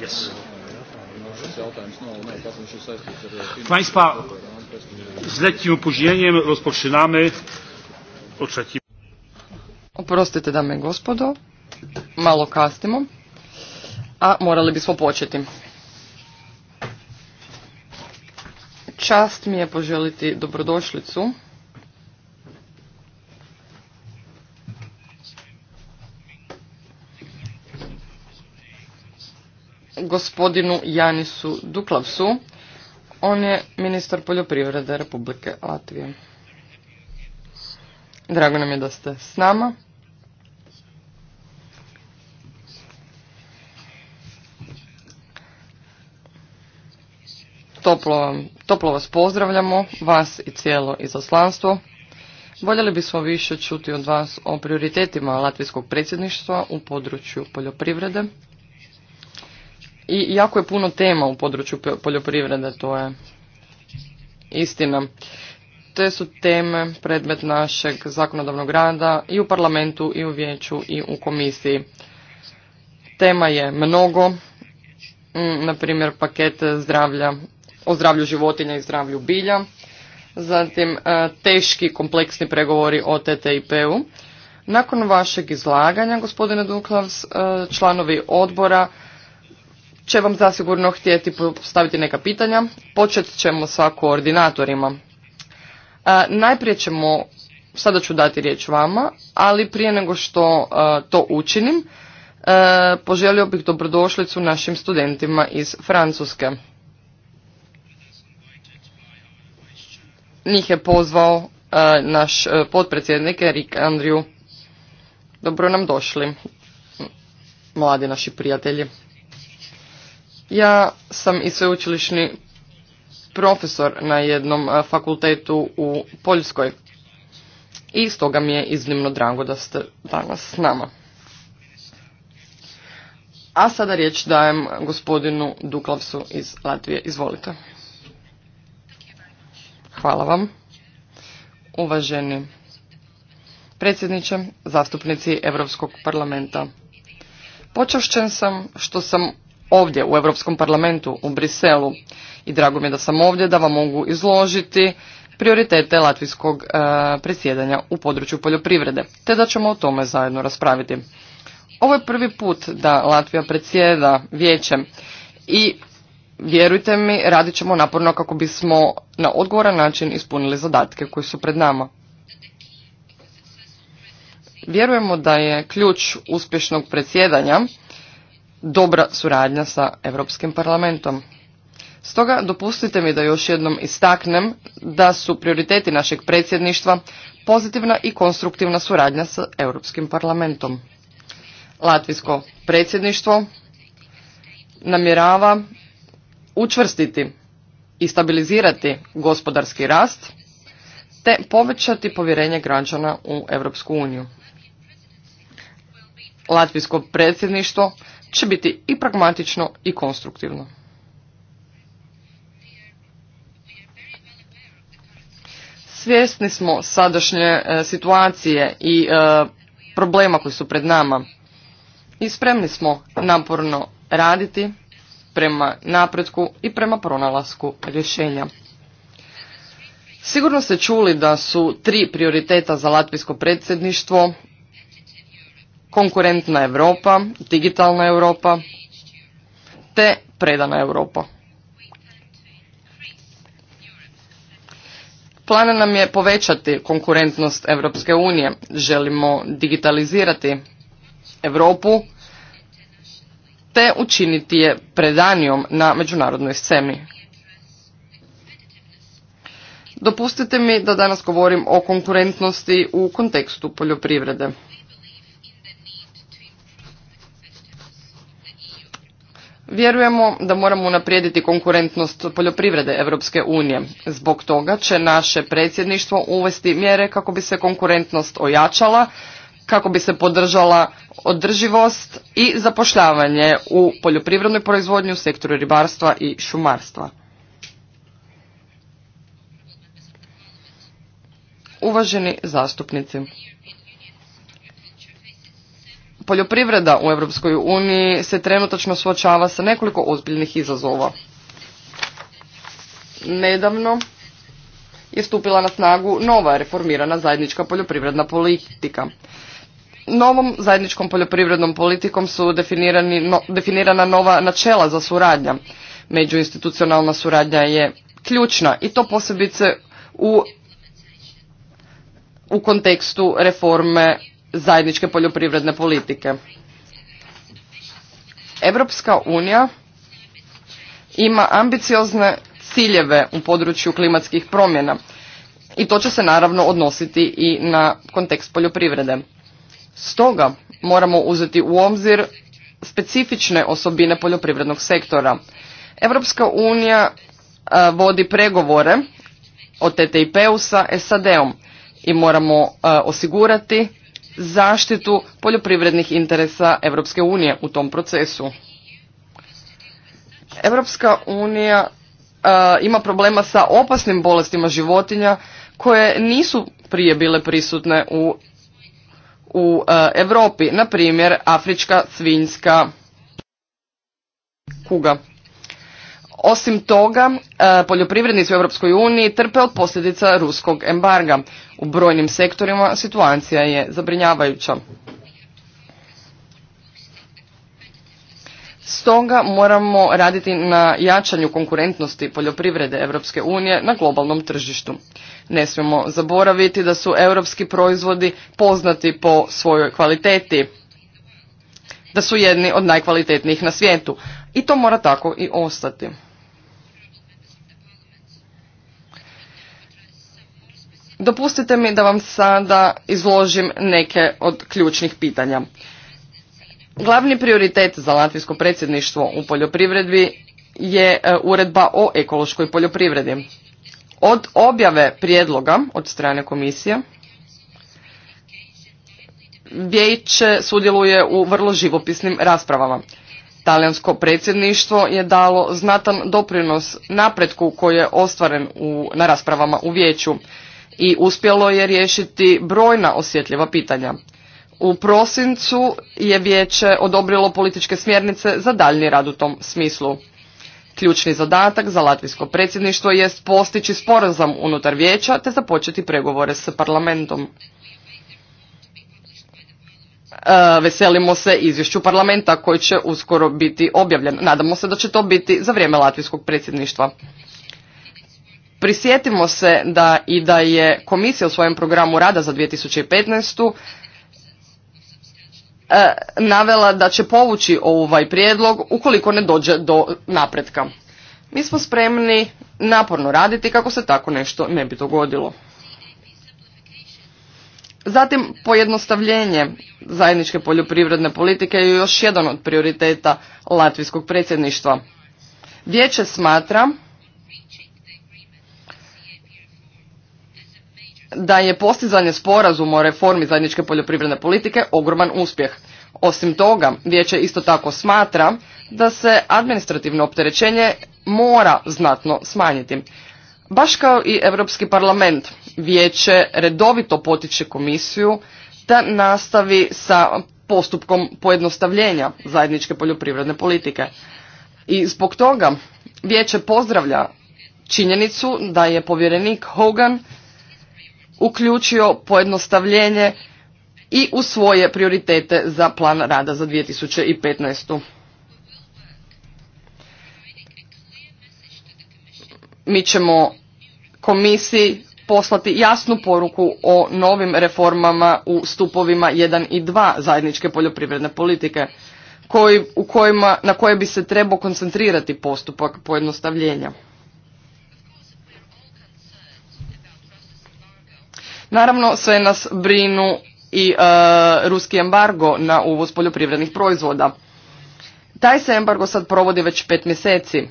Yes. Państwa, z lekkim opóźnieniem rozpoczynamy o trzecim. Oprostite, dame gospodo, mało kastymo, a morali bismo početi. Čast mi je poželiti dobrodošlicu gospodinu Janisu Duklavsu. On je ministar poljoprivrede Republike Latvije. Drago nam je da ste s nama. Toplo, toplo vas pozdravljamo, vas i cijelo izaslanstvo. Voljeli bismo više čuti od vas o prioritetima latvijskog predsjedništva u području poljoprivrede i jako je puno tema u području poljoprivrede, to je istina. Te su teme predmet našeg zakonodavnog rada i u parlamentu i u vijeću i u komisiji. Tema je mnogo, mm, na primjer paket zdravlja, o zdravlju životinja i zdravlju bilja, zatim e, teški kompleksni pregovori o TTIP-u. Nakon vašeg izlaganja, gospodine Duklavs, e, članovi odbora će vam zasigurno htjeti postaviti neka pitanja. Počet ćemo sa koordinatorima. E, najprije ćemo, sada ću dati riječ vama, ali prije nego što e, to učinim, e, poželio bih dobrodošlicu našim studentima iz Francuske. Njih je pozvao naš potpredsjednik Erik Andriju. Dobro nam došli, mladi naši prijatelji. Ja sam i sveučilišni profesor na jednom fakultetu u Poljskoj i stoga mi je iznimno drago da ste danas s nama. A sada riječ dajem gospodinu Duklavsu iz Latvije. Izvolite. Hvala vam. Uvaženi predsjedniče, zastupnici Europskog parlamenta. Počašćen sam što sam ovdje u Europskom parlamentu u Briselu i drago mi je da sam ovdje da vam mogu izložiti prioritete latvijskog e, predsjedanja u području poljoprivrede, te da ćemo o tome zajedno raspraviti. Ovo je prvi put da Latvija predsjeda vijećem i vjerujte mi, radit ćemo naporno kako bismo na odgovoran način ispunili zadatke koji su pred nama. Vjerujemo da je ključ uspješnog predsjedanja dobra suradnja sa Europskim parlamentom. Stoga dopustite mi da još jednom istaknem da su prioriteti našeg predsjedništva pozitivna i konstruktivna suradnja sa Europskim parlamentom. Latvijsko predsjedništvo namjerava učvrstiti i stabilizirati gospodarski rast te povećati povjerenje građana u Europsku uniju. Latvijsko predsjedništvo će biti i pragmatično i konstruktivno. Svjesni smo sadašnje e, situacije i e, problema koji su pred nama i spremni smo naporno raditi prema napretku i prema pronalasku rješenja. Sigurno ste čuli da su tri prioriteta za latvijsko predsjedništvo konkurentna Europa, digitalna Europa te predana Europa. Plan nam je povećati konkurentnost Europske unije. Želimo digitalizirati Europu te učiniti je predanijom na međunarodnoj sceni. Dopustite mi da danas govorim o konkurentnosti u kontekstu poljoprivrede. Vjerujemo da moramo unaprijediti konkurentnost poljoprivrede Europske unije. Zbog toga će naše predsjedništvo uvesti mjere kako bi se konkurentnost ojačala, kako bi se podržala održivost i zapošljavanje u poljoprivrednoj proizvodnji u sektoru ribarstva i šumarstva. Uvaženi zastupnici, Poljoprivreda u Europskoj uniji se trenutačno suočava sa nekoliko ozbiljnih izazova. Nedavno je stupila na snagu nova reformirana zajednička poljoprivredna politika. Novom zajedničkom poljoprivrednom politikom su definirana nova načela za suradnja. Međuinstitucionalna suradnja je ključna i to posebice u, u kontekstu reforme zajedničke poljoprivredne politike. Europska unija ima ambiciozne ciljeve u području klimatskih promjena i to će se naravno odnositi i na kontekst poljoprivrede. Stoga moramo uzeti u obzir specifične osobine poljoprivrednog sektora. Europska unija e, vodi pregovore o TTIP-u sa SAD-om i moramo e, osigurati zaštitu poljoprivrednih interesa Europske unije u tom procesu. Europska unija e, ima problema sa opasnim bolestima životinja koje nisu prije bile prisutne u u Europi, na primjer afrička svinjska kuga. Osim toga, e, poljoprivrednici u Europskoj uniji trpe od posljedica ruskog embarga. U brojnim sektorima situacija je zabrinjavajuća. Stoga moramo raditi na jačanju konkurentnosti poljoprivrede Europske unije na globalnom tržištu. Ne smijemo zaboraviti da su europski proizvodi poznati po svojoj kvaliteti, da su jedni od najkvalitetnijih na svijetu i to mora tako i ostati. Dopustite mi da vam sada izložim neke od ključnih pitanja. Glavni prioritet za latvijsko predsjedništvo u poljoprivredi je e, uredba o ekološkoj poljoprivredi. Od objave prijedloga od strane komisije vijeće sudjeluje u vrlo živopisnim raspravama. Talijansko predsjedništvo je dalo znatan doprinos napretku koji je ostvaren u, na raspravama u vijeću i uspjelo je riješiti brojna osjetljiva pitanja. U prosincu je vijeće odobrilo političke smjernice za daljnji rad u tom smislu. Ključni zadatak za latvijsko predsjedništvo jest postići sporazum unutar vijeća te započeti pregovore s parlamentom. E, veselimo se izvješću parlamenta koji će uskoro biti objavljen. Nadamo se da će to biti za vrijeme latvijskog predsjedništva. Prisjetimo se da i da je komisija u svojem programu rada za 2015. E, navela da će povući ovaj prijedlog ukoliko ne dođe do napretka. Mi smo spremni naporno raditi kako se tako nešto ne bi dogodilo. Zatim pojednostavljenje zajedničke poljoprivredne politike je još jedan od prioriteta latvijskog predsjedništva. Vijeće smatra da je postizanje sporazuma o reformi zajedničke poljoprivredne politike ogroman uspjeh. Osim toga, vijeće isto tako smatra da se administrativno opterećenje mora znatno smanjiti. Baš kao i Europski parlament, vijeće redovito potiče komisiju da nastavi sa postupkom pojednostavljenja zajedničke poljoprivredne politike. I zbog toga vijeće pozdravlja činjenicu da je povjerenik Hogan uključio pojednostavljenje i u svoje prioritete za plan rada za 2015. Mi ćemo komisiji poslati jasnu poruku o novim reformama u stupovima 1 i 2 zajedničke poljoprivredne politike koji, u kojima, na koje bi se trebao koncentrirati postupak pojednostavljenja. Naravno, sve nas brinu i e, ruski embargo na uvoz poljoprivrednih proizvoda. Taj se embargo sad provodi već pet mjeseci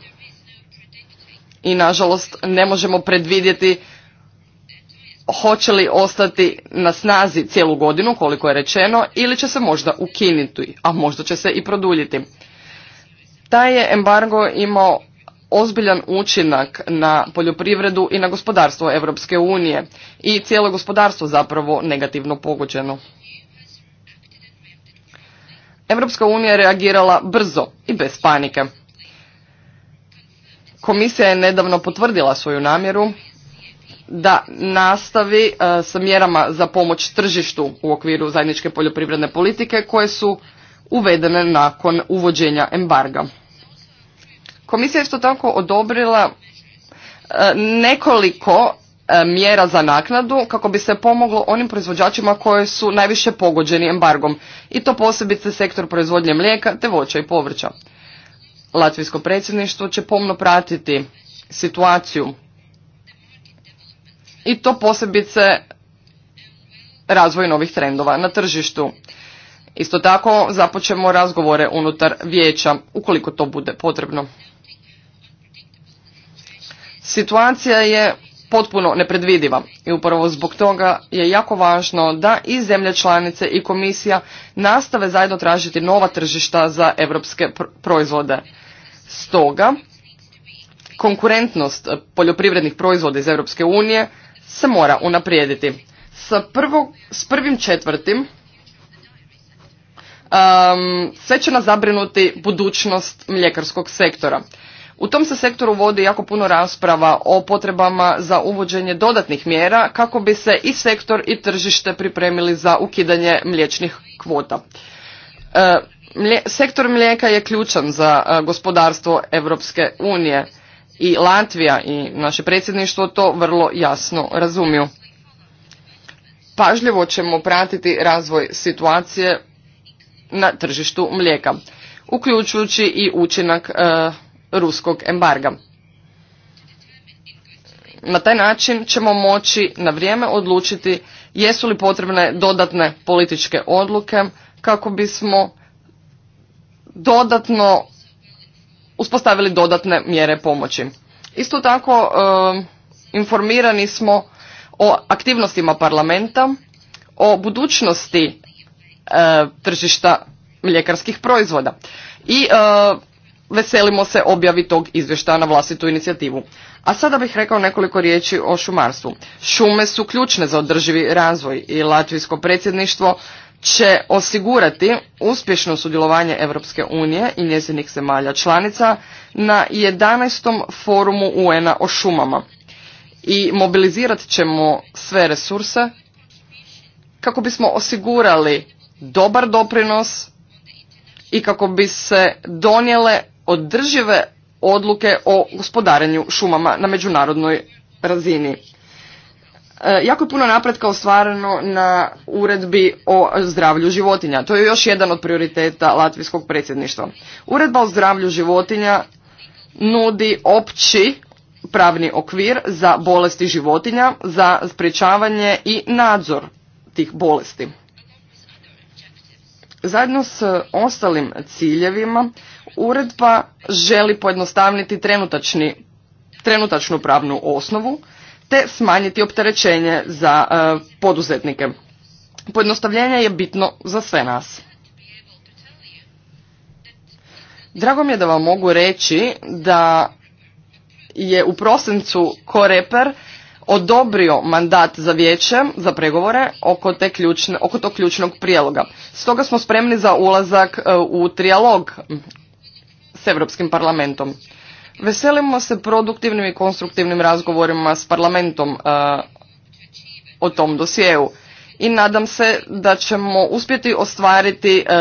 i nažalost ne možemo predvidjeti hoće li ostati na snazi cijelu godinu, koliko je rečeno, ili će se možda ukinuti, a možda će se i produljiti. Taj je embargo imao ozbiljan učinak na poljoprivredu i na gospodarstvo Europske unije i cijelo gospodarstvo zapravo negativno pogođeno. Europska unija je reagirala brzo i bez panike. Komisija je nedavno potvrdila svoju namjeru da nastavi e, sa mjerama za pomoć tržištu u okviru zajedničke poljoprivredne politike koje su uvedene nakon uvođenja embarga. Komisija je isto tako odobrila e, nekoliko e, mjera za naknadu kako bi se pomoglo onim proizvođačima koji su najviše pogođeni embargom i to posebice sektor proizvodnje mlijeka te voća i povrća. Latvijsko predsjedništvo će pomno pratiti situaciju i to posebice razvoj novih trendova na tržištu. Isto tako započemo razgovore unutar vijeća ukoliko to bude potrebno. Situacija je potpuno nepredvidiva i upravo zbog toga je jako važno da i zemlje članice i komisija nastave zajedno tražiti nova tržišta za europske proizvode. Stoga, konkurentnost poljoprivrednih proizvoda iz Europske unije se mora unaprijediti. Sa prvo, s prvim četvrtim um, sve će nas zabrinuti budućnost mljekarskog sektora. U tom se sektoru vodi jako puno rasprava o potrebama za uvođenje dodatnih mjera kako bi se i sektor i tržište pripremili za ukidanje mliječnih kvota. E, sektor mlijeka je ključan za e, gospodarstvo Europske unije i Latvija i naše predsjedništvo to vrlo jasno razumiju. Pažljivo ćemo pratiti razvoj situacije na tržištu mlijeka, uključujući i učinak e, ruskog embarga. Na taj način ćemo moći na vrijeme odlučiti jesu li potrebne dodatne političke odluke kako bismo dodatno uspostavili dodatne mjere pomoći. Isto tako informirani smo o aktivnostima parlamenta, o budućnosti e, tržišta mljekarskih proizvoda i e, veselimo se objavi tog izvještaja na vlastitu inicijativu. A sada bih rekao nekoliko riječi o šumarstvu. Šume su ključne za održivi razvoj i latvijsko predsjedništvo će osigurati uspješno sudjelovanje Europske unije i njezinih zemalja članica na 11. forumu UN-a o šumama i mobilizirat ćemo sve resurse kako bismo osigurali dobar doprinos i kako bi se donijele održive odluke o gospodarenju šumama na međunarodnoj razini. E, jako je puno napretka ostvareno na uredbi o zdravlju životinja. To je još jedan od prioriteta latvijskog predsjedništva. Uredba o zdravlju životinja nudi opći pravni okvir za bolesti životinja, za sprječavanje i nadzor tih bolesti. Zajedno s ostalim ciljevima Uredba želi pojednostavniti trenutačnu pravnu osnovu te smanjiti opterećenje za e, poduzetnike. Pojednostavljenje je bitno za sve nas. Drago mi je da vam mogu reći da je u prosincu Koreper odobrio mandat za vijeće za pregovore oko, te oko tog ključnog prijeloga. Stoga smo spremni za ulazak e, u trijalog s Europskim parlamentom. Veselimo se produktivnim i konstruktivnim razgovorima s parlamentom e, o tom dosjeu i nadam se da ćemo uspjeti ostvariti, e,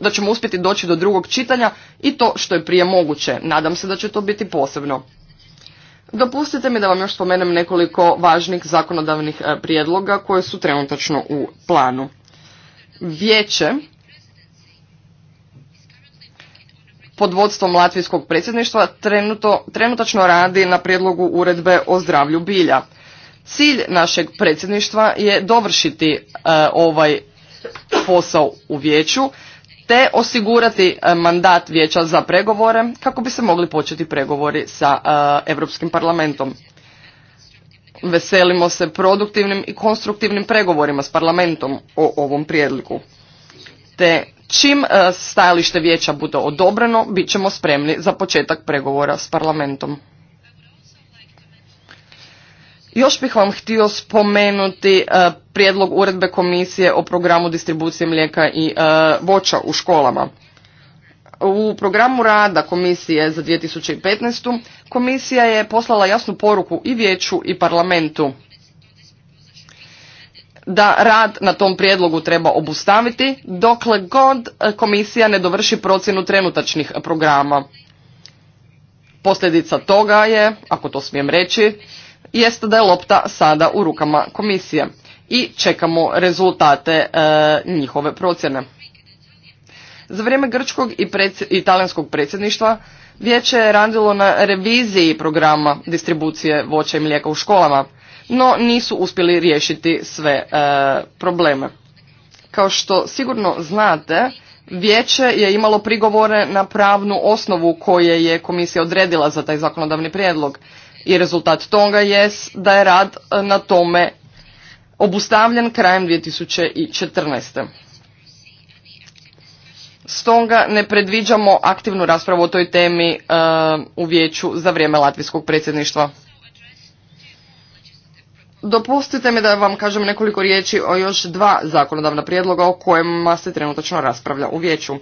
da ćemo uspjeti doći do drugog čitanja i to što je prije moguće. Nadam se da će to biti posebno. Dopustite mi da vam još spomenem nekoliko važnih zakonodavnih e, prijedloga koje su trenutačno u planu. Vijeće pod vodstvom Latvijskog predsjedništva trenuto, trenutačno radi na prijedlogu uredbe o zdravlju bilja. Cilj našeg predsjedništva je dovršiti e, ovaj posao u vijeću te osigurati e, mandat vijeća za pregovore kako bi se mogli početi pregovori sa e, Europskim parlamentom. Veselimo se produktivnim i konstruktivnim pregovorima s parlamentom o ovom prijedlogu. Te Čim e, stajalište vijeća bude odobreno, bit ćemo spremni za početak pregovora s parlamentom. Još bih vam htio spomenuti e, prijedlog uredbe komisije o programu distribucije mlijeka i e, voća u školama. U programu rada komisije za 2015. komisija je poslala jasnu poruku i vijeću i parlamentu da rad na tom prijedlogu treba obustaviti dokle god e, komisija ne dovrši procjenu trenutačnih programa. Posljedica toga je, ako to smijem reći, jest da je lopta sada u rukama komisije i čekamo rezultate e, njihove procjene. Za vrijeme grčkog i talijanskog predsjedništva vijeće je radilo na reviziji programa distribucije voća i mlijeka u školama no nisu uspjeli riješiti sve e, probleme. Kao što sigurno znate, vijeće je imalo prigovore na pravnu osnovu koje je komisija odredila za taj zakonodavni prijedlog i rezultat toga je da je rad e, na tome obustavljen krajem 2014. Stoga ne predviđamo aktivnu raspravu o toj temi e, u vijeću za vrijeme latvijskog predsjedništva. Dopustite mi da vam kažem nekoliko riječi o još dva zakonodavna prijedloga o kojima se trenutačno raspravlja u vijeću.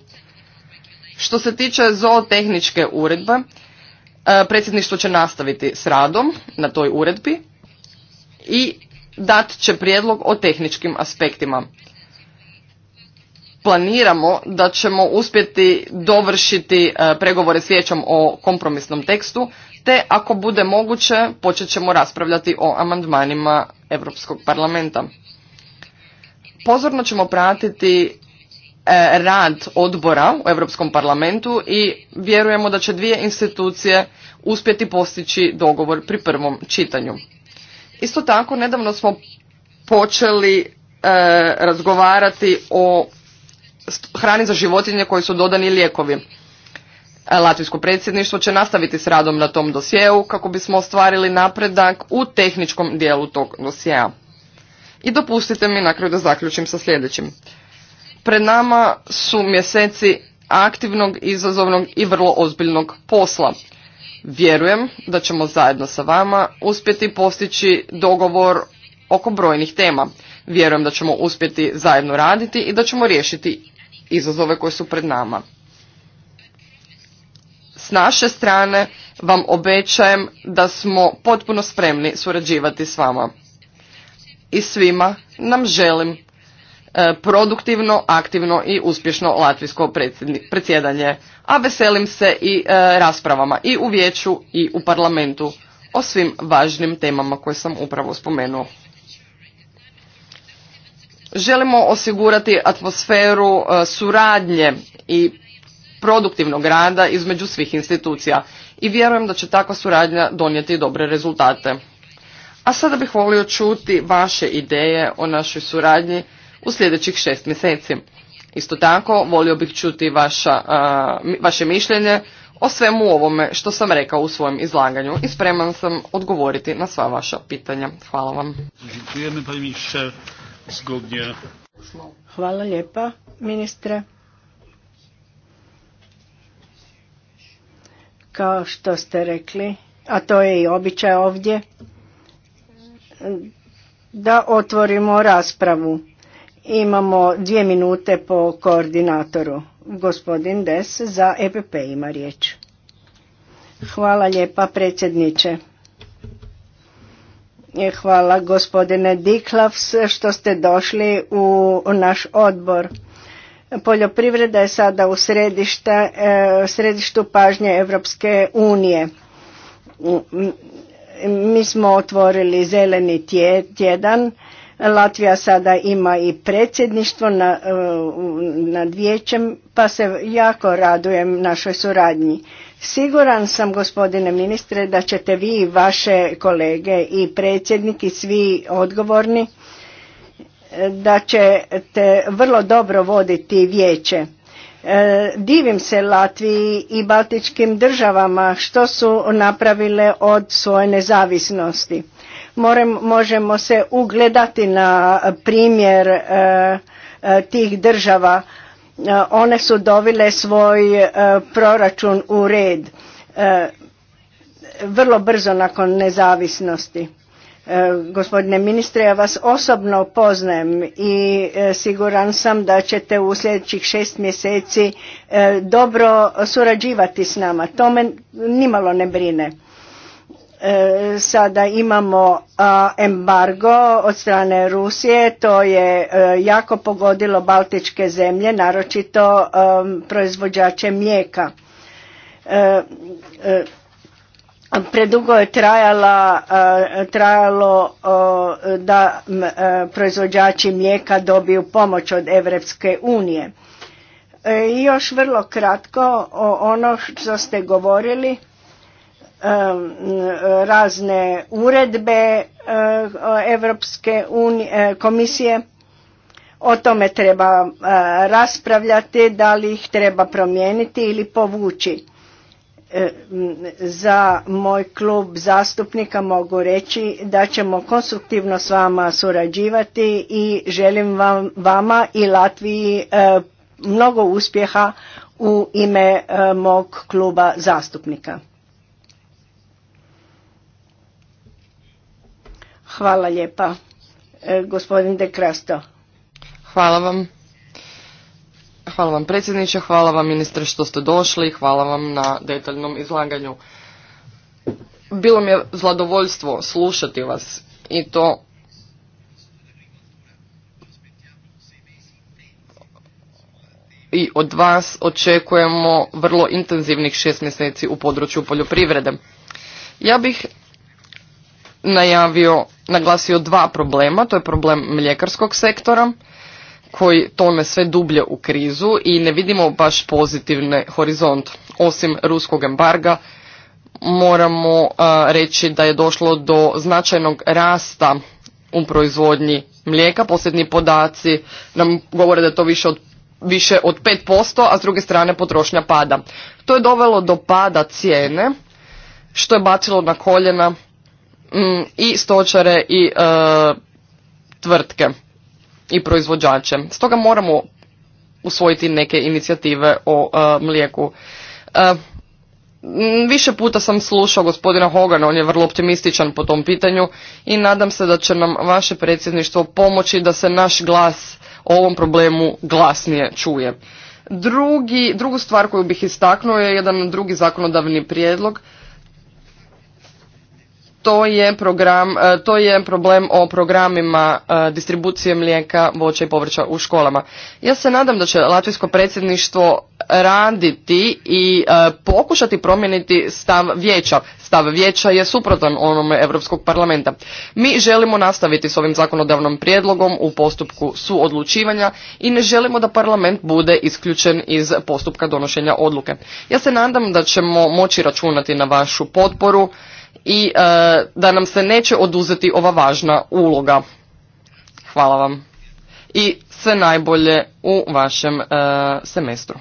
Što se tiče zootehničke uredbe, e, predsjedništvo će nastaviti s radom na toj uredbi i dat će prijedlog o tehničkim aspektima. Planiramo da ćemo uspjeti dovršiti e, pregovore s vijećom o kompromisnom tekstu te ako bude moguće počet ćemo raspravljati o amandmanima Europskog parlamenta. Pozorno ćemo pratiti e, rad odbora u Europskom parlamentu i vjerujemo da će dvije institucije uspjeti postići dogovor pri prvom čitanju. Isto tako, nedavno smo počeli e, razgovarati o hrani za životinje koji su dodani lijekovi. E, latvijsko predsjedništvo će nastaviti s radom na tom dosjeu kako bismo ostvarili napredak u tehničkom dijelu tog dosjea. I dopustite mi na da zaključim sa sljedećim. Pred nama su mjeseci aktivnog, izazovnog i vrlo ozbiljnog posla. Vjerujem da ćemo zajedno sa vama uspjeti postići dogovor oko brojnih tema. Vjerujem da ćemo uspjeti zajedno raditi i da ćemo riješiti izazove koje su pred nama. S naše strane vam obećajem da smo potpuno spremni surađivati s vama. I svima nam želim e, produktivno, aktivno i uspješno latvijsko predsjedanje. A veselim se i e, raspravama i u vijeću i u parlamentu o svim važnim temama koje sam upravo spomenuo. Želimo osigurati atmosferu e, suradnje i produktivnog rada između svih institucija i vjerujem da će takva suradnja donijeti dobre rezultate. A sada bih volio čuti vaše ideje o našoj suradnji u sljedećih šest mjeseci. Isto tako, volio bih čuti vaša, vaše mišljenje o svemu ovome što sam rekao u svojem izlaganju i spreman sam odgovoriti na sva vaša pitanja. Hvala vam. Hvala lijepa, ministre. kao što ste rekli, a to je i običaj ovdje, da otvorimo raspravu. Imamo dvije minute po koordinatoru. Gospodin Des za EPP ima riječ. Hvala lijepa predsjedniče. E, hvala gospodine Diklavs što ste došli u naš odbor Poljoprivreda je sada u središta, e, središtu pažnje Europske unije. Mi smo otvorili zeleni tjedan. Latvija sada ima i predsjedništvo e, nad vijećem, pa se jako radujem našoj suradnji. Siguran sam, gospodine ministre, da ćete vi, i vaše kolege i predsjednik i svi odgovorni da ćete vrlo dobro voditi vijeće. E, divim se Latviji i baltičkim državama što su napravile od svoje nezavisnosti. možemo se ugledati na primjer e, e, tih država. One su dovile svoj proračun u red vrlo brzo nakon nezavisnosti. E, gospodine ministre, ja vas osobno poznajem i e, siguran sam da ćete u sljedećih šest mjeseci e, dobro surađivati s nama. To me nimalo ne brine. Sada imamo embargo od strane Rusije, to je jako pogodilo baltičke zemlje, naročito proizvođače mlijeka. Predugo je trajala, e, trajalo da e, proizvođači mlijeka dobiju pomoć od Evropske unije. E, I još vrlo kratko o ono što ste govorili, razne uredbe Evropske unije, komisije, o tome treba raspravljati, da li ih treba promijeniti ili povući E, za moj klub zastupnika mogu reći da ćemo konstruktivno s vama surađivati i želim vam, vama i Latviji e, mnogo uspjeha u ime e, mog kluba zastupnika. Hvala lijepa, gospodin De Krasto. Hvala vam. Hvala vam predsjedniče, hvala vam ministre što ste došli, hvala vam na detaljnom izlaganju. Bilo mi je zladovoljstvo slušati vas i to i od vas očekujemo vrlo intenzivnih šest mjeseci u području poljoprivrede. Ja bih najavio, naglasio dva problema, to je problem mljekarskog sektora koji tone sve dublje u krizu i ne vidimo baš pozitivne horizont. Osim ruskog embarga moramo reći da je došlo do značajnog rasta u proizvodnji mlijeka. Posljednji podaci nam govore da je to više od više od 5%, a s druge strane potrošnja pada. To je dovelo do pada cijene, što je bacilo na koljena mm, i stočare i e, tvrtke i proizvođače. Stoga moramo usvojiti neke inicijative o e, mlijeku. E, više puta sam slušao gospodina Hogana, on je vrlo optimističan po tom pitanju i nadam se da će nam vaše predsjedništvo pomoći da se naš glas o ovom problemu glasnije čuje. Drugi, drugu stvar koju bih istaknuo je jedan drugi zakonodavni prijedlog to je, program, e, to je problem o programima e, distribucije mlijeka, voća i povrća u školama. Ja se nadam da će Latvijsko predsjedništvo raditi i e, pokušati promijeniti stav vijeća. Stav vijeća je suprotan onome Europskog parlamenta. Mi želimo nastaviti s ovim zakonodavnom prijedlogom u postupku suodlučivanja i ne želimo da parlament bude isključen iz postupka donošenja odluke. Ja se nadam da ćemo moći računati na vašu potporu i e, da nam se neće oduzeti ova važna uloga. Hvala vam i sve najbolje u vašem e, semestru.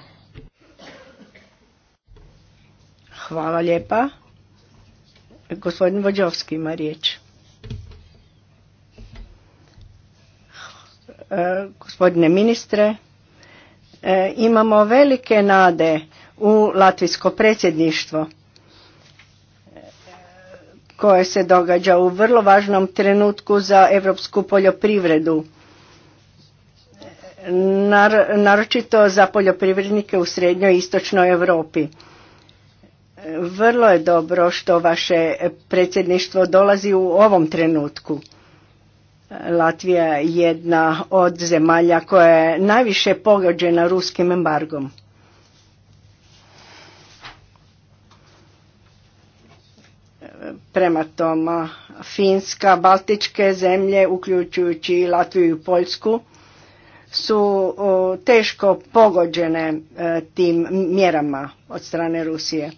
Hvala lijepa. Gospodin Vođovski ima riječ. E, gospodine ministre, imamo velike nade u latvijsko predsjedništvo koje se događa u vrlo važnom trenutku za europsku poljoprivredu naročito za poljoprivrednike u srednjoj i istočnoj Europi. Vrlo je dobro što vaše predsjedništvo dolazi u ovom trenutku. Latvija je jedna od zemalja koja je najviše pogođena ruskim embargom. prema toma. Finska, Baltičke zemlje, uključujući Latviju i Poljsku, su teško pogođene e, tim mjerama od strane Rusije.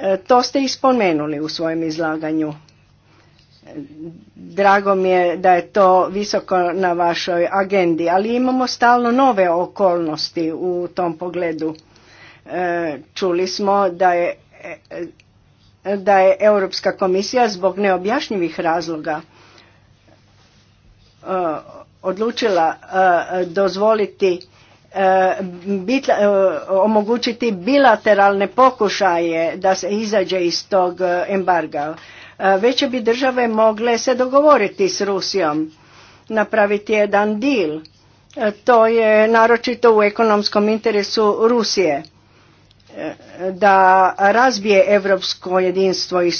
E, to ste ispomenuli u svojem izlaganju. Drago mi je da je to visoko na vašoj agendi, ali imamo stalno nove okolnosti u tom pogledu. E, čuli smo da je da je Europska komisija zbog neobjašnjivih razloga e, odlučila e, dozvoliti e, omogućiti bilateralne pokušaje da se izađe iz tog embarga. Veće bi države mogle se dogovoriti s Rusijom, napraviti jedan deal. To je naročito u ekonomskom interesu Rusije da razbije europsko jedinstvo i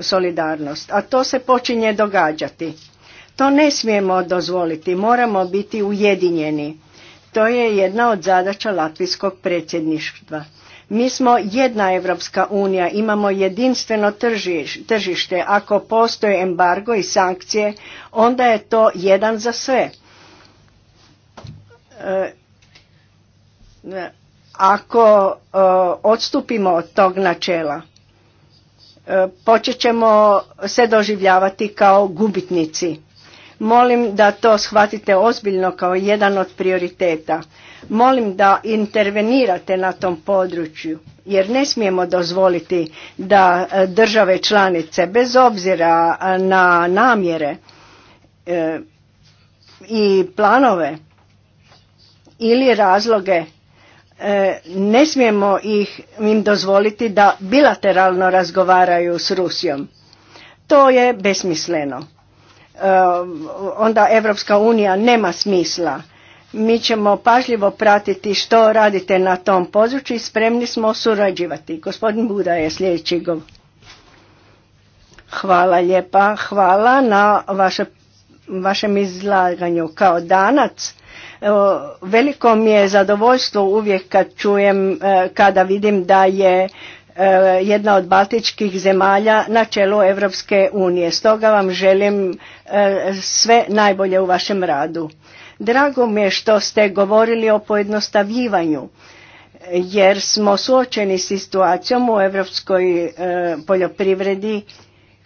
solidarnost, a to se počinje događati. To ne smijemo dozvoliti, moramo biti ujedinjeni. To je jedna od zadaća latvijskog predsjedništva. Mi smo jedna Evropska unija, imamo jedinstveno tržište. Ako postoje embargo i sankcije, onda je to jedan za sve. E, ako e, odstupimo od tog načela e, počet ćemo se doživljavati kao gubitnici. Molim da to shvatite ozbiljno kao jedan od prioriteta. Molim da intervenirate na tom području jer ne smijemo dozvoliti da e, države članice bez obzira na namjere i planove ili razloge E, ne smijemo ih im dozvoliti da bilateralno razgovaraju s Rusijom. To je besmisleno. E, onda Evropska unija nema smisla. Mi ćemo pažljivo pratiti što radite na tom području i spremni smo surađivati. Gospodin Buda je sljedeći gov. Hvala lijepa, hvala na vaše, vašem izlaganju kao danac Veliko mi je zadovoljstvo uvijek kad čujem, e, kada vidim da je e, jedna od baltičkih zemalja na čelu Europske unije. Stoga vam želim e, sve najbolje u vašem radu. Drago mi je što ste govorili o pojednostavljivanju jer smo suočeni s situacijom u europskoj poljoprivredi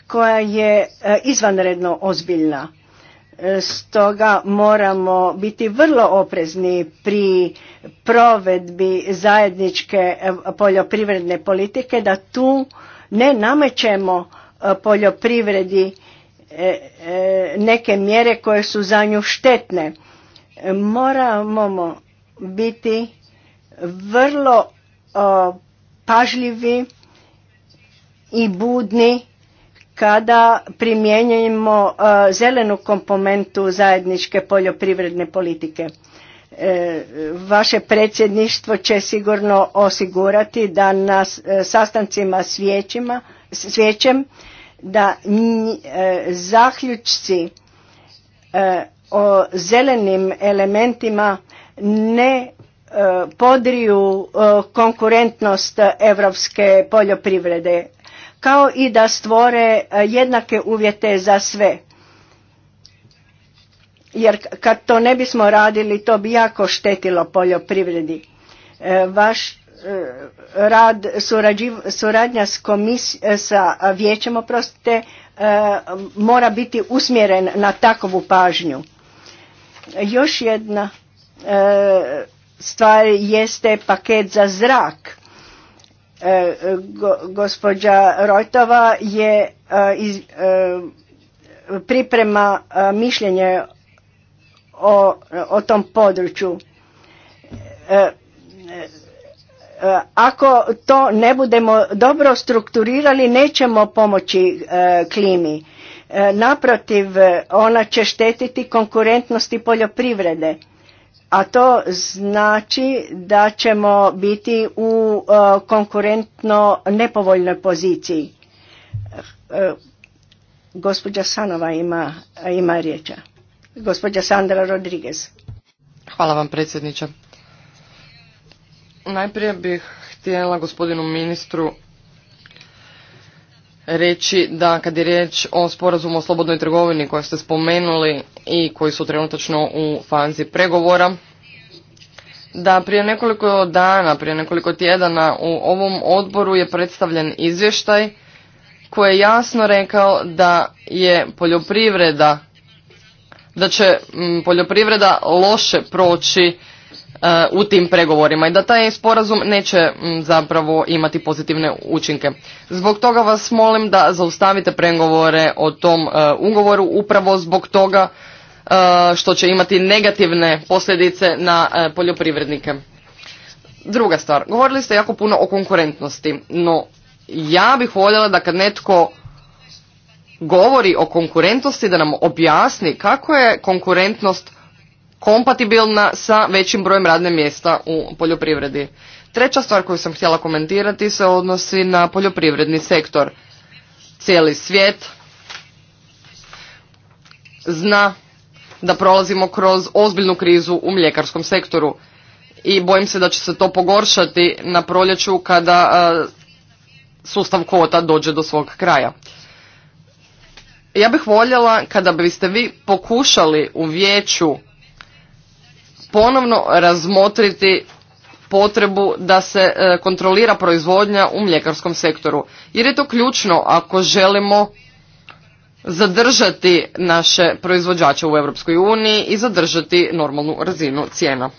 koja je izvanredno ozbiljna. Stoga moramo biti vrlo oprezni pri provedbi zajedničke poljoprivredne politike da tu ne namećemo e, poljoprivredi e, e, neke mjere koje su za nju štetne. Moramo biti vrlo pažljivi i budni kada primjenjujemo e, zelenu komponentu zajedničke poljoprivredne politike. E, vaše predsjedništvo će sigurno osigurati da na e, sastancima s vijećem da zahljučci o zelenim elementima ne podriju konkurentnost europske poljoprivrede kao i da stvore e, jednake uvjete za sve. Jer kad to ne bismo radili, to bi jako štetilo poljoprivredi. E, vaš e, rad, suradnja s sa vijećem, oprostite, mora biti usmjeren na takovu pažnju. Još jedna stvar jeste paket za zrak E, gospođa Rojtova je e, iz, e, priprema mišljenje o, o tom području. Ako to ne budemo dobro strukturirali, nećemo pomoći klimi. Naprotiv, ona će štetiti konkurentnosti poljoprivrede a to znači da ćemo biti u e, konkurentno nepovoljnoj poziciji. E, gospođa Sanova ima, ima riječ. Gospođa Sandra Rodriguez. Hvala vam predsjedniče. Najprije bih htjela gospodinu ministru reći da kad je riječ o sporazumu o slobodnoj trgovini koje ste spomenuli i koji su trenutačno u fazi pregovora, da prije nekoliko dana, prije nekoliko tjedana u ovom odboru je predstavljen izvještaj koji je jasno rekao da je poljoprivreda, da će mm, poljoprivreda loše proći E, u tim pregovorima i da taj sporazum neće zapravo imati pozitivne učinke. Zbog toga vas molim da zaustavite pregovore o tom e, ugovoru upravo zbog toga e, što će imati negativne posljedice na poljoprivrednike. Druga stvar, govorili ste jako puno o konkurentnosti, no ja bih voljela da kad netko govori o konkurentnosti da nam objasni kako je konkurentnost kompatibilna sa većim brojem radne mjesta u poljoprivredi. Treća stvar koju sam htjela komentirati se odnosi na poljoprivredni sektor. Cijeli svijet zna da prolazimo kroz ozbiljnu krizu u mljekarskom sektoru i bojim se da će se to pogoršati na proljeću kada e, sustav kvota dođe do svog kraja. Ja bih voljela kada biste vi pokušali u vijeću ponovno razmotriti potrebu da se e, kontrolira proizvodnja u mljekarskom sektoru. Jer je to ključno ako želimo zadržati naše proizvođače u Europskoj uniji i zadržati normalnu razinu cijena.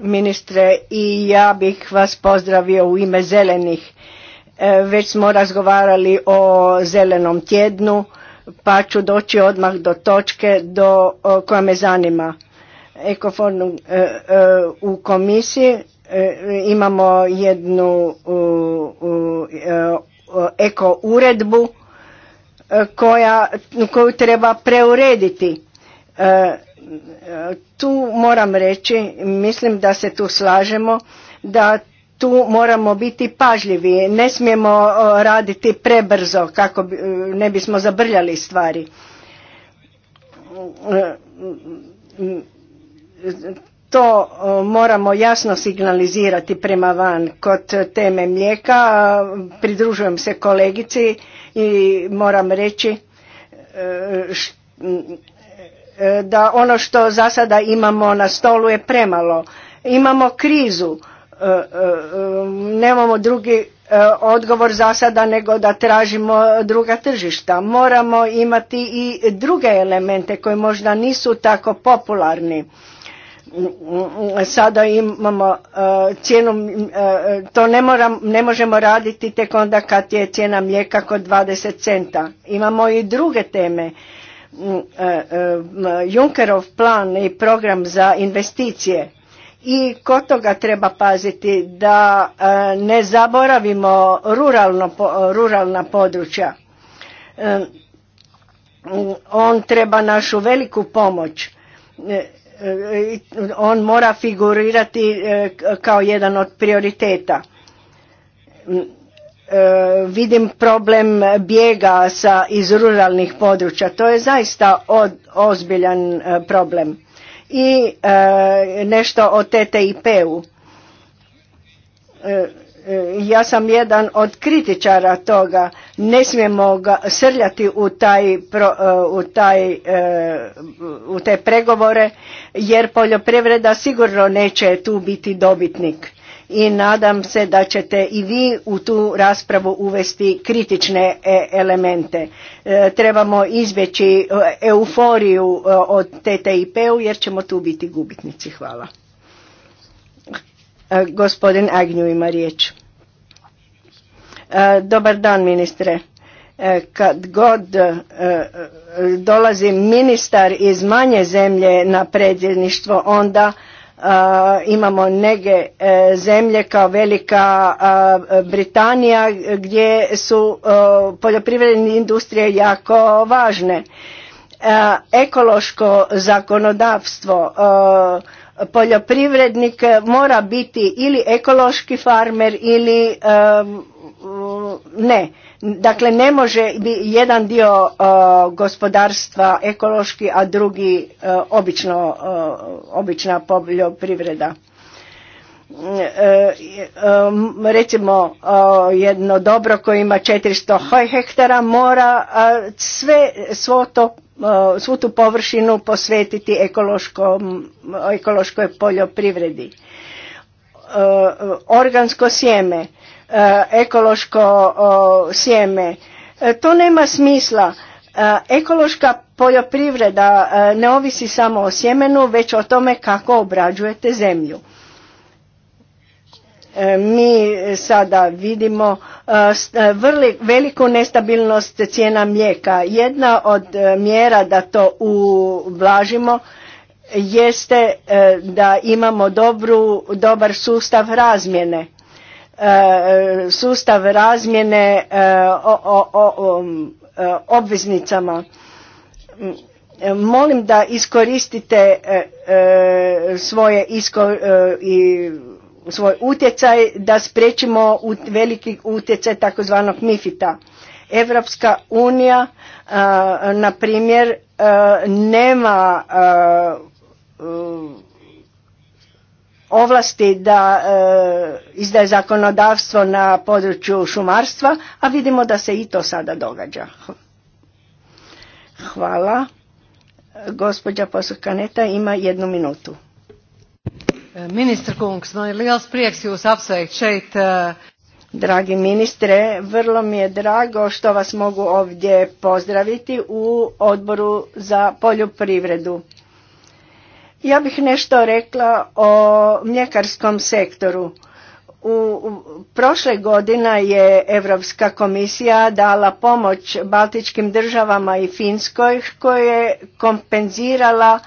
Ministre, i ja bih vas pozdravio u ime zelenih. E, već smo razgovarali o zelenom tjednu pa ću doći odmah do točke do, koja me zanima. Ekofon e, e, u komisiji e, imamo jednu eko uredbu koja, koju treba preurediti. Tu moram reći, mislim da se tu slažemo, da tu moramo biti pažljivi, ne smijemo raditi prebrzo kako ne bismo zabrljali stvari. E, to moramo jasno signalizirati prema van kod teme mlijeka. Pridružujem se kolegici i moram reći e, e, da ono što za sada imamo na stolu je premalo. Imamo krizu E, e, nemamo drugi e, odgovor za sada nego da tražimo druga tržišta. Moramo imati i druge elemente koji možda nisu tako popularni. Sada imamo cijenu, to ne, moram, ne možemo raditi tek onda kad je cijena mlijeka kod 20 centa. Imamo i druge teme. Mm, Junkerov plan i program za investicije i kod toga treba paziti da e, ne zaboravimo ruralno, ruralna područja. E, on treba našu veliku pomoć. E, on mora figurirati kao jedan od prioriteta. Vidim problem bijega sa, iz ruralnih područja. To je zaista ozbiljan problem i e, nešto o TTIP-u. E, e, ja sam jedan od kritičara toga, ne smijemo ga srljati u, taj, u, taj, u te pregovore jer poljoprivreda sigurno neće tu biti dobitnik i nadam se da ćete i vi u tu raspravu uvesti kritične e, elemente. E, trebamo izbjeći e, euforiju od TTIP-u jer ćemo tu biti gubitnici. Hvala. Gospodin Agnju ima riječ. Dobar dan ministre. Kad god dolazi ministar iz manje zemlje na predsjedništvo, onda Eh, imamo neke eh, zemlje kao Velika eh, Britanija gdje su poljoprivredne industrije jako važne. Ekološko zakonodavstvo poljoprivrednik mora biti ili ekološki farmer ili ne Dakle, ne može jedan dio uh, gospodarstva ekološki, a drugi uh, obično, uh, obična poljoprivreda. Um, recimo, jedno dobro koje ima 400 hektara mora sve, svo to, svu tu površinu posvetiti ekološkoj poljoprivredi. Organsko sjeme E, ekološko sjeme. E, to nema smisla. E, ekološka poljoprivreda ne ovisi samo o sjemenu, već o tome kako obrađujete zemlju. Mi sada vidimo veliku nestabilnost cijena mlijeka. Jedna od mjera da to ublažimo jeste da imamo dobar sustav razmjene sustav razmjene e, e, obveznicama. E, molim da iskoristite svoje i svoj utjecaj da spriječimo veliki utjecaj takozvanog mifita. Evropska unija na primjer nema ovlasti da e, izdaje zakonodavstvo na području šumarstva, a vidimo da se i to sada događa. Hvala. Gospođa Posukaneta ima jednu minutu. E, Ministar Kungs, moj prieks e, Dragi ministre, vrlo mi je drago što vas mogu ovdje pozdraviti u odboru za poljoprivredu. Ja bih nešto rekla o mljekarskom sektoru. U prošle godina je Europska komisija dala pomoć baltičkim državama i Finskoj koje je kompenzirala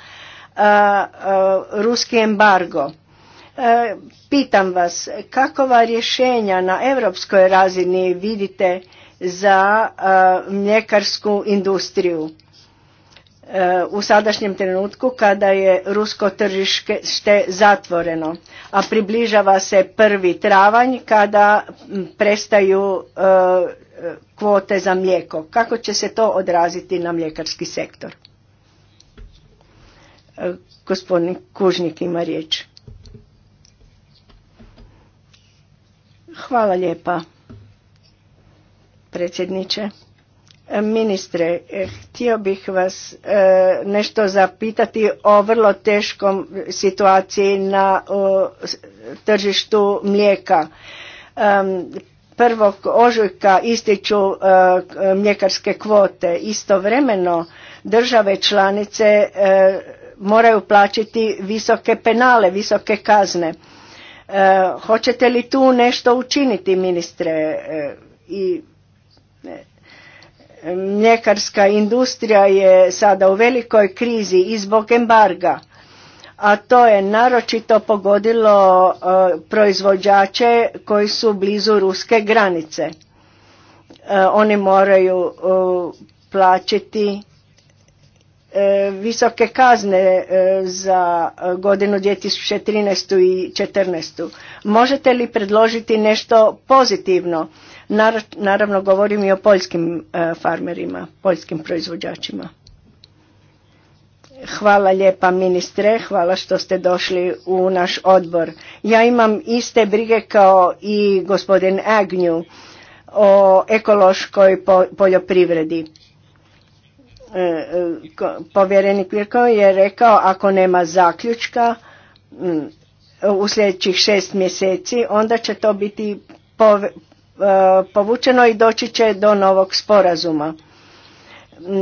ruski embargo. E, pitam vas, kakova rješenja na europskoj razini vidite za mljekarsku industriju? u sadašnjem trenutku kada je rusko tržište zatvoreno, a približava se prvi travanj kada prestaju e, kvote za mlijeko. Kako će se to odraziti na mljekarski sektor? E, gospodin Kužnik ima riječ. Hvala lijepa, predsjedniče. Ministre, htio bih vas e, nešto zapitati o vrlo teškom situaciji na tržištu mlijeka. Prvog ožujka ističu e, mljekarske kvote. Istovremeno države članice e, moraju plaćati visoke penale, visoke kazne. Hoćete li tu nešto učiniti, ministre, i mljekarska industrija je sada u velikoj krizi i zbog embarga a to je naročito pogodilo e, proizvođače koji su blizu ruske granice e, oni moraju e, plaćati visoke kazne za godinu 2013. i 2014. Možete li predložiti nešto pozitivno Naravno govorim i o poljskim e, farmerima, poljskim proizvođačima. Hvala lijepa ministre, hvala što ste došli u naš odbor. Ja imam iste brige kao i gospodin Agnju o ekološkoj poljoprivredi. E, e, povjerenik Virko je rekao ako nema zaključka u sljedećih šest mjeseci, onda će to biti E, povučeno i doći će do novog sporazuma. Mm,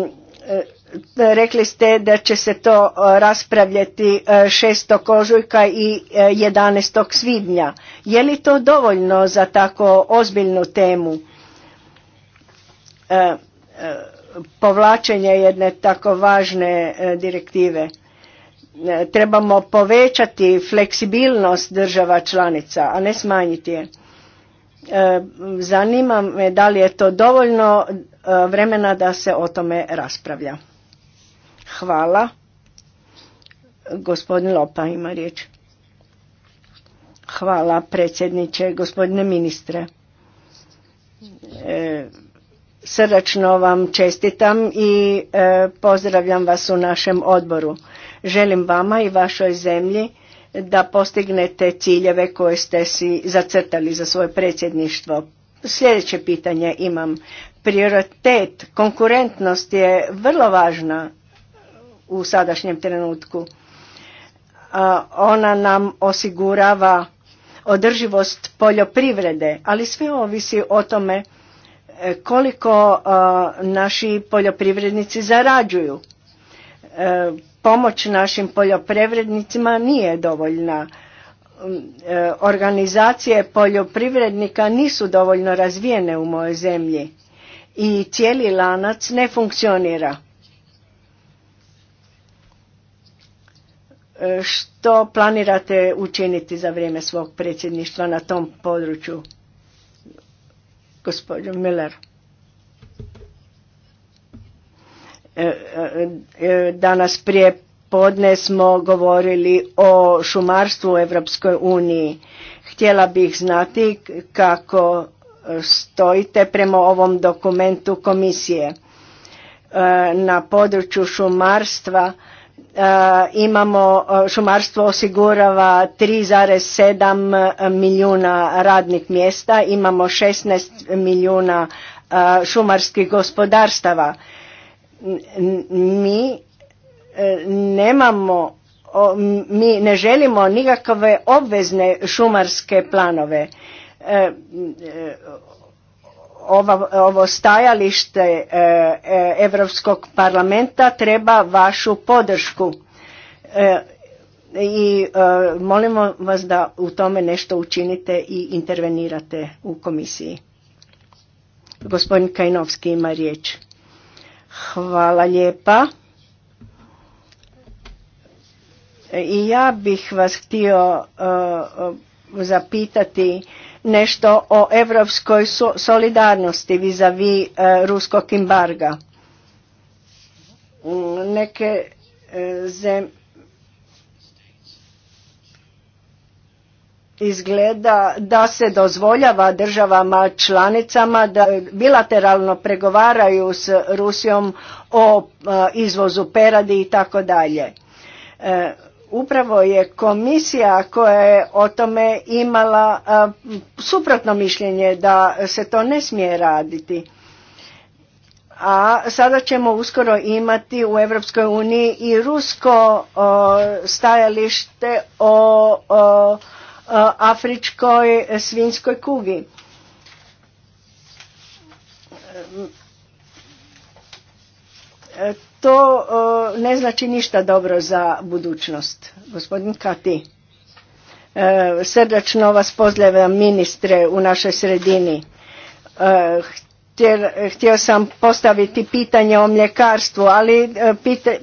e, rekli ste da će se to e, raspravljati 6. ožujka i 11. svibnja. Je li to dovoljno za tako ozbiljnu temu? povlačenja jedne tako važne direktive. Trebamo povećati fleksibilnost država članica, a ne smanjiti je. E, zanima me da li je to dovoljno e, vremena da se o tome raspravlja. Hvala. Gospodin Lopa ima riječ. Hvala predsjedniče, gospodine ministre. E, srdačno vam čestitam i pozdravljam vas u našem odboru. Želim vama i vašoj zemlji da postignete ciljeve koje ste si zacrtali za svoje predsjedništvo. Sljedeće pitanje imam. Prioritet, konkurentnost je vrlo važna u sadašnjem trenutku. Ona nam osigurava održivost poljoprivrede, ali sve ovisi o tome e, koliko naši poljoprivrednici zarađuju e, Pomoć našim poljoprivrednicima nije dovoljna. Um, e, organizacije poljoprivrednika nisu dovoljno razvijene u mojoj zemlji i cijeli lanac ne funkcionira. E, što planirate učiniti za vrijeme svog predsjedništva na tom području? Gospodin Miller. E, e, e, danas prije podne smo govorili o šumarstvu u Europskoj uniji. Htjela bih znati kako stojite prema ovom dokumentu komisije. Na području šumarstva imamo, šumarstvo osigurava 3,7 milijuna radnih mjesta, imamo 16 milijuna šumarskih gospodarstava mi e, nemamo mi ne želimo nikakve obvezne šumarske planove e, e, ovo, stajalište Europskog parlamenta treba vašu podršku i molimo vas da u tome nešto učinite i intervenirate u komisiji. Gospodin Kajnovski ima riječ. Hvala lijepa. I ja bih vas htio e, e, zapitati nešto o europskoj solidarnosti vis-a-vis e, ruskog embarga. Neke zemlje izgleda da se dozvoljava državama članicama da bilateralno pregovaraju s Rusijom o e, izvozu peradi i tako dalje. E, upravo je komisija koja je o tome imala e, suprotno mišljenje da se to ne smije raditi. A sada ćemo uskoro imati u Europskoj uniji i rusko stajalište o Eh, afričkoj eh, svinjskoj kugi. Eh, to ne znači ništa dobro za budućnost. Gospodin Kati, srdačno vas pozdravljam ministre u našoj sredini htio sam postaviti pitanje o mljekarstvu, ali e,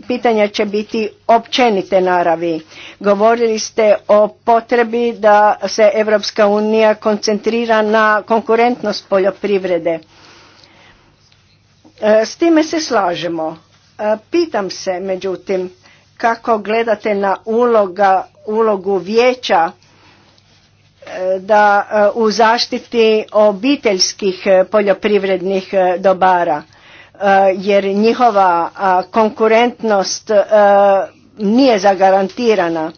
pitanja će biti općenite naravi. Govorili ste o potrebi da se Europska unija koncentrira na konkurentnost poljoprivrede. E, s time se slažemo. E, pitam se, međutim, kako gledate na uloga, ulogu vijeća da e, u zaštiti obiteljskih e, poljoprivrednih e, dobara jer njihova konkurentnost nije zagarantirana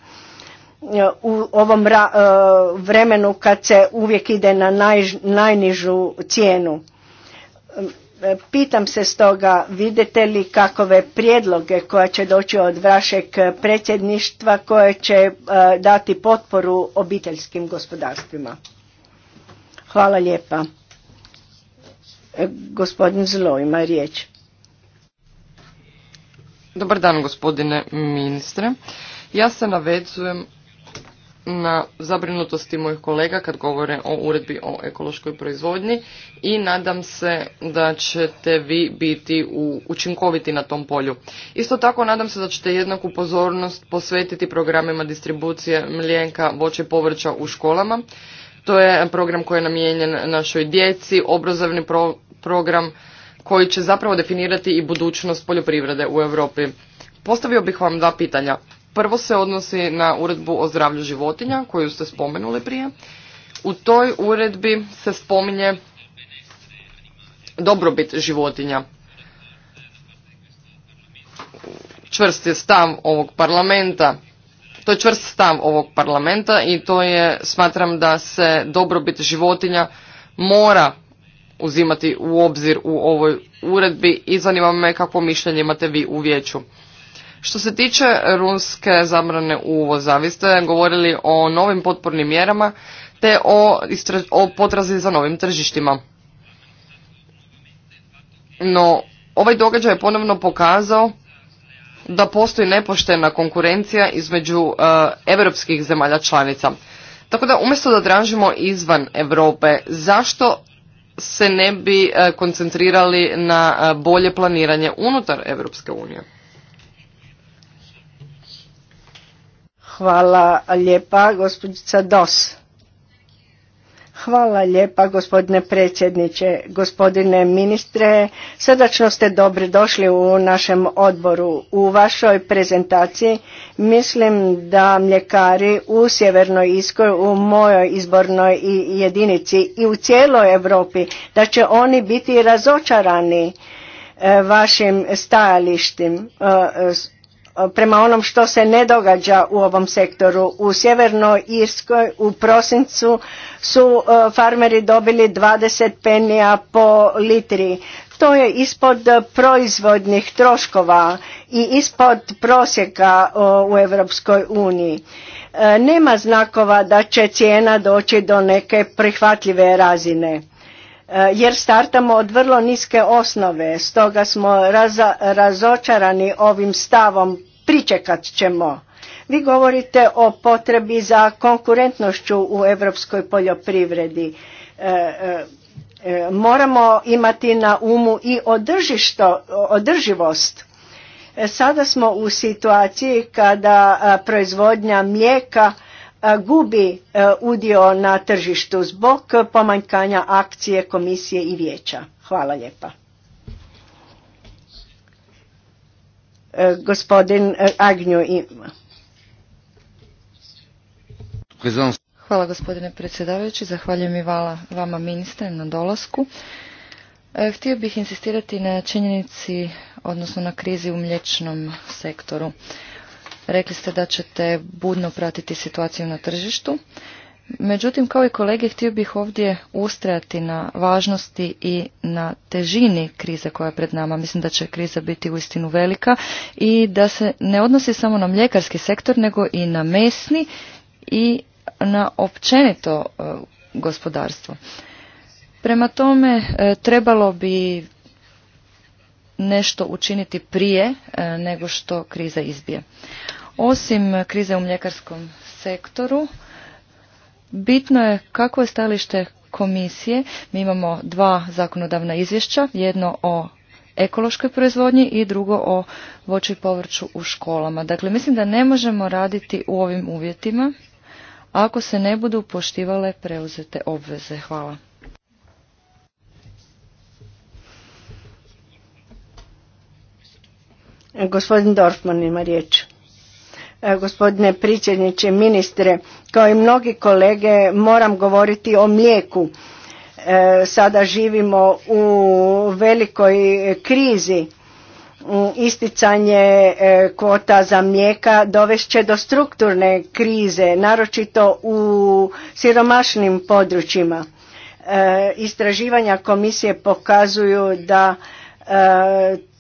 u ovom vremenu kad se uvijek ide na najnižu cijenu E, pitam se stoga, vidite li kakove prijedloge koja će doći od vašeg predsjedništva koje će e, dati potporu obiteljskim gospodarstvima? Hvala lijepa. E, gospodin Zlo ima riječ. Dobar dan gospodine ministre. Ja se navezujem na zabrinutosti mojih kolega kad govore o uredbi o ekološkoj proizvodnji i nadam se da ćete vi biti učinkoviti na tom polju. Isto tako nadam se da ćete jednaku pozornost posvetiti programima distribucije mlijenka, voće i povrća u školama. To je program koji je namijenjen našoj djeci, obrazovni program koji će zapravo definirati i budućnost poljoprivrede u Europi. Postavio bih vam dva pitanja. Prvo se odnosi na uredbu o zdravlju životinja koju ste spomenuli prije. U toj uredbi se spominje dobrobit životinja. Čvrst je stav ovog parlamenta. To je čvrst stav ovog parlamenta i to je, smatram da se dobrobit životinja mora uzimati u obzir u ovoj uredbi i zanima me kako mišljenje imate vi u vijeću. Što se tiče ruske zabrane uvoza, vi ste govorili o novim potpornim mjerama te o, potrazi za novim tržištima. No, ovaj događaj je ponovno pokazao da postoji nepoštena konkurencija između uh, europskih zemalja članica. Tako da umjesto da tražimo izvan Europe, zašto se ne bi uh, koncentrirali na uh, bolje planiranje unutar Europske unije? Hvala lijepa, gospođica Dos. Hvala lijepa gospodine predsjedniče, gospodine ministre. Srdačno ste dobri došli u našem odboru. U vašoj prezentaciji mislim da mljekari u Sjevernoj Iskoj, u mojoj izbornoj jedinici i u cijeloj Europi, da će oni biti razočarani e, vašim stajalištem e, prema onom što se ne događa u ovom sektoru. U Sjevernoj Irskoj u prosincu su e, farmeri dobili 20 penija po litri. To je ispod proizvodnih troškova i ispod prosjeka u Europskoj uniji. E, nema znakova da će cijena doći do neke prihvatljive razine e, jer startamo od vrlo niske osnove, stoga smo razočarani ovim stavom pričekat ćemo. Vi govorite o potrebi za konkurentnošću u europskoj poljoprivredi. E, e, e, moramo imati na umu i održišto, održivost. sada smo u situaciji kada proizvodnja mlijeka gubi udio na tržištu zbog pomanjkanja akcije komisije i vijeća. Hvala lijepa. E, gospodin e, Agnju ima. Hvala gospodine predsjedavajući, zahvaljujem i vama ministre na dolasku. E, htio bih insistirati na činjenici, odnosno na krizi u mlječnom sektoru. Rekli ste da ćete budno pratiti situaciju na tržištu. Međutim, kao i kolege, htio bih ovdje ustrajati na važnosti i na težini krize koja je pred nama. Mislim da će kriza biti uistinu velika i da se ne odnosi samo na mljekarski sektor, nego i na mesni i na općenito e, gospodarstvo. Prema tome, e, trebalo bi nešto učiniti prije e, nego što kriza izbije. Osim krize u mljekarskom sektoru, Bitno je kako je stajalište komisije. Mi imamo dva zakonodavna izvješća, jedno o ekološkoj proizvodnji i drugo o voću i povrću u školama. Dakle, mislim da ne možemo raditi u ovim uvjetima ako se ne budu poštivale preuzete obveze. Hvala. Gospodin Dorfman ima riječ. E, gospodine predsjedniče ministre kao i mnogi kolege moram govoriti o mlijeku e, sada živimo u velikoj krizi isticanje e, kvota za mlijeka dovest će do strukturne krize naročito u siromašnim područjima istraživanja komisije pokazuju da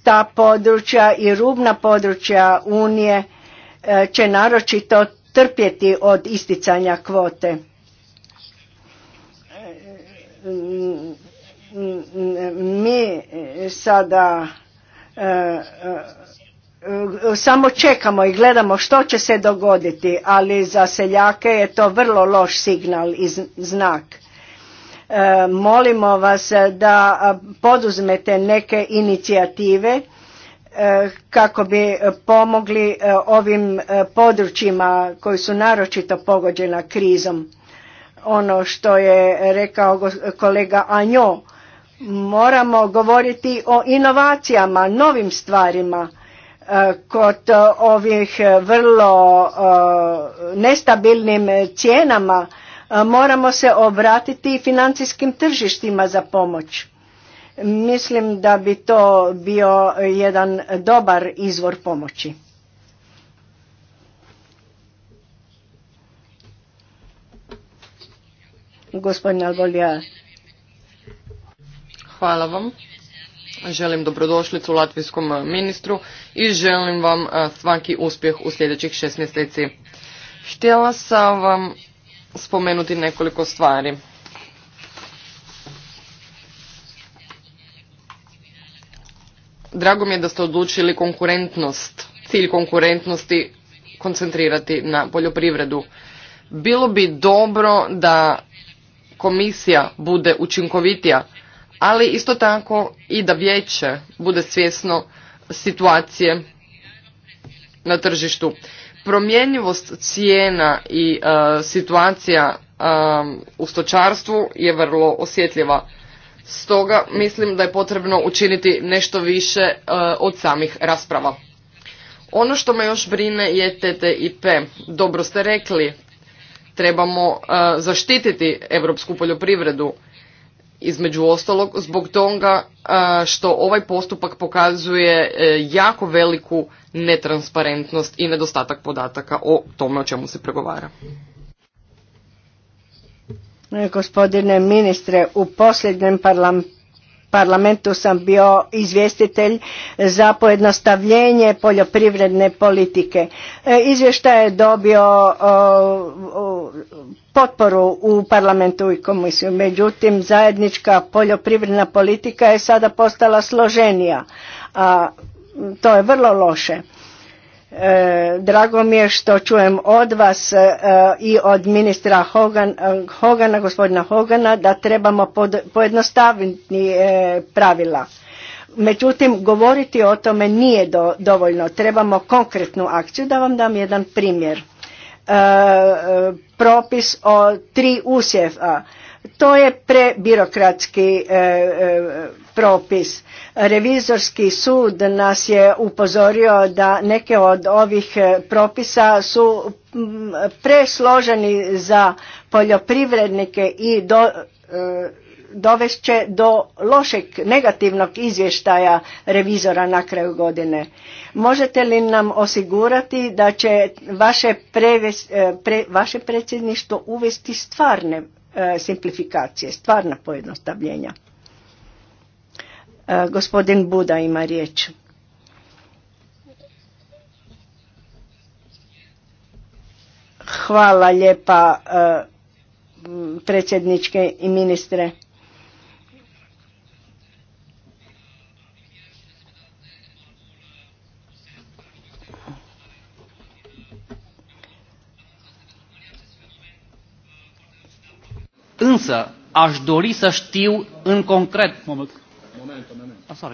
ta područja i rubna područja unije E, će naročito trpjeti od isticanja kvote. Mi sada e, e, samo čekamo i gledamo što će se dogoditi, ali za seljake je to vrlo loš signal i znak. Molimo vas da poduzmete neke inicijative E, kako bi pomogli e, ovim e, područjima koji su naročito pogođena krizom. Ono što je rekao kolega Anjo, moramo govoriti o inovacijama, novim stvarima kod ovih vrlo nestabilnim cijenama moramo se obratiti financijskim tržištima za pomoć Mislim da bi to bio jedan dobar izvor pomoći. Gospodin Albolija. Hvala vam. Želim dobrodošlicu latvijskom ministru i želim vam e, svaki uspjeh u sljedećih šest mjeseci. Htjela sam vam spomenuti nekoliko stvari. drago mi je da ste odlučili konkurentnost, cilj konkurentnosti koncentrirati na poljoprivredu. Bilo bi dobro da komisija bude učinkovitija, ali isto tako i da vijeće bude svjesno situacije na tržištu. Promjenjivost cijena i e, situacija e, u stočarstvu je vrlo osjetljiva. Stoga mislim da je potrebno učiniti nešto više e, od samih rasprava. Ono što me još brine je TTIP. Dobro ste rekli, trebamo e, zaštititi europsku poljoprivredu između ostalog zbog toga e, što ovaj postupak pokazuje jako veliku netransparentnost i nedostatak podataka o tome o čemu se pregovara. Gospodine ministre, u posljednjem parlamentu sam bio izvjestitelj za pojednostavljenje poljoprivredne politike. E, izvještaj je dobio potporu u parlamentu i komisiju. Međutim, zajednička poljoprivredna politika je sada postala složenija. A to je vrlo loše. E, drago mi je što čujem od vas e, i od ministra e, Hogana, gospodina Hogana, da trebamo pojednostaviti pravila. Međutim, govoriti o tome nije dovoljno. Trebamo konkretnu akciju. Da vam dam jedan primjer. propis o tri usjeva. To je prebirokratski propis. Revizorski sud nas je upozorio da neke od ovih e, propisa su presloženi za poljoprivrednike i do, e, dovest će do lošeg negativnog izvještaja revizora na kraju godine. Možete li nam osigurati da će vaše, e, vaše predsjedništvo uvesti stvarne simplifikacije, stvarna pojednostavljenja? E, gospodin Buda ima riječ. Hvala lijepa e, predsjedničke i ministre. Însă aș dori să știu în concret. Momento, oh,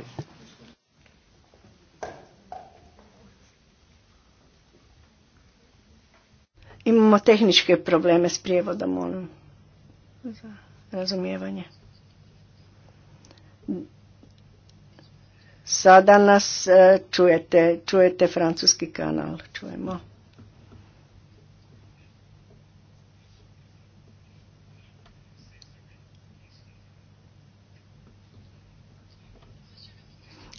Imamo tehničke probleme s prijevodom, on za razumijevanje. Sada nas e, čujete, čujete francuski kanal, čujemo.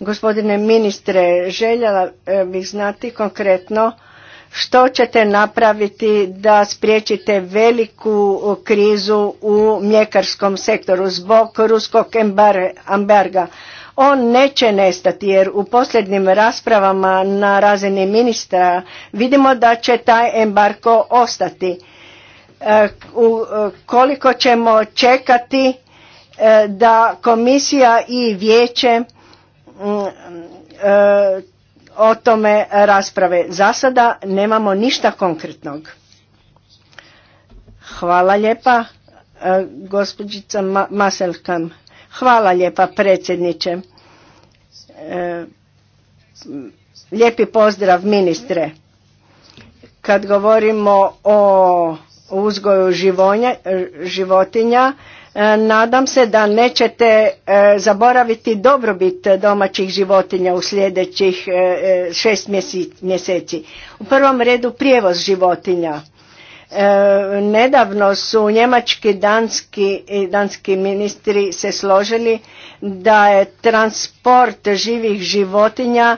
Gospodine ministre, željela eh, bih znati konkretno što ćete napraviti da spriječite veliku krizu u mljekarskom sektoru zbog ruskog embarga. On neće nestati jer u posljednjim raspravama na razini ministra vidimo da će taj embargo ostati. Eh, koliko ćemo čekati eh, da komisija i vijeće o tome rasprave. Za sada nemamo ništa konkretnog. Hvala lijepa, e, gospođica Maselkam. Hvala lijepa, predsjedniče. E, lijepi pozdrav, ministre. Kad govorimo o uzgoju životinja, E, nadam se da nećete e, zaboraviti dobrobit domaćih životinja u sljedećih e, šest mjeseci. U prvom redu prijevoz životinja. Nedavno su njemački danski, danski ministri se složili da je transport živih životinja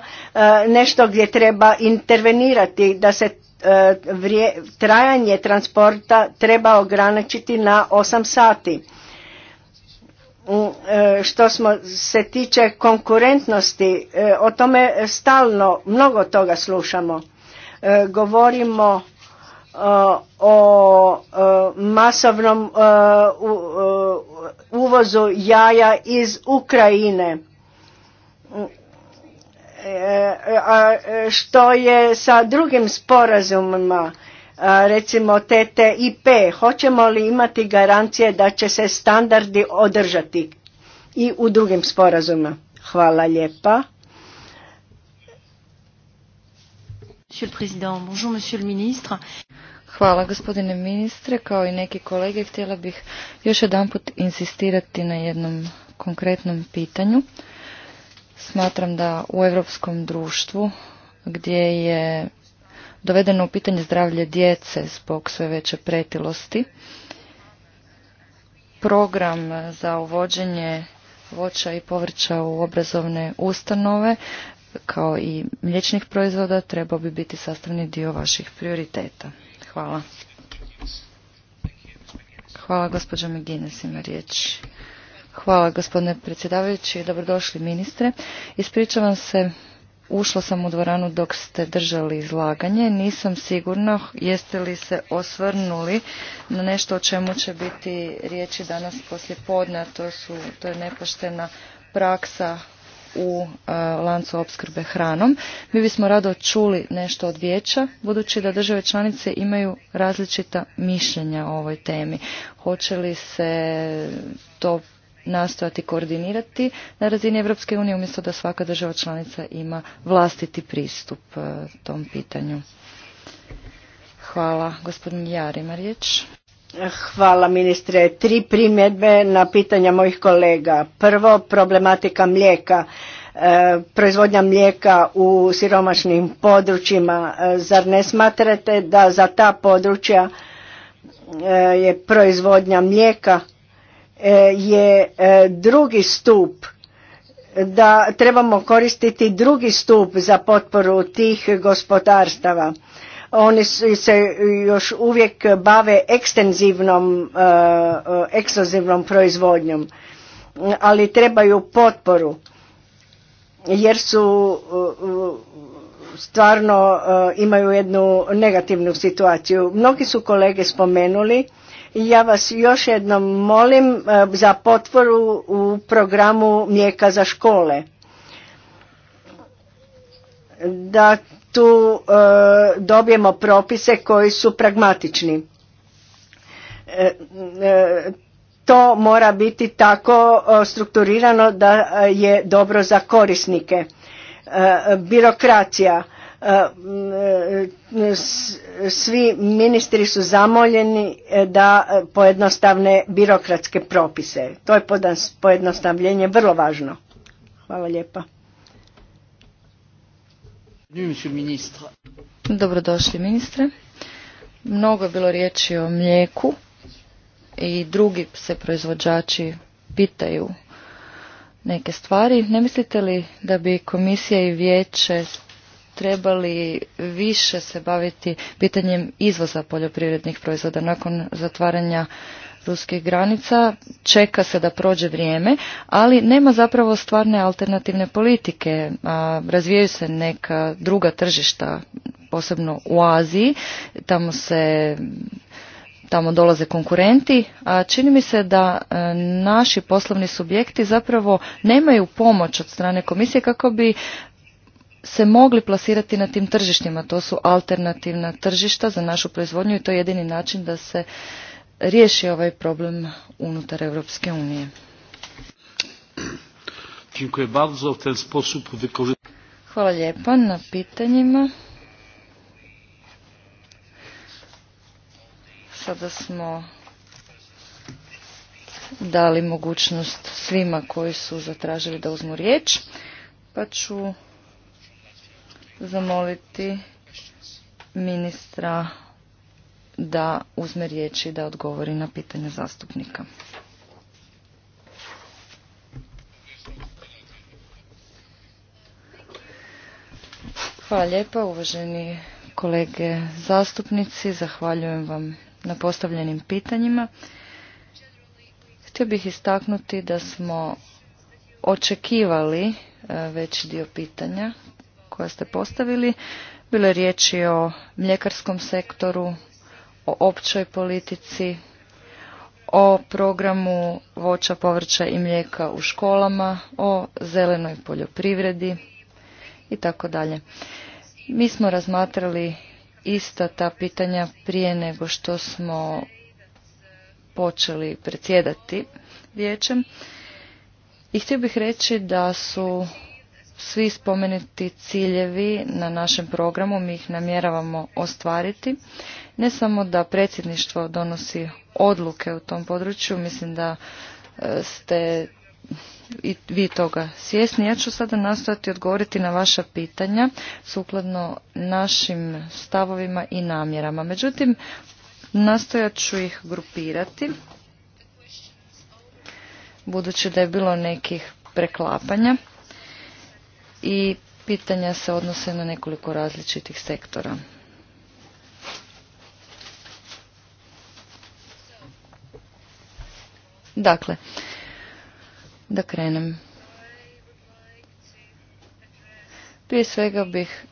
nešto gdje treba intervenirati, da se trajanje transporta treba ograničiti na 8 sati Mm, e, što smo se tiče konkurentnosti, e, o tome stalno mnogo toga slušamo. E, govorimo o masovnom uvozu jaja iz Ukrajine. Mm, što je sa drugim sporazumima? recimo TTIP, hoćemo li imati garancije da će se standardi održati i u drugim sporazumima? Hvala lijepa. Hvala gospodine ministre, kao i neki kolege htjela bih još jedanput insistirati na jednom konkretnom pitanju. Smatram da u europskom društvu gdje je dovedeno u pitanje zdravlje djece zbog sve veće pretilosti. Program za uvođenje voća i povrća u obrazovne ustanove kao i mliječnih proizvoda trebao bi biti sastavni dio vaših prioriteta. Hvala. Hvala gospođo McGuinness ima riječ. Hvala gospodine predsjedavajući i dobrodošli ministre. Ispričavam se ušla sam u dvoranu dok ste držali izlaganje. Nisam sigurna jeste li se osvrnuli na nešto o čemu će biti riječi danas poslje podne, to, su, to je nepoštena praksa u e, lancu opskrbe hranom. Mi bismo rado čuli nešto od vijeća, budući da države članice imaju različita mišljenja o ovoj temi. Hoće li se to nastojati koordinirati na razini Europske unije umjesto da svaka država članica ima vlastiti pristup e, tom pitanju. Hvala. Gospodin Jarima riječ. Hvala ministre. Tri primjedbe na pitanja mojih kolega. Prvo, problematika mlijeka. E, proizvodnja mlijeka u siromašnim područjima. E, zar ne smatrate da za ta područja je proizvodnja mlijeka E, je e, drugi stup da trebamo koristiti drugi stup za potporu tih gospodarstava. Oni se još uvijek bave ekstenzivnom, e, ekskluzivnom proizvodnjom, ali trebaju potporu jer su stvarno imaju jednu negativnu situaciju. Mnogi su kolege spomenuli ja vas još jednom molim e, za potvoru u programu Mlijeka za škole. Da tu e, dobijemo propise koji su pragmatični. E, to mora biti tako strukturirano da je dobro za korisnike. Birokracija E, e, svi ministri su zamoljeni e, da pojednostavne birokratske propise. To je pojednostavljenje vrlo važno. Hvala lijepa. Dobrodošli ministre. Mnogo je bilo riječi o mlijeku i drugi se proizvođači pitaju neke stvari. Ne mislite li da bi komisija i vijeće trebali više se baviti pitanjem izvoza poljoprivrednih proizvoda nakon zatvaranja ruskih granica, čeka se da prođe vrijeme, ali nema zapravo stvarne alternativne politike. Razvijaju se neka druga tržišta, posebno u Aziji, tamo se tamo dolaze konkurenti, a čini mi se da e, naši poslovni subjekti zapravo nemaju pomoć od strane komisije kako bi se mogli plasirati na tim tržištima. To su alternativna tržišta za našu proizvodnju i to je jedini način da se riješi ovaj problem unutar Europske unije. Hvala lijepa na pitanjima. Sada smo dali mogućnost svima koji su zatražili da uzmu riječ, pa ću zamoliti ministra da uzme riječ i da odgovori na pitanja zastupnika. Hvala lijepa uvaženi kolege zastupnici, zahvaljujem vam na postavljenim pitanjima. Htio bih istaknuti da smo očekivali e, veći dio pitanja koja ste postavili. Bilo je riječi o mljekarskom sektoru, o općoj politici, o programu voća, povrća i mlijeka u školama, o zelenoj poljoprivredi i tako dalje. Mi smo razmatrali ista ta pitanja prije nego što smo počeli predsjedati vijećem i htio bih reći da su svi spomenuti ciljevi na našem programu, mi ih namjeravamo ostvariti. Ne samo da predsjedništvo donosi odluke u tom području, mislim da e, ste i vi toga svjesni. Ja ću sada nastojati odgovoriti na vaša pitanja sukladno našim stavovima i namjerama. Međutim, nastojat ću ih grupirati budući da je bilo nekih preklapanja i pitanja se odnose na nekoliko različitih sektora. Dakle, da krenem. Prije svega bih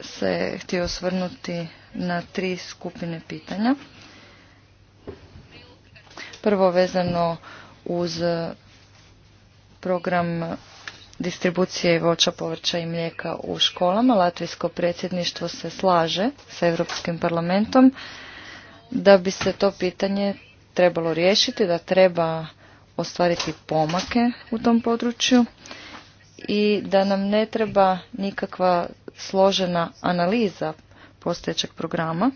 se htio osvrnuti na tri skupine pitanja. Prvo vezano uz program distribucije voća, povrća i mlijeka u školama. Latvijsko predsjedništvo se slaže sa Europskim parlamentom da bi se to pitanje trebalo riješiti, da treba ostvariti pomake u tom području i da nam ne treba nikakva složena analiza postojećeg programa,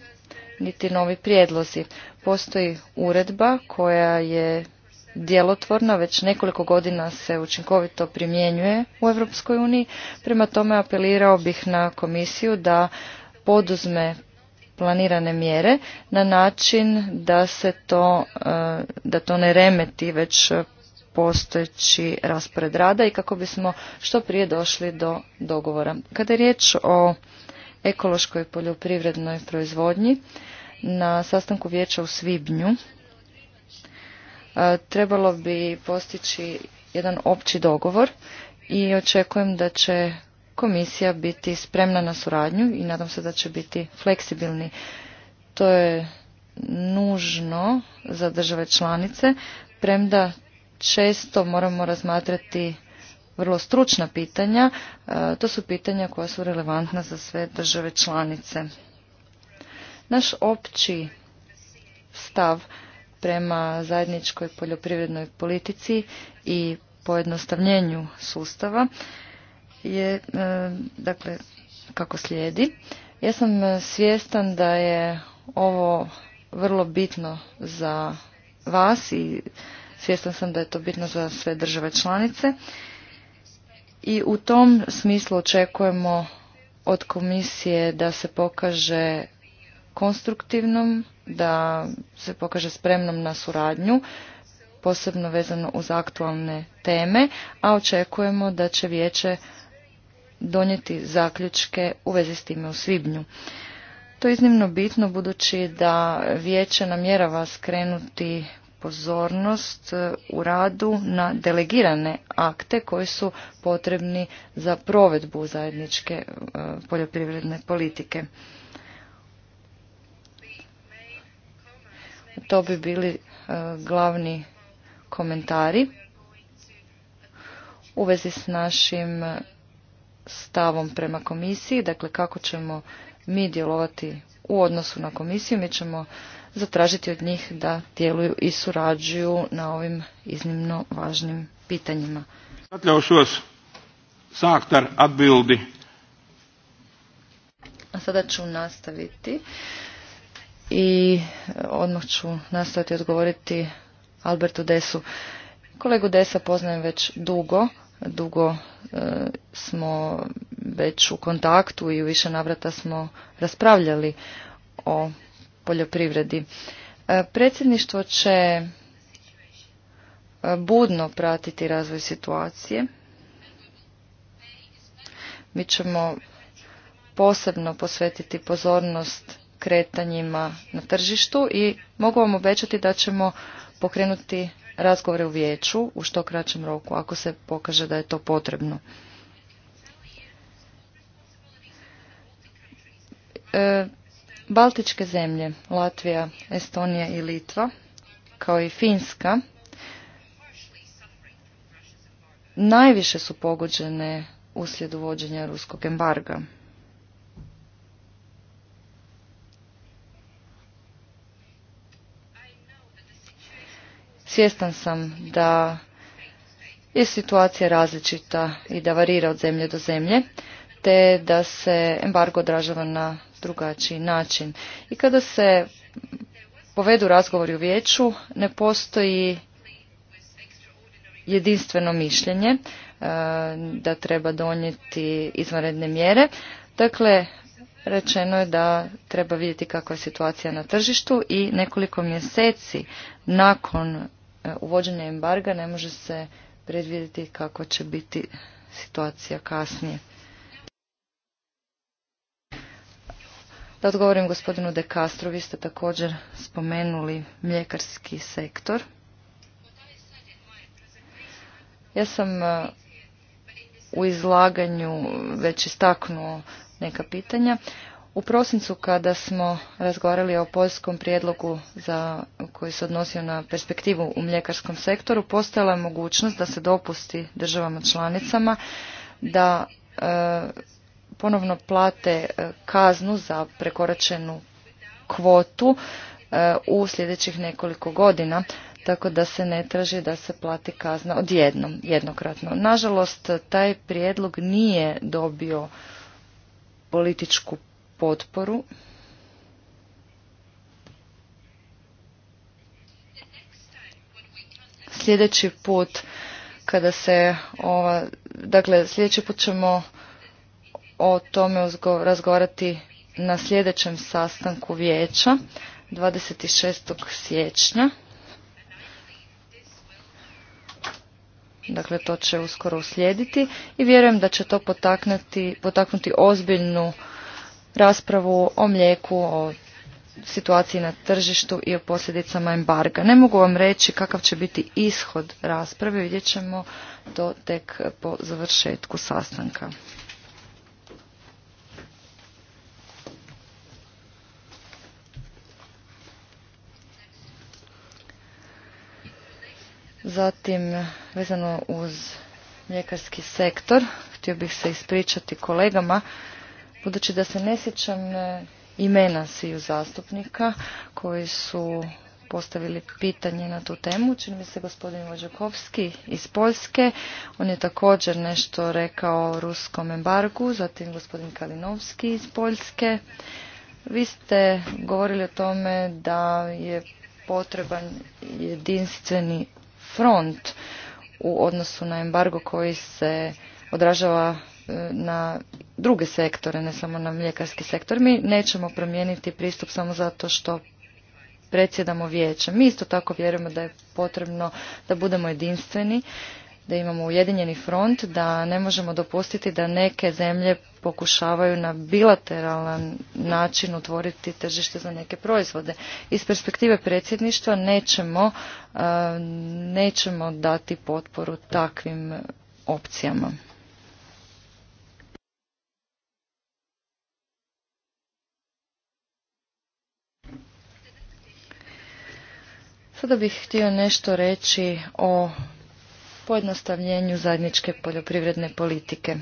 niti novi prijedlozi. Postoji uredba koja je djelotvorna, već nekoliko godina se učinkovito primjenjuje u Europskoj uniji. Prema tome apelirao bih na komisiju da poduzme planirane mjere na način da se to, e, da to ne remeti već postojeći raspored rada i kako bismo što prije došli do dogovora. Kada je riječ o ekološkoj poljoprivrednoj proizvodnji, na sastanku vijeća u Svibnju E, trebalo bi postići jedan opći dogovor i očekujem da će komisija biti spremna na suradnju i nadam se da će biti fleksibilni. To je nužno za države članice, premda često moramo razmatrati vrlo stručna pitanja. E, to su pitanja koja su relevantna za sve države članice. Naš opći stav prema zajedničkoj poljoprivrednoj politici i pojednostavljenju sustava je e, dakle kako slijedi. Ja sam e, svjestan da je ovo vrlo bitno za vas i svjestan sam da je to bitno za sve države članice i u tom smislu očekujemo od komisije da se pokaže konstruktivnom, da se pokaže spremnom na suradnju, posebno vezano uz aktualne teme, a očekujemo da će vijeće donijeti zaključke u vezi s time u svibnju. To je iznimno bitno budući da vijeće namjerava skrenuti pozornost e, u radu na delegirane akte koji su potrebni za provedbu zajedničke e, poljoprivredne politike. To bi bili e, glavni komentari u vezi s našim stavom prema komisiji, dakle kako ćemo mi djelovati u odnosu na komisiju, mi ćemo zatražiti od njih da djeluju i surađuju na ovim iznimno važnim pitanjima. A sada ću nastaviti i e, odmah ću nastaviti odgovoriti Albertu Desu. Kolegu Desa poznajem već dugo, dugo e, smo već u kontaktu i u više navrata smo raspravljali o poljoprivredi. E, predsjedništvo će budno pratiti razvoj situacije. Mi ćemo posebno posvetiti pozornost kretanjima na tržištu i mogu vam obećati da ćemo pokrenuti razgovore u vijeću u što kraćem roku ako se pokaže da je to potrebno. E, Baltičke zemlje, Latvija, Estonija i Litva, kao i Finska, najviše su pogođene uslijed uvođenja ruskog embarga. Svjestan sam da je situacija različita i da varira od zemlje do zemlje, te da se embargo odražava na drugačiji način. I kada se povedu razgovori u vijeću, ne postoji jedinstveno mišljenje e, da treba donijeti izvanredne mjere. Dakle, rečeno je da treba vidjeti kakva je situacija na tržištu i nekoliko mjeseci nakon E, uvođenje embarga ne može se predvidjeti kako će biti situacija kasnije. Da odgovorim gospodinu De Castro, vi ste također spomenuli mljekarski sektor. Ja sam e, u izlaganju već istaknuo neka pitanja. U prosincu kada smo razgovarali o poljskom prijedlogu za, koji se odnosio na perspektivu u mljekarskom sektoru, postojala je mogućnost da se dopusti državama članicama da e, ponovno plate e, kaznu za prekoračenu kvotu e, u sljedećih nekoliko godina, tako da se ne traži da se plati kazna odjednom, jednokratno. Nažalost, taj prijedlog nije dobio političku potporu sljedeći put kada se ova, dakle sljedeći put ćemo o tome razgovarati na sljedećem sastanku vijeća 26. siječnja. Dakle, to će uskoro uslijediti i vjerujem da će to potaknuti, potaknuti ozbiljnu raspravu o mlijeku, o situaciji na tržištu i o posljedicama embarga. Ne mogu vam reći kakav će biti ishod rasprave, vidjet ćemo to tek po završetku sastanka. Zatim, vezano uz mljekarski sektor, htio bih se ispričati kolegama Budući da se ne sjećam e, imena sviju zastupnika koji su postavili pitanje na tu temu. Čini mi se gospodin Vođakovski iz Poljske. On je također nešto rekao o ruskom embargu. Zatim gospodin Kalinovski iz Poljske. Vi ste govorili o tome da je potreban jedinstveni front u odnosu na embargo koji se odražava e, na druge sektore, ne samo na mljekarski sektor. Mi nećemo promijeniti pristup samo zato što predsjedamo vijećem. Mi isto tako vjerujemo da je potrebno da budemo jedinstveni, da imamo ujedinjeni front, da ne možemo dopustiti da neke zemlje pokušavaju na bilateralan način utvoriti tržište za neke proizvode. Iz perspektive predsjedništva nećemo, nećemo dati potporu takvim opcijama. Sada bih htio nešto reći o pojednostavljenju zajedničke poljoprivredne politike.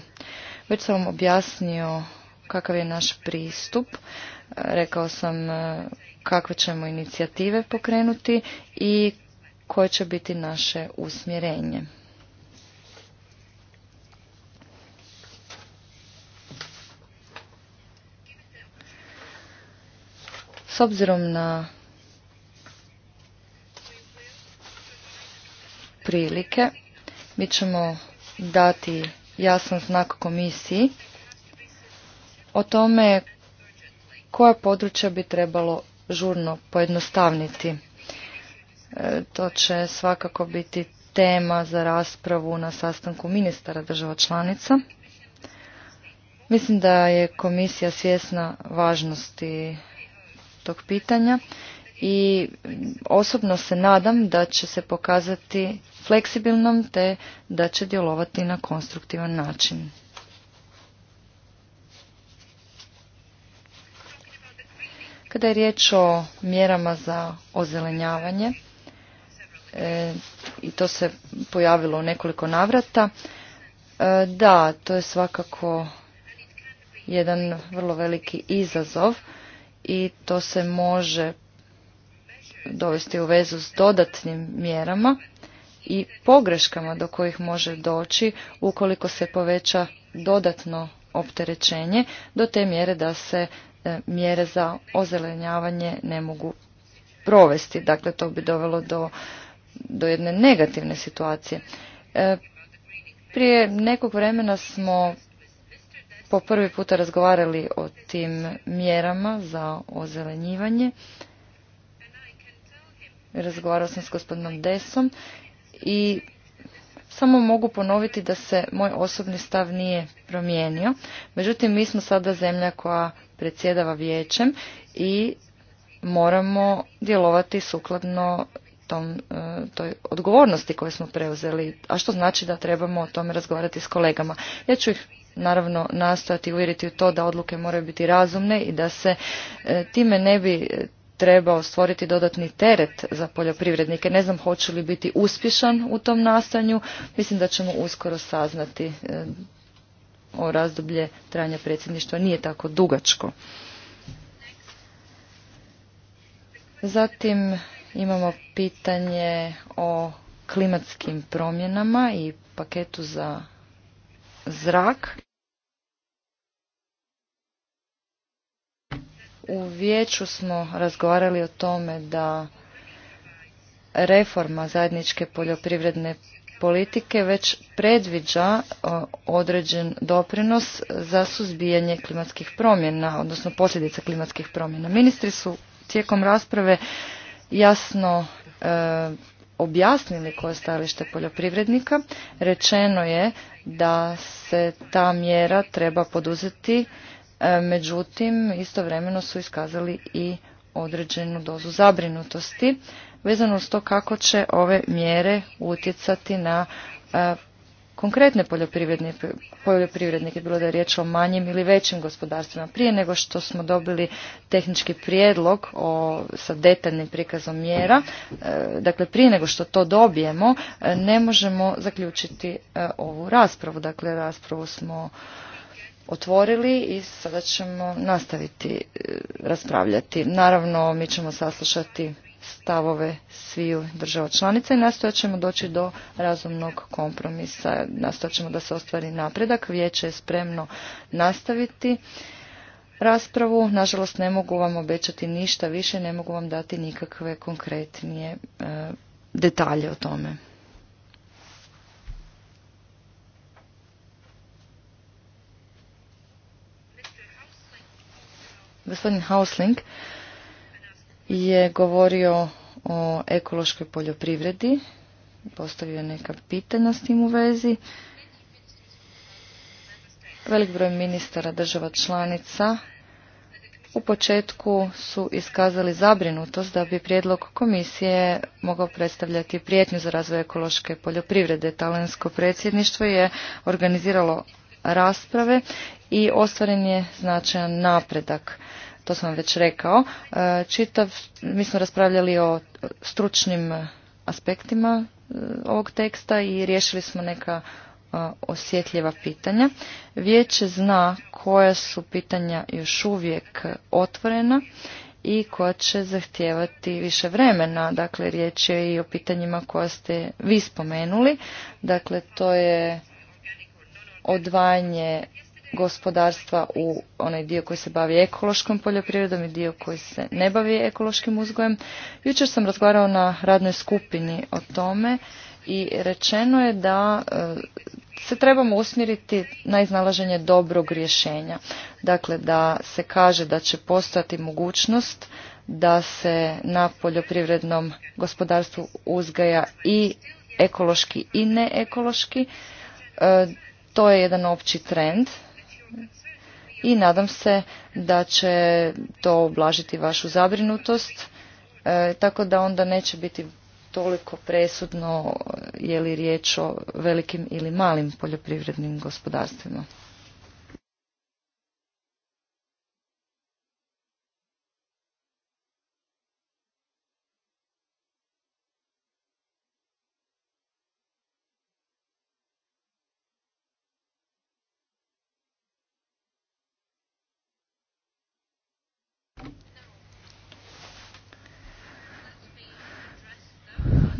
Već sam vam objasnio kakav je naš pristup. E, rekao sam e, kakve ćemo inicijative pokrenuti i koje će biti naše usmjerenje. S obzirom na prilike. Mi ćemo dati jasan znak komisiji o tome koja područja bi trebalo žurno pojednostavniti. E, to će svakako biti tema za raspravu na sastanku ministara država članica. Mislim da je komisija svjesna važnosti tog pitanja i osobno se nadam da će se pokazati fleksibilnom te da će djelovati na konstruktivan način. Kada je riječ o mjerama za ozelenjavanje, e, i to se pojavilo u nekoliko navrata, e, da, to je svakako jedan vrlo veliki izazov i to se može dovesti u vezu s dodatnim mjerama i pogreškama do kojih može doći ukoliko se poveća dodatno opterećenje do te mjere da se e, mjere za ozelenjavanje ne mogu provesti. Dakle, to bi dovelo do, do jedne negativne situacije. E, prije nekog vremena smo po prvi puta razgovarali o tim mjerama za ozelenjivanje. Razgovarao sam s gospodinom Desom i samo mogu ponoviti da se moj osobni stav nije promijenio. Međutim, mi smo sada zemlja koja predsjedava vijećem i moramo djelovati sukladno tom, e, toj odgovornosti koju smo preuzeli, a što znači da trebamo o tome razgovarati s kolegama. Ja ću ih naravno nastojati uvjeriti u to da odluke moraju biti razumne i da se e, time ne bi trebao stvoriti dodatni teret za poljoprivrednike. Ne znam hoće li biti uspješan u tom nastanju. Mislim da ćemo uskoro saznati e, o razdoblje trajanja predsjedništva nije tako dugačko. Zatim imamo pitanje o klimatskim promjenama i paketu za zrak. U vijeću smo razgovarali o tome da reforma zajedničke poljoprivredne politike već predviđa e, određen doprinos za suzbijanje klimatskih promjena, odnosno posljedica klimatskih promjena. Ministri su tijekom rasprave jasno e, objasnili koje stajalište poljoprivrednika. Rečeno je da se ta mjera treba poduzeti E, međutim istovremeno su iskazali i određenu dozu zabrinutosti vezano uz to kako će ove mjere utjecati na e, konkretne poljoprivrednike, poljoprivrednike, bilo da je riječ o manjim ili većim gospodarstvima. Prije nego što smo dobili tehnički prijedlog sa detaljnim prikazom mjera, e, dakle prije nego što to dobijemo, ne možemo zaključiti ovu raspravu. Dakle, raspravu smo otvorili i sada ćemo nastaviti e, raspravljati. Naravno, mi ćemo saslušati stavove sviju država članica i nastojat ćemo doći do razumnog kompromisa, nastojat ćemo da se ostvari napredak, vijeće je spremno nastaviti raspravu. Nažalost, ne mogu vam obećati ništa više, ne mogu vam dati nikakve konkretnije e, detalje o tome. Gospodin Hausling je govorio o ekološkoj poljoprivredi, postavio neka pitanja s tim u vezi. Velik broj ministara država članica u početku su iskazali zabrinutost da bi prijedlog komisije mogao predstavljati prijetnju za razvoj ekološke poljoprivrede. Talensko predsjedništvo je organiziralo rasprave i ostvaren je značajan napredak. To sam već rekao. E, čitav, mi smo raspravljali o stručnim aspektima e, ovog teksta i riješili smo neka e, osjetljiva pitanja. Vijeće zna koja su pitanja još uvijek otvorena i koja će zahtijevati više vremena. Dakle, riječ je i o pitanjima koja ste vi spomenuli. Dakle, to je odvajanje gospodarstva u onaj dio koji se bavi ekološkom poljoprivredom i dio koji se ne bavi ekološkim uzgojem. Jučer sam razgovarao na radnoj skupini o tome i rečeno je da e, se trebamo usmjeriti na iznalaženje dobrog rješenja. Dakle, da se kaže da će postojati mogućnost da se na poljoprivrednom gospodarstvu uzgaja i ekološki i neekološki e, to je jedan opći trend i nadam se da će to oblažiti vašu zabrinutost, e, tako da onda neće biti toliko presudno e, je li riječ o velikim ili malim poljoprivrednim gospodarstvima.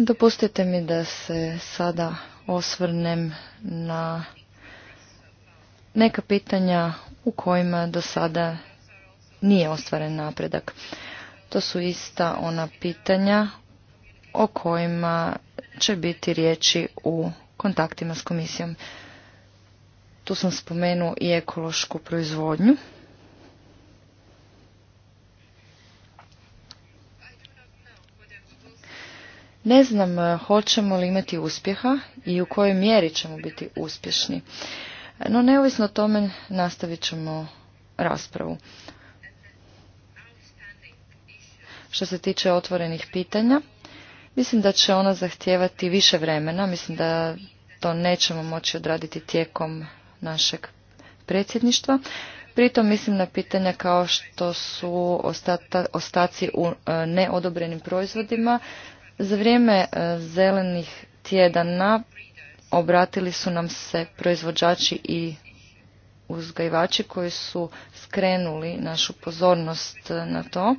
Dopustite mi da se sada osvrnem na neka pitanja u kojima do sada nije ostvaren napredak. To su ista ona pitanja o kojima će biti riječi u kontaktima s komisijom. Tu sam spomenuo i ekološku proizvodnju. Ne znam e, hoćemo li imati uspjeha i u kojoj mjeri ćemo biti uspješni. No neovisno o tome nastavit ćemo raspravu. Što se tiče otvorenih pitanja, mislim da će ona zahtijevati više vremena. Mislim da to nećemo moći odraditi tijekom našeg predsjedništva. Pritom mislim na pitanja kao što su ostaci u e, neodobrenim proizvodima, za vrijeme e, zelenih tjedana obratili su nam se proizvođači i uzgajivači koji su skrenuli našu pozornost e, na to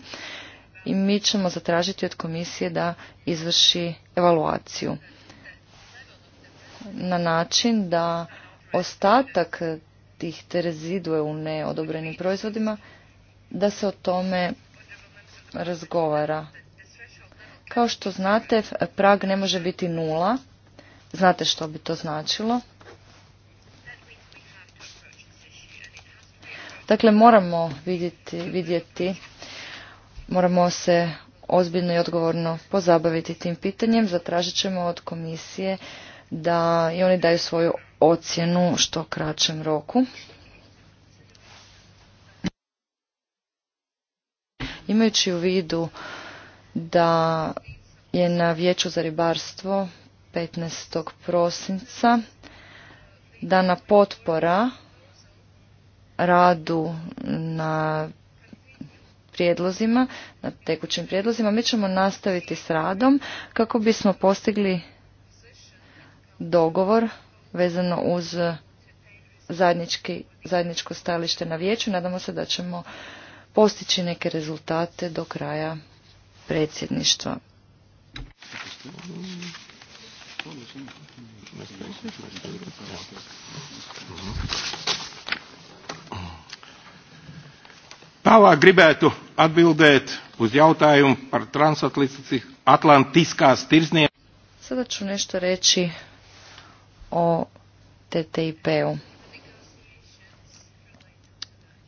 i mi ćemo zatražiti od komisije da izvrši evaluaciju na način da ostatak tih te rezidue u neodobrenim proizvodima da se o tome razgovara kao što znate, prag ne može biti nula. Znate što bi to značilo. Dakle, moramo vidjeti, vidjeti, moramo se ozbiljno i odgovorno pozabaviti tim pitanjem. Zatražit ćemo od komisije da i oni daju svoju ocjenu što kraćem roku. Imajući u vidu da je na Vijeću za ribarstvo 15. prosinca dana potpora radu na prijedlozima, na tekućim prijedlozima. Mi ćemo nastaviti s radom kako bismo postigli dogovor vezano uz zajednički, zajedničko stajalište na vijeću. Nadamo se da ćemo postići neke rezultate do kraja predsjedništvo. Tālāk gribētu atbildēt uz jautājumu par transatlantiskās tirzniecības. Sada ću nešto reći o TTIP-u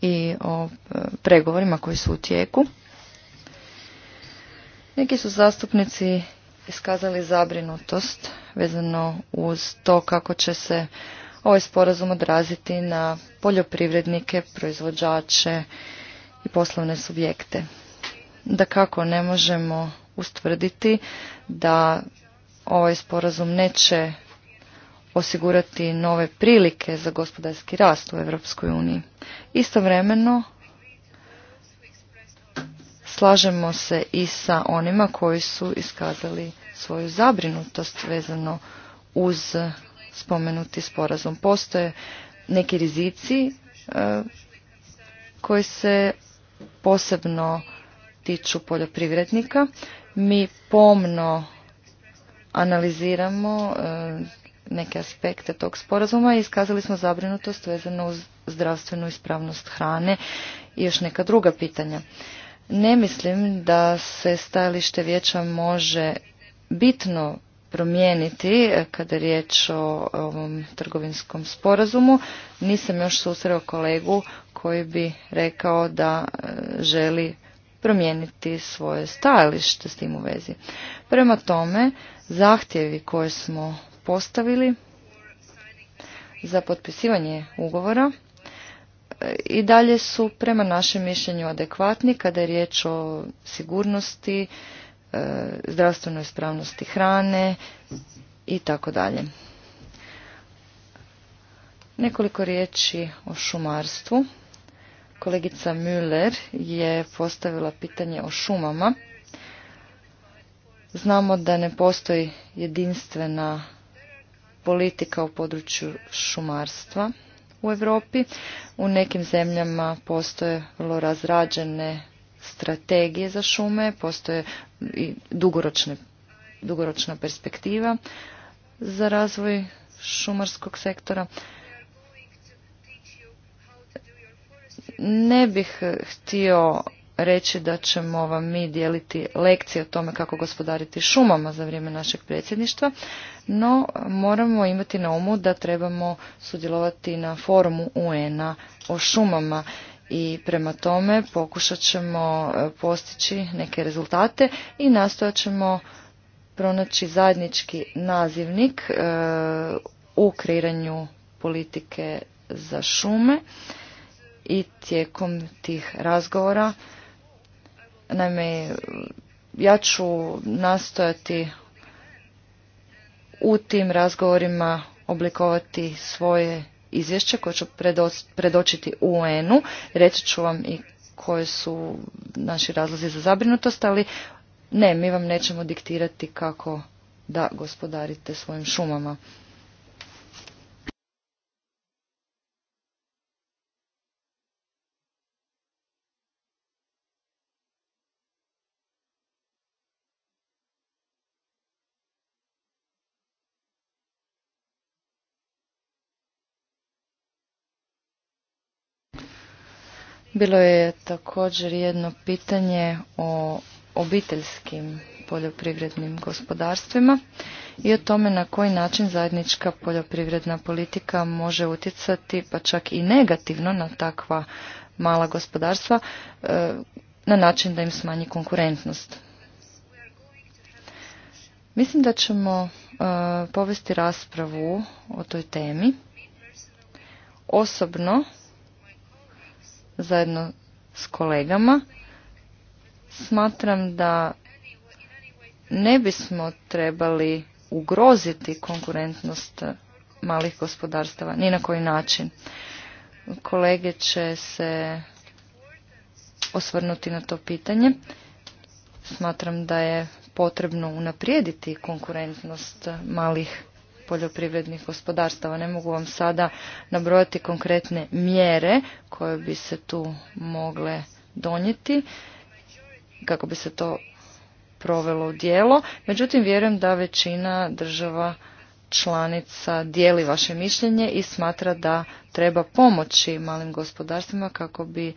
i o e, pregovorima koji su u tijeku. Neki su zastupnici iskazali zabrinutost vezano uz to kako će se ovaj sporazum odraziti na poljoprivrednike, proizvođače i poslovne subjekte. Da kako ne možemo ustvrditi da ovaj sporazum neće osigurati nove prilike za gospodarski rast u Europskoj uniji. Istovremeno Slažemo se i sa onima koji su iskazali svoju zabrinutost vezano uz spomenuti sporazum. Postoje neki rizici e, koji se posebno tiču poljoprivrednika. Mi pomno analiziramo e, neke aspekte tog sporazuma i iskazali smo zabrinutost vezano uz zdravstvenu ispravnost hrane i još neka druga pitanja. Ne mislim da se stajalište vijeća može bitno promijeniti eh, kada je riječ o ovom trgovinskom sporazumu. Nisam još susreo kolegu koji bi rekao da eh, želi promijeniti svoje stajalište s tim u vezi. Prema tome, zahtjevi koje smo postavili za potpisivanje ugovora i dalje su prema našem mišljenju adekvatni kada je riječ o sigurnosti, e, zdravstvenoj ispravnosti hrane i tako dalje. Nekoliko riječi o šumarstvu. Kolegica Müller je postavila pitanje o šumama. Znamo da ne postoji jedinstvena politika u području šumarstva u Europi. U nekim zemljama postoje razrađene strategije za šume, postoje i dugoročne, dugoročna perspektiva za razvoj šumarskog sektora. Ne bih htio reći da ćemo vam mi dijeliti lekcije o tome kako gospodariti šumama za vrijeme našeg predsjedništva, no moramo imati na umu da trebamo sudjelovati na forumu UN-a o šumama i prema tome pokušat ćemo e, postići neke rezultate i nastojat ćemo pronaći zajednički nazivnik e, u kreiranju politike za šume i tijekom tih razgovora Naime, ja ću nastojati u tim razgovorima oblikovati svoje izvješće koje ću predočiti UN-u. Reći ću vam i koje su naši razlozi za zabrinutost, ali ne, mi vam nećemo diktirati kako da gospodarite svojim šumama. Bilo je također jedno pitanje o obiteljskim poljoprivrednim gospodarstvima i o tome na koji način zajednička poljoprivredna politika može utjecati pa čak i negativno na takva mala gospodarstva e, na način da im smanji konkurentnost. Mislim da ćemo e, povesti raspravu o toj temi. Osobno zajedno s kolegama. Smatram da ne bismo trebali ugroziti konkurentnost malih gospodarstava, ni na koji način. Kolege će se osvrnuti na to pitanje. Smatram da je potrebno unaprijediti konkurentnost malih poljoprivrednih gospodarstava. Ne mogu vam sada nabrojati konkretne mjere koje bi se tu mogle donijeti kako bi se to provelo u dijelo. Međutim, vjerujem da većina država članica dijeli vaše mišljenje i smatra da treba pomoći malim gospodarstvima kako bi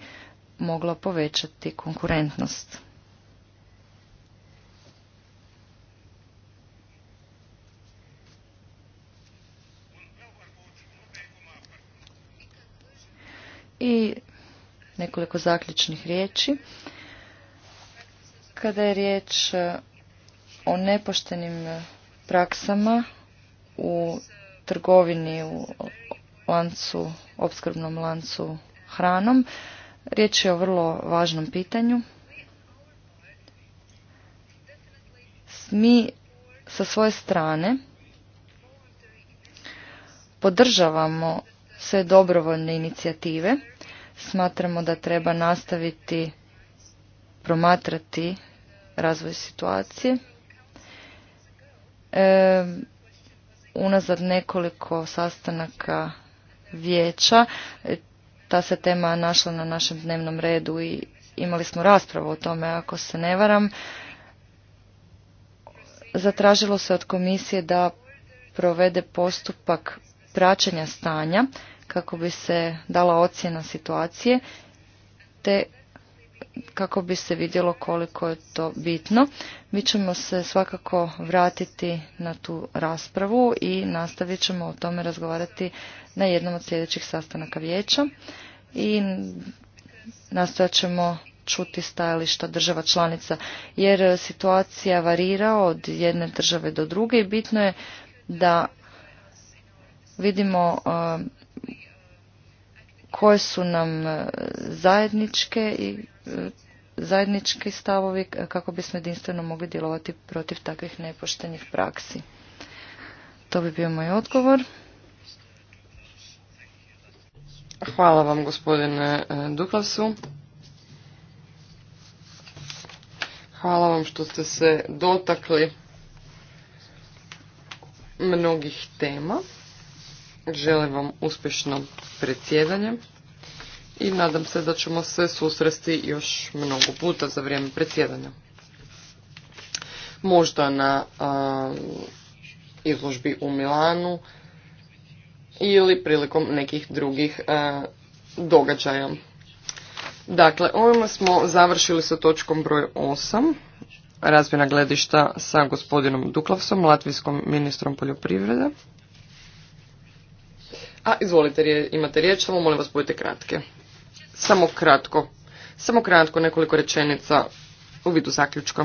mogla povećati konkurentnost. I nekoliko zaključnih riječi. Kada je riječ o nepoštenim praksama u trgovini u lancu, opskrbnom lancu hranom, riječ je o vrlo važnom pitanju. Mi sa svoje strane podržavamo sve dobrovoljne inicijative. Smatramo da treba nastaviti promatrati razvoj situacije. E, unazad nekoliko sastanaka vijeća e, ta se tema našla na našem dnevnom redu i imali smo raspravu o tome ako se ne varam zatražilo se od komisije da provede postupak praćenja stanja kako bi se dala ocjena situacije te kako bi se vidjelo koliko je to bitno. Mi ćemo se svakako vratiti na tu raspravu i nastavit ćemo o tome razgovarati na jednom od sljedećih sastanaka vijeća i nastojat ćemo čuti stajališta država članica jer situacija varira od jedne države do druge i bitno je da vidimo koje su nam e, zajedničke i e, zajednički stavovi e, kako bismo jedinstveno mogli djelovati protiv takvih nepoštenih praksi. To bi bio moj odgovor. Hvala vam gospodine Duklasu. Hvala vam što ste se dotakli mnogih tema. Želim vam uspješno predsjedanje i nadam se da ćemo se susresti još mnogo puta za vrijeme predsjedanja. Možda na izložbi u Milanu ili prilikom nekih drugih događaja. Dakle, ovime smo završili sa točkom broj 8, razmjena gledišta sa gospodinom Duklavsom, latvijskom ministrom poljoprivrede. A izvolite, imate riječ, samo molim vas budite kratke. Samo kratko. Samo kratko nekoliko rečenica u vidu zaključka.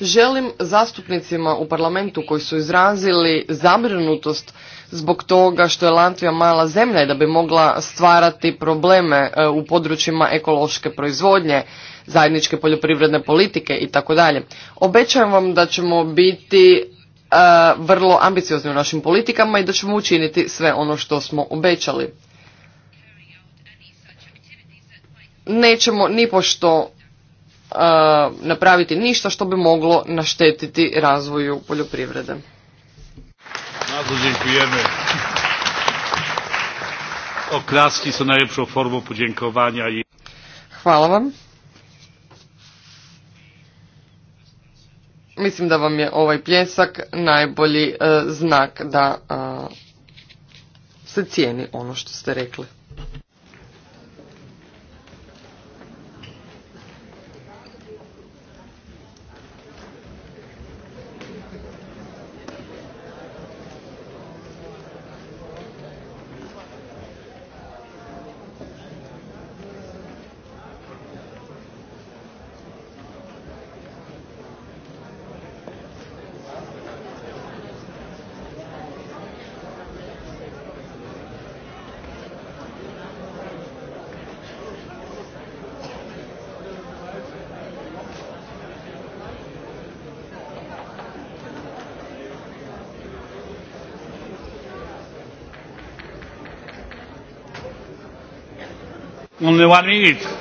Želim zastupnicima u parlamentu koji su izrazili zabrinutost zbog toga što je Latvija mala zemlja i da bi mogla stvarati probleme e, u područjima ekološke proizvodnje, zajedničke poljoprivredne politike i tako dalje. Obećajem vam da ćemo biti E, vrlo ambiciozni u našim politikama i da ćemo učiniti sve ono što smo obećali. Nećemo nipošto e, napraviti ništa što bi moglo naštetiti razvoju poljoprivrede. su Hvala vam. Mislim da vam je ovaj pjesak najbolji e, znak da e, se cijeni ono što ste rekli. minutes.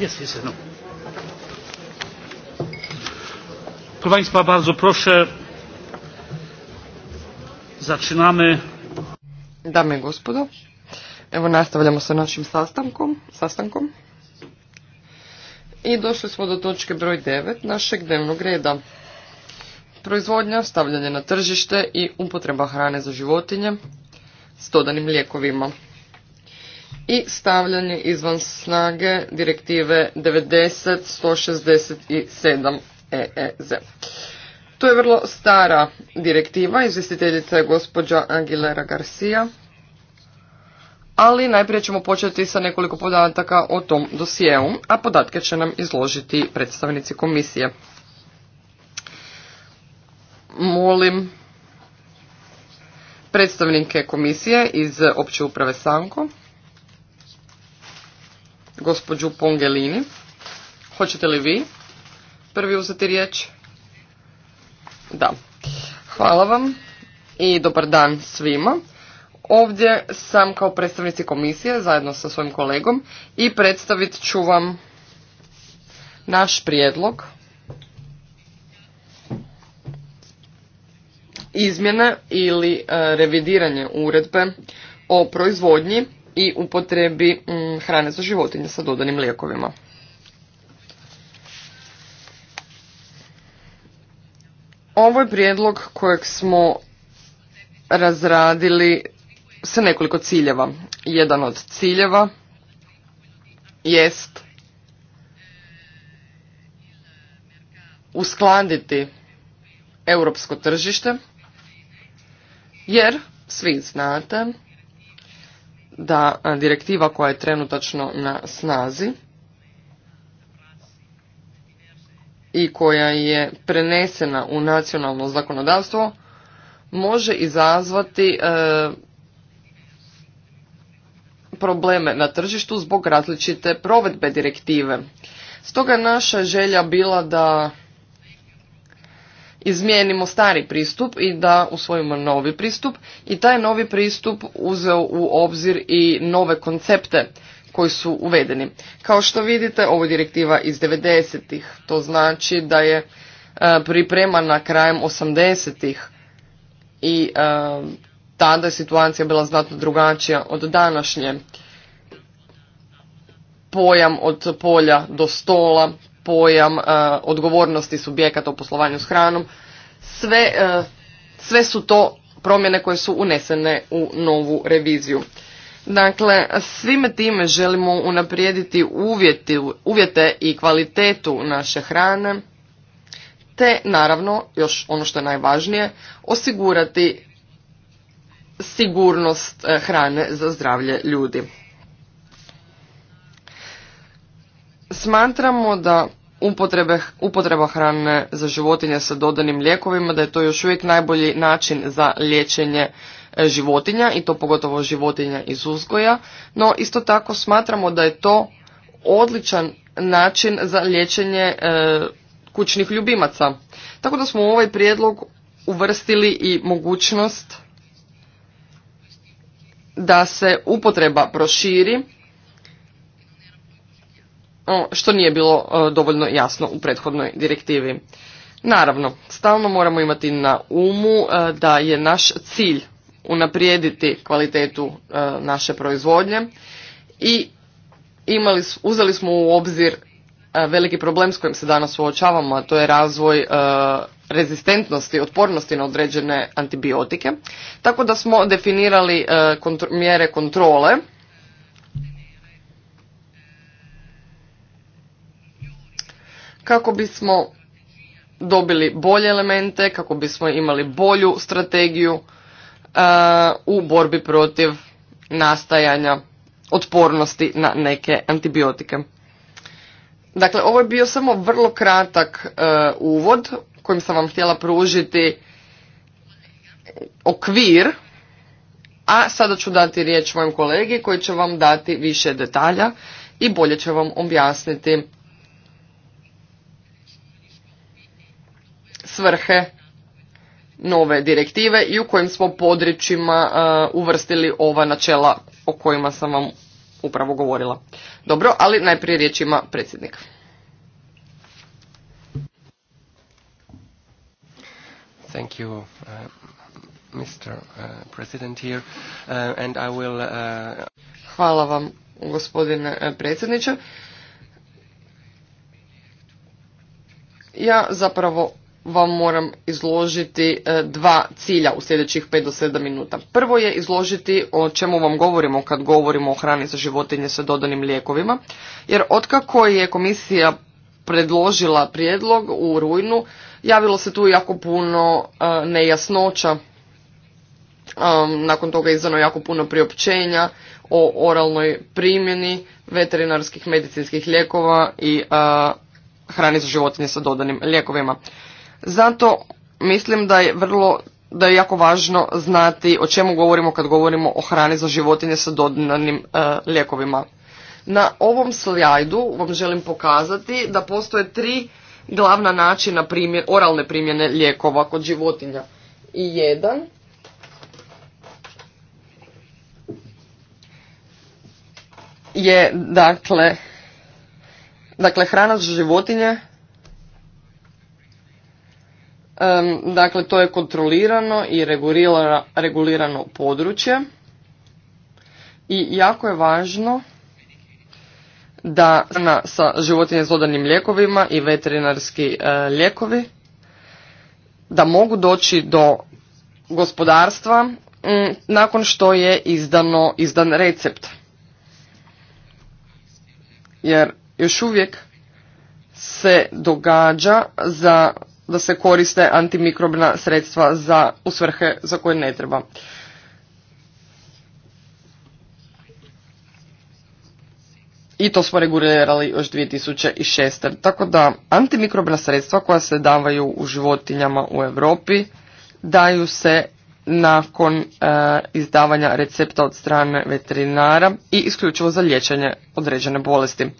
Jest, jest, no. Proszę Państwa, bardzo proszę. Zaczynamy. Dame i gospodo, evo nastavljamo sa našim sastankom. I došli smo do točke broj 9 našeg dnevnog reda. Proizvodnja, stavljanje na tržište i upotreba hrane za životinje s dodanim lijekovima i stavljanje izvan snage direktive 90-167 EEZ. To je vrlo stara direktiva, izvjestiteljica je gospođa Aguilera Garcia, ali najprije ćemo početi sa nekoliko podataka o tom dosijeu a podatke će nam izložiti predstavnici komisije. Molim predstavnike komisije iz opće uprave Sanko gospođu Pongelini. Hoćete li vi prvi uzeti riječ? Da. Hvala vam i dobar dan svima. Ovdje sam kao predstavnici komisije zajedno sa svojim kolegom i predstavit ću vam naš prijedlog izmjene ili e, revidiranje uredbe o proizvodnji i upotrebi mm, hrane za životinje sa dodanim lijekovima. Ovo je prijedlog kojeg smo razradili sa nekoliko ciljeva. Jedan od ciljeva jest uskladiti europsko tržište, jer svi znate da e, direktiva koja je trenutačno na snazi i koja je prenesena u nacionalno zakonodavstvo može izazvati e, probleme na tržištu zbog različite provedbe direktive. Stoga naša želja bila da izmijenimo stari pristup i da usvojimo novi pristup i taj novi pristup uzeo u obzir i nove koncepte koji su uvedeni. Kao što vidite, ovo je direktiva iz 90-ih, to znači da je e, pripremana krajem 80-ih i e, tada je situacija bila znatno drugačija od današnje. Pojam od polja do stola pojam e, odgovornosti subjekata u poslovanju s hranom. Sve, e, sve su to promjene koje su unesene u novu reviziju. Dakle, svime time želimo unaprijediti uvjete i kvalitetu naše hrane, te naravno, još ono što je najvažnije, osigurati sigurnost e, hrane za zdravlje ljudi. Smatramo da upotrebe, upotreba hrane za životinje sa dodanim lijekovima, da je to još uvijek najbolji način za liječenje e, životinja i to pogotovo životinja iz uzgoja, no isto tako smatramo da je to odličan način za liječenje e, kućnih ljubimaca. Tako da smo u ovaj prijedlog uvrstili i mogućnost da se upotreba proširi što nije bilo e, dovoljno jasno u prethodnoj direktivi. Naravno, stalno moramo imati na umu e, da je naš cilj unaprijediti kvalitetu e, naše proizvodnje i imali, uzeli smo u obzir veliki problem s kojim se danas suočavamo, a to je razvoj rezistentnosti, otpornosti na određene antibiotike. Tako da smo definirali mjere kontrole kako bismo dobili bolje elemente, kako bismo imali bolju strategiju uh, u borbi protiv nastajanja otpornosti na neke antibiotike. Dakle, ovo je bio samo vrlo kratak uh, uvod kojim sam vam htjela pružiti okvir, a sada ću dati riječ mojem kolegi koji će vam dati više detalja i bolje će vam objasniti svrhe nove direktive i u kojim smo područjima e, uvrstili ova načela o kojima sam vam upravo govorila. Dobro, ali najprije riječima ima predsjednik. Thank you, uh, Mr. Uh, president here, uh, and I will, Hvala vam, gospodine e, predsjedniče. Ja zapravo vam moram izložiti e, dva cilja u sljedećih 5 do 7 minuta. Prvo je izložiti o čemu vam govorimo kad govorimo o hrani za životinje sa dodanim lijekovima, jer otkako je komisija predložila prijedlog u rujnu, javilo se tu jako puno e, nejasnoća, um, nakon toga je jako puno priopćenja o oralnoj primjeni veterinarskih medicinskih lijekova i e, hrani za životinje sa dodanim lijekovima. Zato mislim da je vrlo da je jako važno znati o čemu govorimo kad govorimo o hrani za životinje sa dodanim e, lijekovima. Na ovom slajdu vam želim pokazati da postoje tri glavna načina oralne primjene lijekova kod životinja. I jedan je dakle, dakle hrana za životinje Dakle, to je kontrolirano i regulirano područje i jako je važno da sa životinje s dodanim lijekovima i veterinarski e, lijekovi da mogu doći do gospodarstva nakon što je izdano, izdan recept. Jer još uvijek se događa za da se koriste antimikrobna sredstva za, u svrhe za koje ne treba. I to smo regulirali još 2006. Tako da antimikrobna sredstva koja se davaju u životinjama u Europi daju se nakon e, izdavanja recepta od strane veterinara i isključivo za liječenje određene bolesti.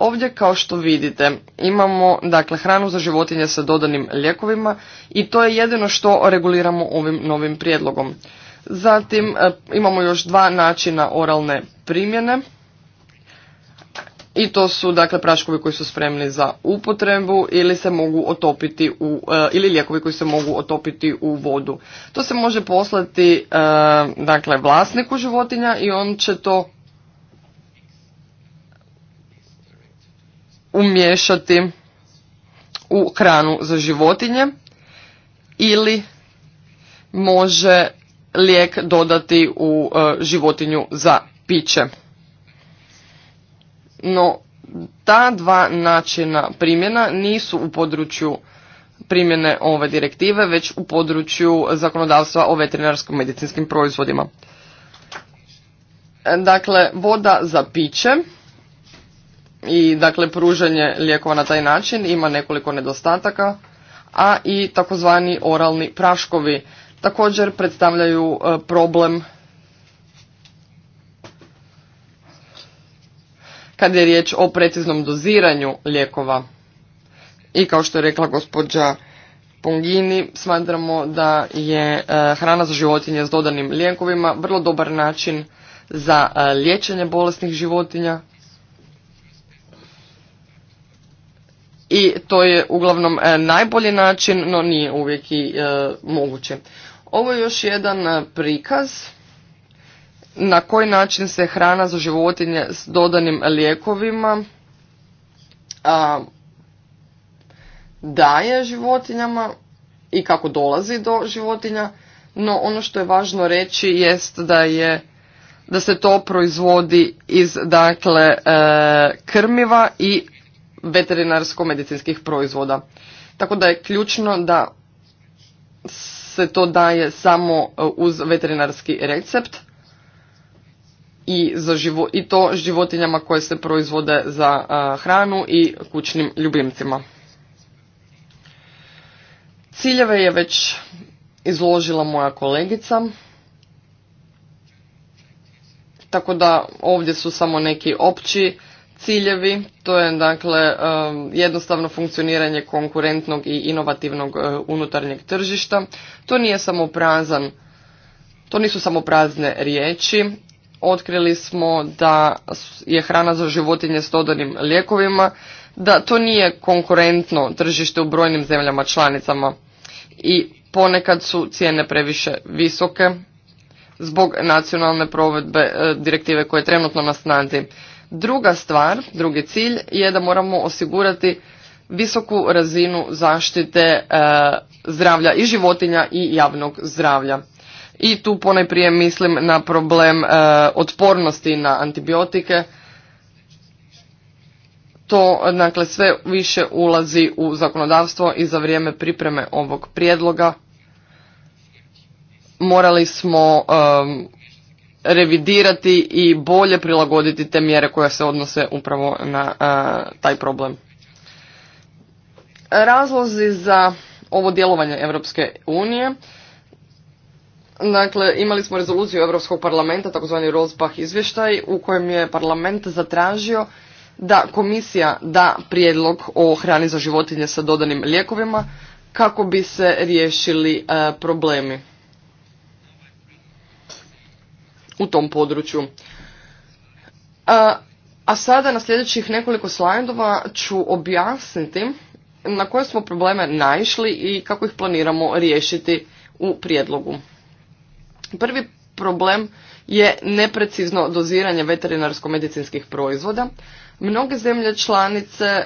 Ovdje kao što vidite imamo dakle hranu za životinje sa dodanim lijekovima i to je jedino što reguliramo ovim novim prijedlogom. Zatim e, imamo još dva načina oralne primjene. I to su dakle praškovi koji su spremni za upotrebu ili se mogu otopiti u e, ili lijekovi koji se mogu otopiti u vodu. To se može poslati e, dakle vlasniku životinja i on će to umješati u hranu za životinje ili može lijek dodati u e, životinju za piće. No, ta dva načina primjena nisu u području primjene ove direktive, već u području zakonodavstva o veterinarskom medicinskim proizvodima. E, dakle, voda za piće i dakle pružanje lijekova na taj način ima nekoliko nedostataka, a i takozvani oralni praškovi također predstavljaju e, problem kad je riječ o preciznom doziranju lijekova. I kao što je rekla gospođa Pongini, smatramo da je e, hrana za životinje s dodanim lijekovima vrlo dobar način za e, liječenje bolesnih životinja i to je uglavnom e, najbolji način, no nije uvijek i e, moguće. Ovo je još jedan e, prikaz na koji način se hrana za životinje s dodanim lijekovima daje životinjama i kako dolazi do životinja, no ono što je važno reći jest da je da se to proizvodi iz dakle krmiva i veterinarsko-medicinskih proizvoda. Tako da je ključno da se to daje samo e, uz veterinarski recept i, za živo, i to životinjama koje se proizvode za e, hranu i kućnim ljubimcima. Ciljeve je već izložila moja kolegica. Tako da ovdje su samo neki opći ciljevi, to je dakle um, jednostavno funkcioniranje konkurentnog i inovativnog uh, unutarnjeg tržišta. To nije samo prazan, to nisu samo prazne riječi. Otkrili smo da je hrana za životinje s dodanim lijekovima, da to nije konkurentno tržište u brojnim zemljama članicama i ponekad su cijene previše visoke zbog nacionalne provedbe uh, direktive koje je trenutno na snazi Druga stvar, drugi cilj je da moramo osigurati visoku razinu zaštite e, zdravlja i životinja i javnog zdravlja. I tu ponajprije mislim na problem e, otpornosti na antibiotike. To dakle sve više ulazi u zakonodavstvo i za vrijeme pripreme ovog prijedloga morali smo e, revidirati i bolje prilagoditi te mjere koje se odnose upravo na taj problem. Razlozi za ovo djelovanje Europske unije. Dakle, imali smo rezoluciju Europskog parlamenta, takozvani Rosbach izvještaj, u kojem je parlament zatražio da komisija da prijedlog o hrani za životinje sa dodanim lijekovima kako bi se riješili problemi. u tom području. A, a sada na sljedećih nekoliko slajdova ću objasniti na koje smo probleme naišli i kako ih planiramo riješiti u prijedlogu. Prvi problem je neprecizno doziranje veterinarsko-medicinskih proizvoda. Mnoge zemlje članice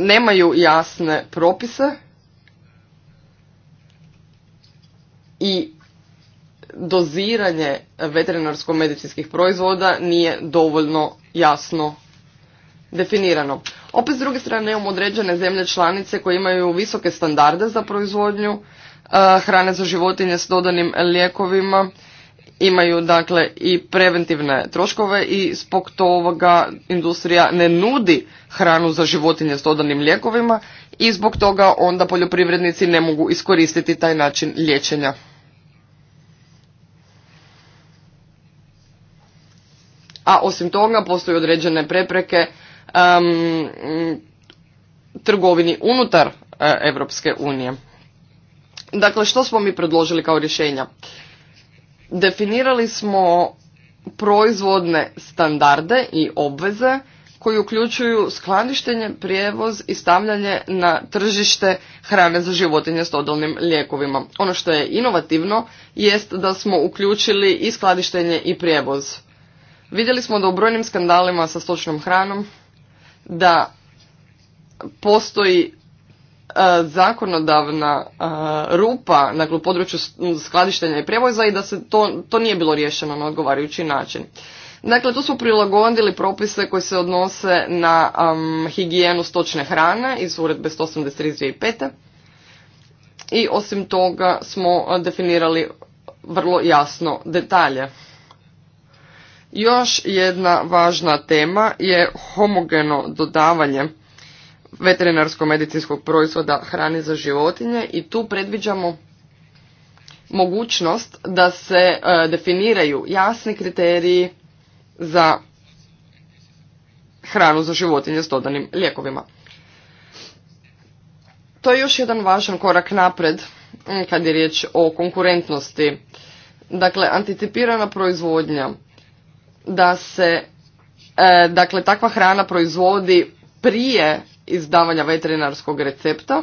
nemaju jasne propise i doziranje veterinarsko-medicinskih proizvoda nije dovoljno jasno definirano. Opet s druge strane imamo određene zemlje članice koje imaju visoke standarde za proizvodnju eh, hrane za životinje s dodanim lijekovima imaju dakle i preventivne troškove i zbog toga industrija ne nudi hranu za životinje s dodanim lijekovima i zbog toga onda poljoprivrednici ne mogu iskoristiti taj način liječenja. A osim toga postoje određene prepreke trgovini unutar Europske unije. Dakle, što smo mi predložili kao rješenja? Definirali smo proizvodne standarde i obveze koji uključuju skladištenje, prijevoz i stavljanje na tržište hrane za životinje s odolnim lijekovima. Ono što je inovativno jest da smo uključili i skladištenje i prijevoz. Vidjeli smo da u brojnim skandalima sa stočnom hranom da postoji E, zakonodavna e, rupa dakle, u području skladištenja i prijevoza i da se to, to nije bilo riješeno na odgovarajući način. Dakle, tu smo prilagodili propise koji se odnose na higijenu stočne hrane iz uredbe 183.2005. I osim toga smo e, definirali vrlo jasno detalje. Još jedna važna tema je homogeno dodavanje veterinarsko-medicinskog proizvoda hrane za životinje i tu predviđamo mogućnost da se e, definiraju jasni kriteriji za hranu za životinje s dodanim lijekovima. To je još jedan važan korak napred mm, kad je riječ o konkurentnosti. Dakle, anticipirana proizvodnja, da se, e, dakle, takva hrana proizvodi prije izdavanja veterinarskog recepta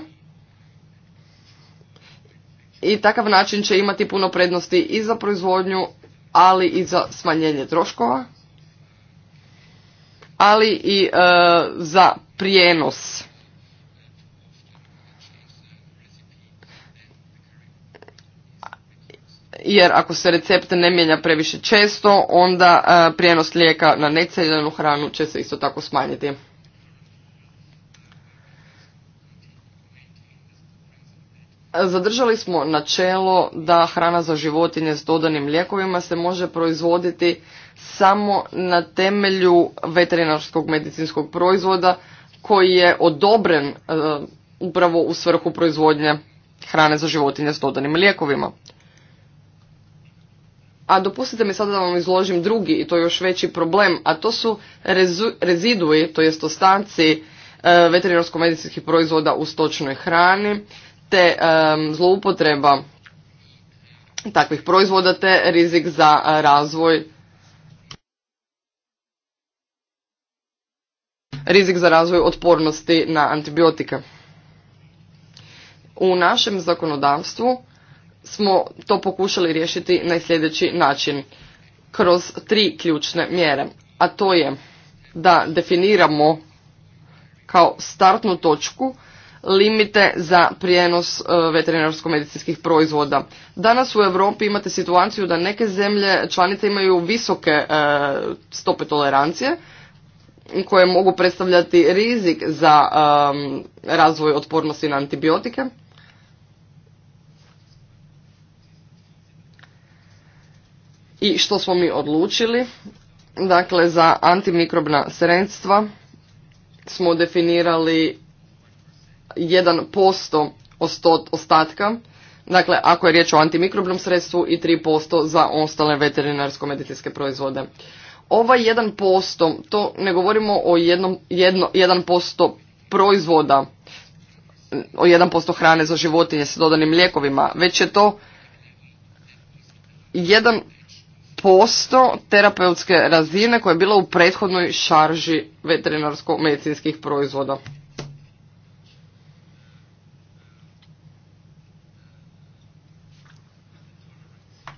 i takav način će imati puno prednosti i za proizvodnju, ali i za smanjenje troškova, ali i e, za prijenos. Jer ako se recept ne mijenja previše često, onda e, prijenos lijeka na neceljenu hranu će se isto tako smanjiti. Zadržali smo načelo da hrana za životinje s dodanim lijekovima se može proizvoditi samo na temelju veterinarskog medicinskog proizvoda koji je odobren e, upravo u svrhu proizvodnje hrane za životinje s dodanim lijekovima. A dopustite mi sada da vam izložim drugi i to još veći problem, a to su rezidui, to jest ostanci e, veterinarsko-medicinskih proizvoda u stočnoj hrani, te zloupotreba takvih proizvoda te rizik za e, razvoj rizik za razvoj otpornosti na antibiotike. U našem zakonodavstvu smo to pokušali riješiti na sljedeći način kroz tri ključne mjere, a to je da definiramo kao startnu točku limite za prijenos e, veterinarsko-medicinskih proizvoda. Danas u Europi imate situaciju da neke zemlje članice imaju visoke e, stope tolerancije koje mogu predstavljati rizik za e, razvoj otpornosti na antibiotike. I što smo mi odlučili? Dakle, za antimikrobna sredstva smo definirali 1% ostatka, dakle ako je riječ o antimikrobnom sredstvu i 3% za ostale veterinarsko-medicinske proizvode. Ovaj 1%, to ne govorimo o jednom, jedno, 1% proizvoda, o 1% hrane za životinje s dodanim lijekovima, već je to 1% terapeutske razine koja je bila u prethodnoj šarži veterinarsko-medicinskih proizvoda.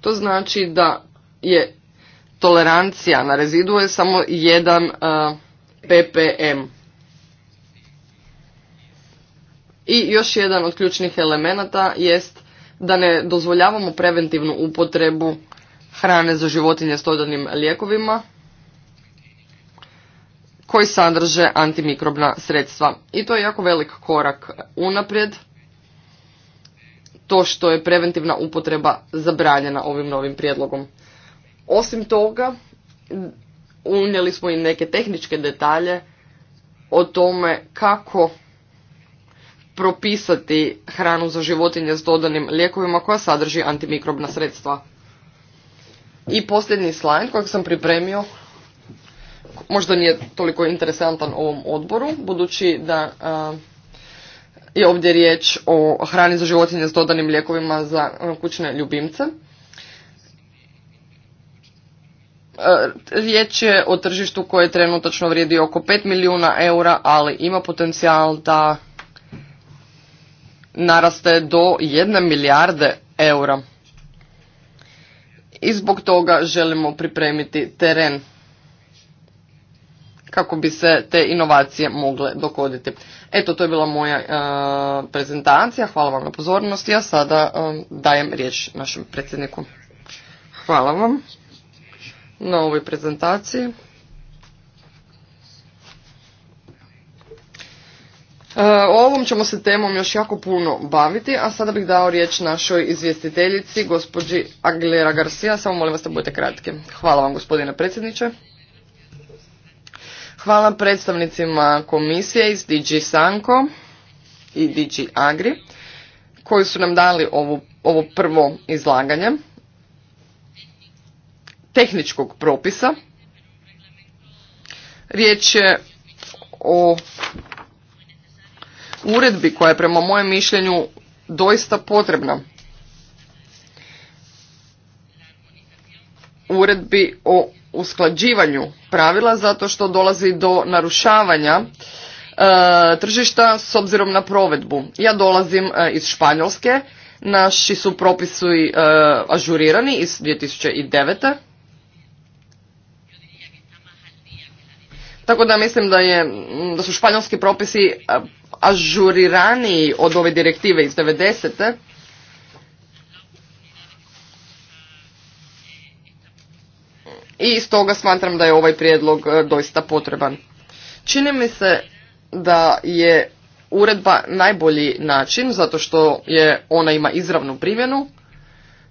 To znači da je tolerancija na je samo jedan e, ppm. I još jedan od ključnih elemenata jest da ne dozvoljavamo preventivnu upotrebu hrane za životinje s dodanim lijekovima koji sadrže antimikrobna sredstva. I to je jako velik korak unaprijed to što je preventivna upotreba zabranjena ovim novim prijedlogom. Osim toga, unijeli smo i neke tehničke detalje o tome kako propisati hranu za životinje s dodanim lijekovima koja sadrži antimikrobna sredstva. I posljednji slajd kojeg sam pripremio, možda nije toliko interesantan ovom odboru, budući da i ovdje riječ o hrani za životinje s dodanim lijekovima za e, kućne ljubimce. E, riječ je o tržištu koje trenutačno vrijedi oko 5 milijuna eura, ali ima potencijal da naraste do 1 milijarde eura. I zbog toga želimo pripremiti teren kako bi se te inovacije mogle dogoditi. Eto, to je bila moja e, prezentacija. Hvala vam na pozornosti. Ja sada e, dajem riječ našem predsjedniku. Hvala vam na ovoj prezentaciji. E, o ovom ćemo se temom još jako puno baviti, a sada bih dao riječ našoj izvjestiteljici, gospođi Aguilera Garcia. Samo molim vas da budete kratki. Hvala vam gospodine predsjedniče. Hvala predstavnicima komisije iz DG Sanko i DG Agri koji su nam dali ovo, ovo prvo izlaganje tehničkog propisa. Riječ je o uredbi koja je prema mojem mišljenju doista potrebna. Uredbi o usklađivanju pravila zato što dolazi do narušavanja e, tržišta s obzirom na provedbu. Ja dolazim e, iz Španjolske, naši su propisi e, ažurirani iz 2009. Tako da mislim da, je, da su španjolski propisi ažuriraniji od ove direktive iz 90. i stoga smatram da je ovaj prijedlog e, doista potreban. Čini mi se da je uredba najbolji način zato što je ona ima izravnu primjenu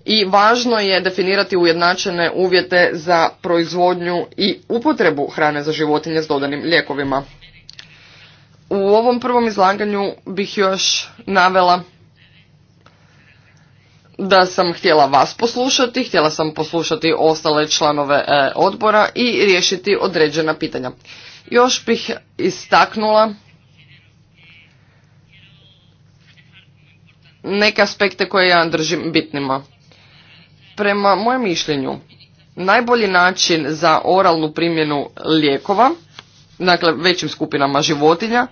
i važno je definirati ujednačene uvjete za proizvodnju i upotrebu hrane za životinje s dodanim lijekovima. U ovom prvom izlaganju bih još navela da sam htjela vas poslušati, htjela sam poslušati ostale članove e, odbora i riješiti određena pitanja. Još bih istaknula neke aspekte koje ja držim bitnima. Prema mojem mišljenju, najbolji način za oralnu primjenu lijekova, dakle većim skupinama životinja,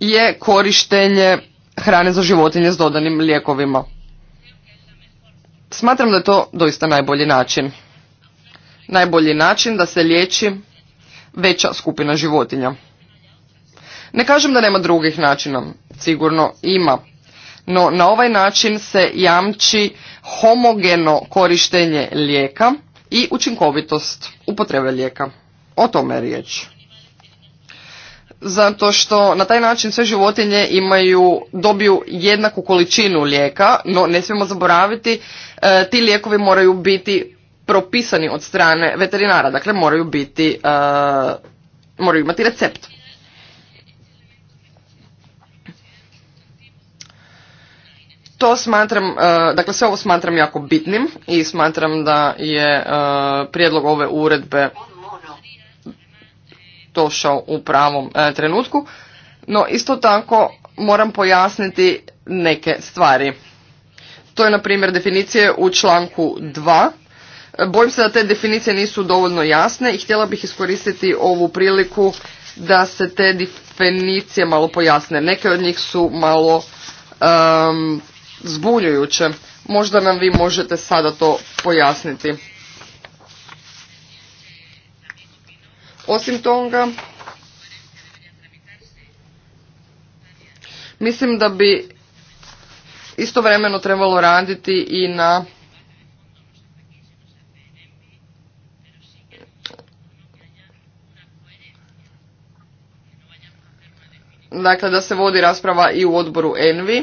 je korištenje hrane za životinje s dodanim lijekovima. Smatram da je to doista najbolji način. Najbolji način da se liječi veća skupina životinja. Ne kažem da nema drugih načina, sigurno ima. No na ovaj način se jamči homogeno korištenje lijeka i učinkovitost upotrebe lijeka. O tome je riječ zato što na taj način sve životinje imaju, dobiju jednaku količinu lijeka, no ne smijemo zaboraviti, e, ti lijekovi moraju biti propisani od strane veterinara, dakle moraju biti, e, moraju imati recept. To smatram, e, dakle sve ovo smatram jako bitnim i smatram da je prijedlog ove uredbe došao u pravom e, trenutku, no isto tako moram pojasniti neke stvari. To je na primjer definicije u članku 2. Bojim se da te definicije nisu dovoljno jasne i htjela bih iskoristiti ovu priliku da se te definicije malo pojasne. Neke od njih su malo um, zbunjujuće. Možda nam vi možete sada to pojasniti. Osim toga, mislim da bi istovremeno trebalo raditi i na dakle da se vodi rasprava i u odboru Envi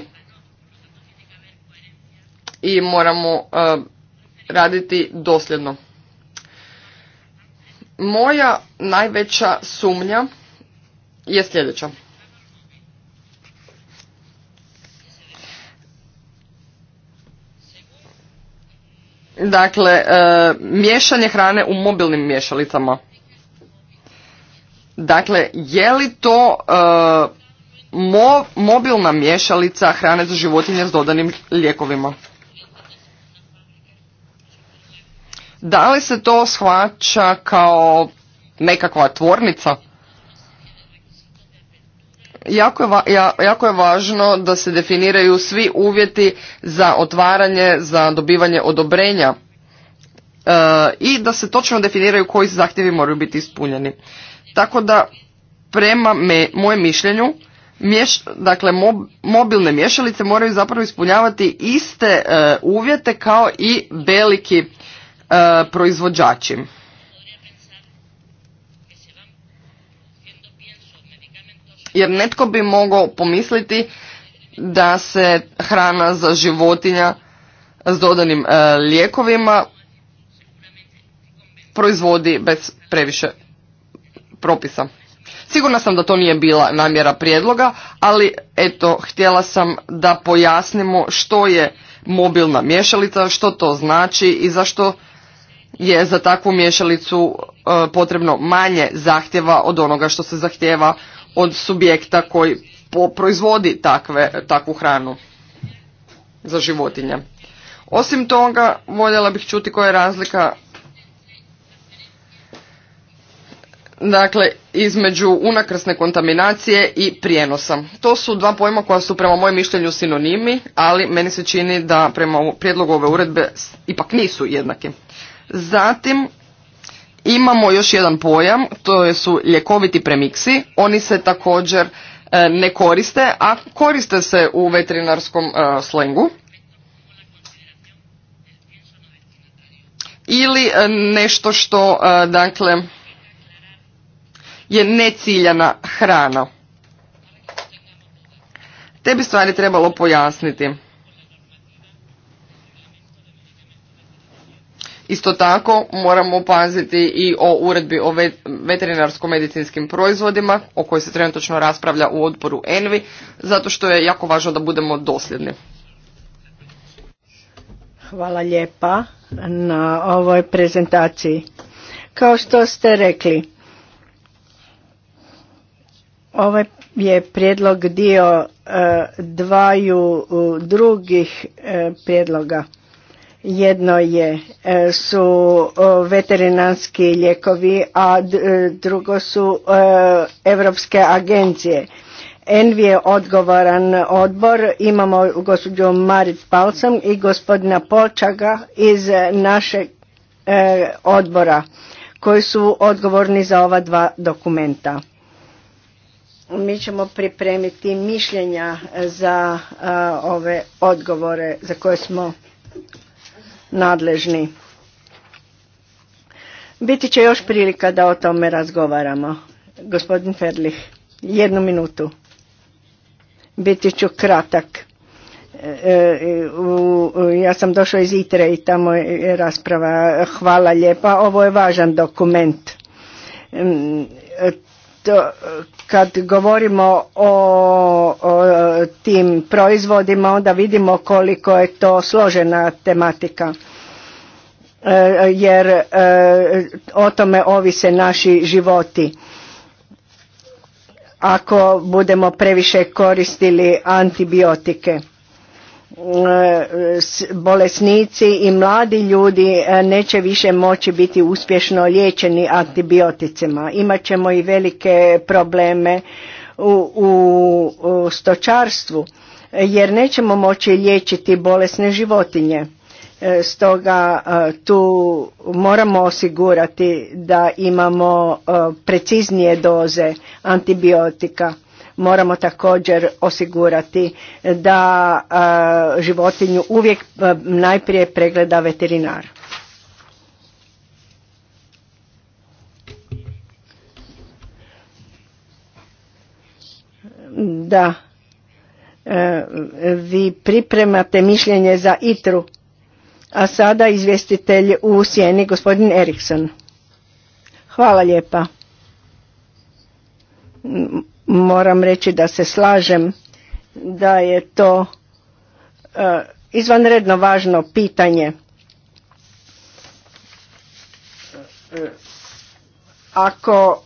i moramo eh, raditi dosljedno. Moja najveća sumnja je sljedeća. Dakle, e, miješanje hrane u mobilnim miješalicama. Dakle, je li to e, mobilna miješalica hrane za životinje s dodanim lijekovima? Da li se to shvaća kao nekakva tvornica? Jako je, va, jako je važno da se definiraju svi uvjeti za otvaranje, za dobivanje odobrenja eh, i da se točno definiraju koji zahtjevi moraju biti ispunjeni. Tako da, prema me, mojem mišljenju, mješ, dakle, mobilne mješalice moraju zapravo ispunjavati iste eh, uvjete kao i veliki E, proizvođači. Jer netko bi mogao pomisliti da se hrana za životinja s dodanim e, lijekovima proizvodi bez previše propisa. Sigurna sam da to nije bila namjera prijedloga, ali eto, htjela sam da pojasnimo što je mobilna mješalica, što to znači i zašto je za takvu mješalicu e, potrebno manje zahtjeva od onoga što se zahtjeva od subjekta koji proizvodi takve, takvu hranu za životinje. Osim toga, voljela bih čuti koja je razlika dakle, između unakrsne kontaminacije i prijenosa. To su dva pojma koja su prema mojem mišljenju sinonimi, ali meni se čini da prema prijedlogu ove uredbe ipak nisu jednaki. Zatim imamo još jedan pojam, to su ljekoviti premiksi, oni se također e, ne koriste, a koriste se u veterinarskom e, slengu. Ili e, nešto što dakle je neciljana hrana. Te bi stvari trebalo pojasniti. Isto tako moramo paziti i o uredbi o veterinarsko-medicinskim proizvodima o kojoj se trenutno raspravlja u odboru ENVI zato što je jako važno da budemo dosljedni. Hvala lijepa na ovoj prezentaciji. Kao što ste rekli, ovaj je prijedlog dio e, dvaju drugih e, prijedloga jedno je e, su veterinarski lijekovi, a e, drugo su europske agencije. Envi je odgovoran odbor, imamo gospođu Marit Palcom i gospodina Polčaga iz našeg e, odbora koji su odgovorni za ova dva dokumenta. Mi ćemo pripremiti mišljenja za ove odgovore za koje smo nadležni. Biti će još prilika da o tome razgovaramo. Gospodin Ferlih, jednu minutu. Biti ću kratak. E, e, ja sam došao iz Itre i tamo je rasprava. Hvala lijepa. Ovo je važan dokument mm, E, kad govorimo o, tim proizvodima onda vidimo koliko je to složena tematika e, jer e, o tome ovise naši životi ako budemo previše koristili antibiotike bolesnici i mladi ljudi e, neće više moći biti uspješno liječeni antibioticima. Imaćemo i velike probleme u, u, u stočarstvu jer nećemo moći liječiti bolesne životinje. E, stoga e, tu moramo osigurati da imamo preciznije doze antibiotika Moramo također osigurati da životinju uvijek najprije pregleda veterinar. Da vi pripremate mišljenje za ITRU, a sada izvjestitelj u sjeni gospodin Eriksson. Hvala lijepa moram reći da se slažem da je to e, izvanredno važno pitanje ako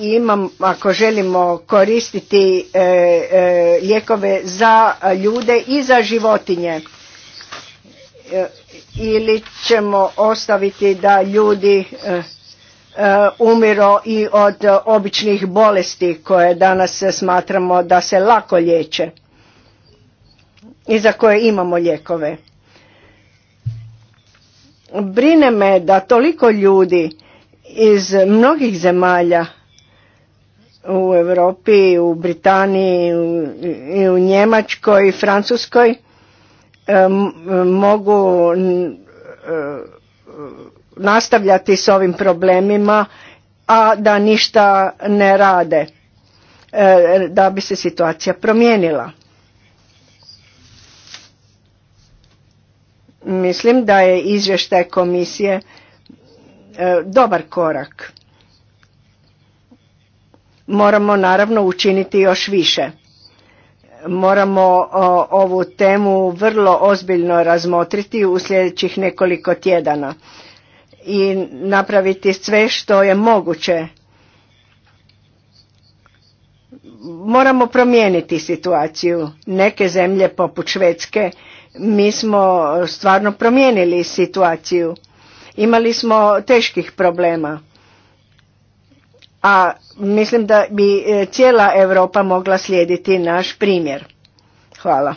e, imam ako želimo koristiti e, lijekove za ljude i za životinje ili ćemo ostaviti da ljudi E, umiro i od e, običnih bolesti koje danas smatramo da se lako liječe i za koje imamo lijekove. Brine me da toliko ljudi iz mnogih zemalja u Europi, u Britaniji i u Njemačkoj i Francuskoj e, mogu nastavljati s ovim problemima, a da ništa ne rade, e, da bi se situacija promijenila. Mislim da je izvještaj komisije e, dobar korak. Moramo naravno učiniti još više. Moramo ovu temu vrlo ozbiljno razmotriti u sljedećih nekoliko tjedana i napraviti sve što je moguće. Moramo promijeniti situaciju. Neke zemlje poput Švedske, mi smo stvarno promijenili situaciju. Imali smo teških problema. A mislim da bi e, cijela Europa mogla slijediti naš primjer. Hvala.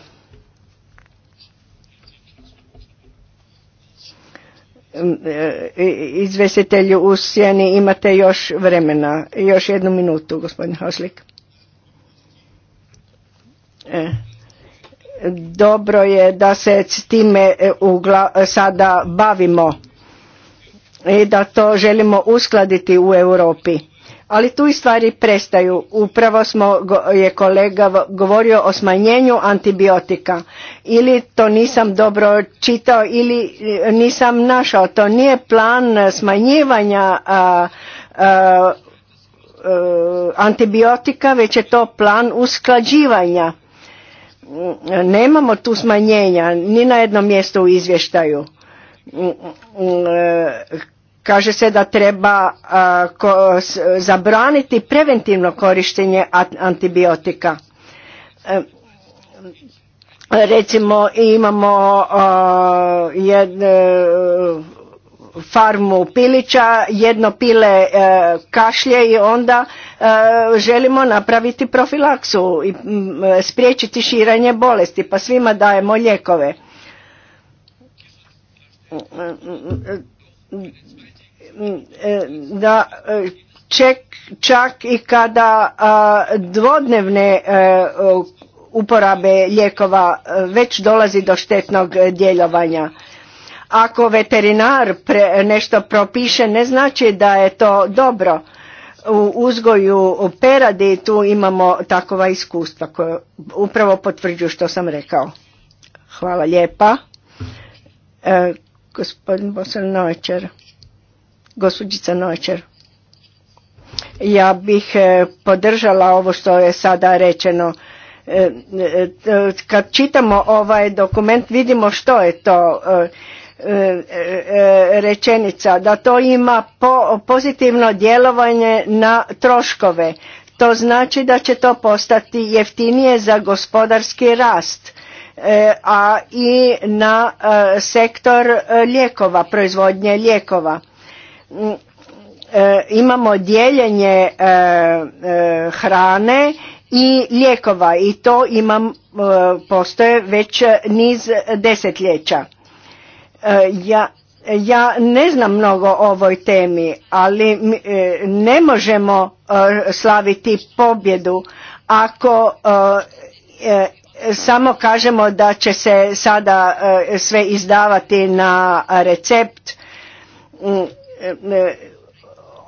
E, izvjestitelju u sjeni imate još vremena. Još jednu minutu, gospodin Hoslik. E, dobro je da se s time e, sada bavimo i da to želimo uskladiti u Europi ali tu i stvari prestaju. Upravo smo, je kolega govorio o smanjenju antibiotika. Ili to nisam dobro čitao ili e, nisam našao. To nije plan smanjivanja e, antibiotika, već je to plan usklađivanja. Nemamo tu smanjenja ni na jednom mjestu u izvještaju mm, mm, mm, e, Kaže se da treba zabraniti preventivno korištenje antibiotika. E, recimo imamo e, farmu pilića, jedno pile e, kašlje i onda želimo napraviti profilaksu i spriječiti širanje bolesti pa svima dajemo lijekove da ček, čak i kada dvodnevne e, uporabe lijekova e, već dolazi do štetnog djelovanja. Ako veterinar pre, nešto propiše ne znači da je to dobro. U uzgoju peradi tu imamo takova iskustva koja upravo potvrđuju što sam rekao. Hvala lijepa. E, gospodin Bosan Novečer. Gospođica Noćer. Ja bih e, podržala ovo što je sada rečeno. E, e, kad čitamo ovaj dokument vidimo što je to rečenica, da to ima pozitivno djelovanje na troškove. To znači da će to postati jeftinije za gospodarski rast, a i na sektor lijekova, proizvodnje lijekova E, imamo dijeljenje e, e, hrane i lijekova i to imam, postoje već niz desetljeća. Ja, ja ne znam mnogo o ovoj temi, ali ne možemo slaviti pobjedu ako samo kažemo da će se sada sve izdavati na recept mm, E,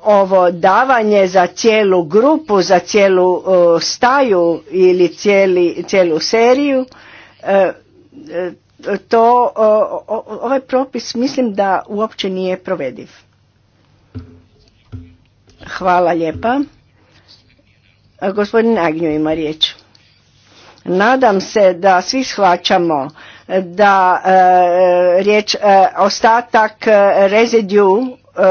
ovo davanje za cijelu grupu, za cijelu staju ili cijeli, cijelu seriju, e, e, to ovaj propis mislim da uopće nije provediv. Hvala lijepa. Gospodin Agnju ima riječ. Nadam se da svi shvaćamo da riječ ostatak e, E,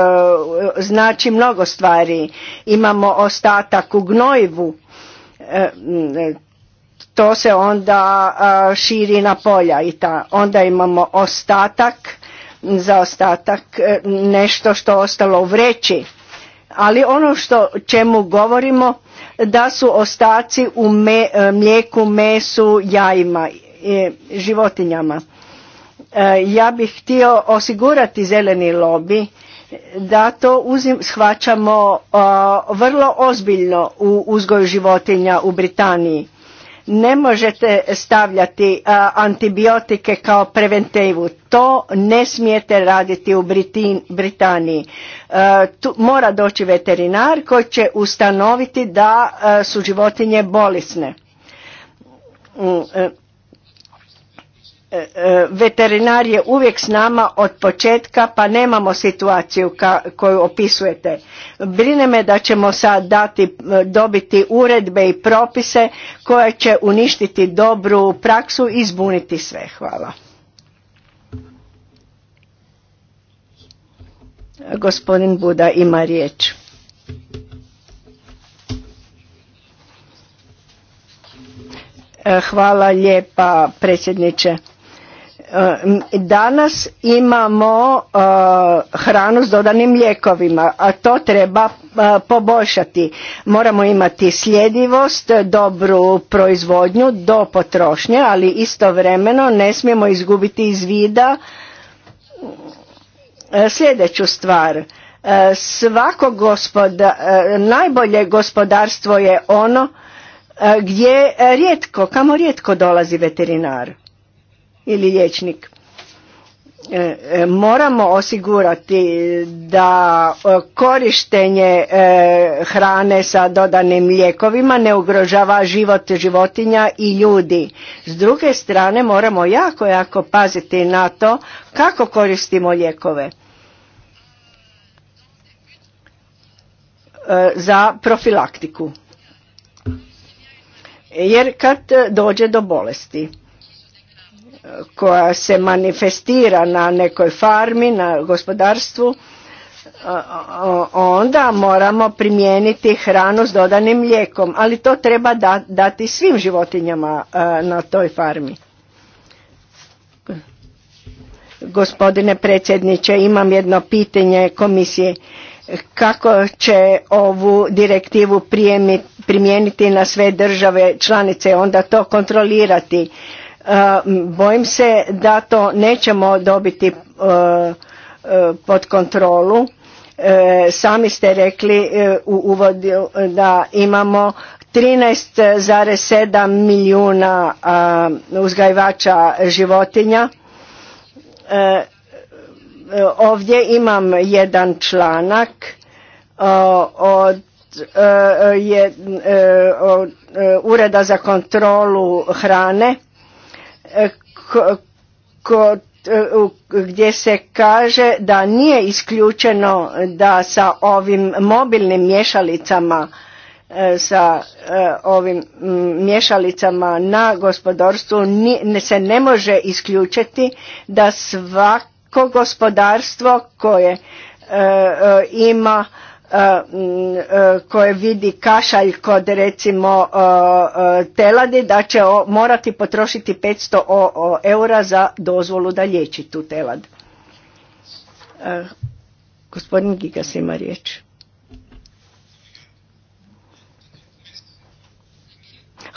znači mnogo stvari. Imamo ostatak u gnojivu, e, to se onda širi na polja i ta. Onda imamo ostatak, za ostatak e, nešto što ostalo u vreći. Ali ono što čemu govorimo da su ostaci u me, mlijeku, mesu, jajima, životinjama. Ja bih htio osigurati zeleni lobi da to uzim, shvaćamo vrlo ozbiljno u uzgoju životinja u Britaniji. Ne možete stavljati antibiotike kao preventivu. To ne smijete raditi u Britaniji. tu mora doći veterinar koji će ustanoviti da su životinje bolisne. Mm, e, E, e, veterinar je uvijek s nama od početka pa nemamo situaciju koju opisujete. Brine me da ćemo sad dati, e, dobiti uredbe i propise koje će uništiti dobru praksu i zbuniti sve. Hvala. Gospodin Buda ima riječ. Hvala lijepa predsjedniče. E, danas imamo e, hranu s dodanim lijekovima, a to treba e, poboljšati. Moramo imati sljedivost, dobru proizvodnju do potrošnje, ali istovremeno ne smijemo izgubiti iz vida sljedeću stvar. Svako gospoda, najbolje gospodarstvo je ono gdje rijetko, kamo rijetko dolazi veterinar ili liječnik. E, e, moramo osigurati da e, korištenje hrane sa dodanim lijekovima ne ugrožava život životinja i ljudi. S druge strane moramo jako, jako paziti na to kako koristimo lijekove. za profilaktiku. Jer kad dođe do bolesti koja se manifestira na nekoj farmi, na gospodarstvu, onda moramo primijeniti hranu s dodanim mlijekom, ali to treba dati svim životinjama e, na toj farmi. Gospodine predsjedniče, imam jedno pitanje komisije. Kako će ovu direktivu primijeniti na sve države članice, onda to kontrolirati? bojim se da to nećemo dobiti eh, eh, pod kontrolu eh, sami ste rekli u uvodu da imamo 13,7 milijuna uzgajivača životinja ovdje imam jedan članak od Ureda za kontrolu hrane ko, gdje se kaže da nije isključeno da sa ovim mobilnim mješalicama e, sa e, ovim mješalicama na gospodarstvu se ne može isključiti da svako gospodarstvo koje e, ima E, e, koje vidi kašalj kod recimo e, teladi da će morati potrošiti 500 eura za dozvolu da liječi tu telad. Gospodin Gigas ima riječ.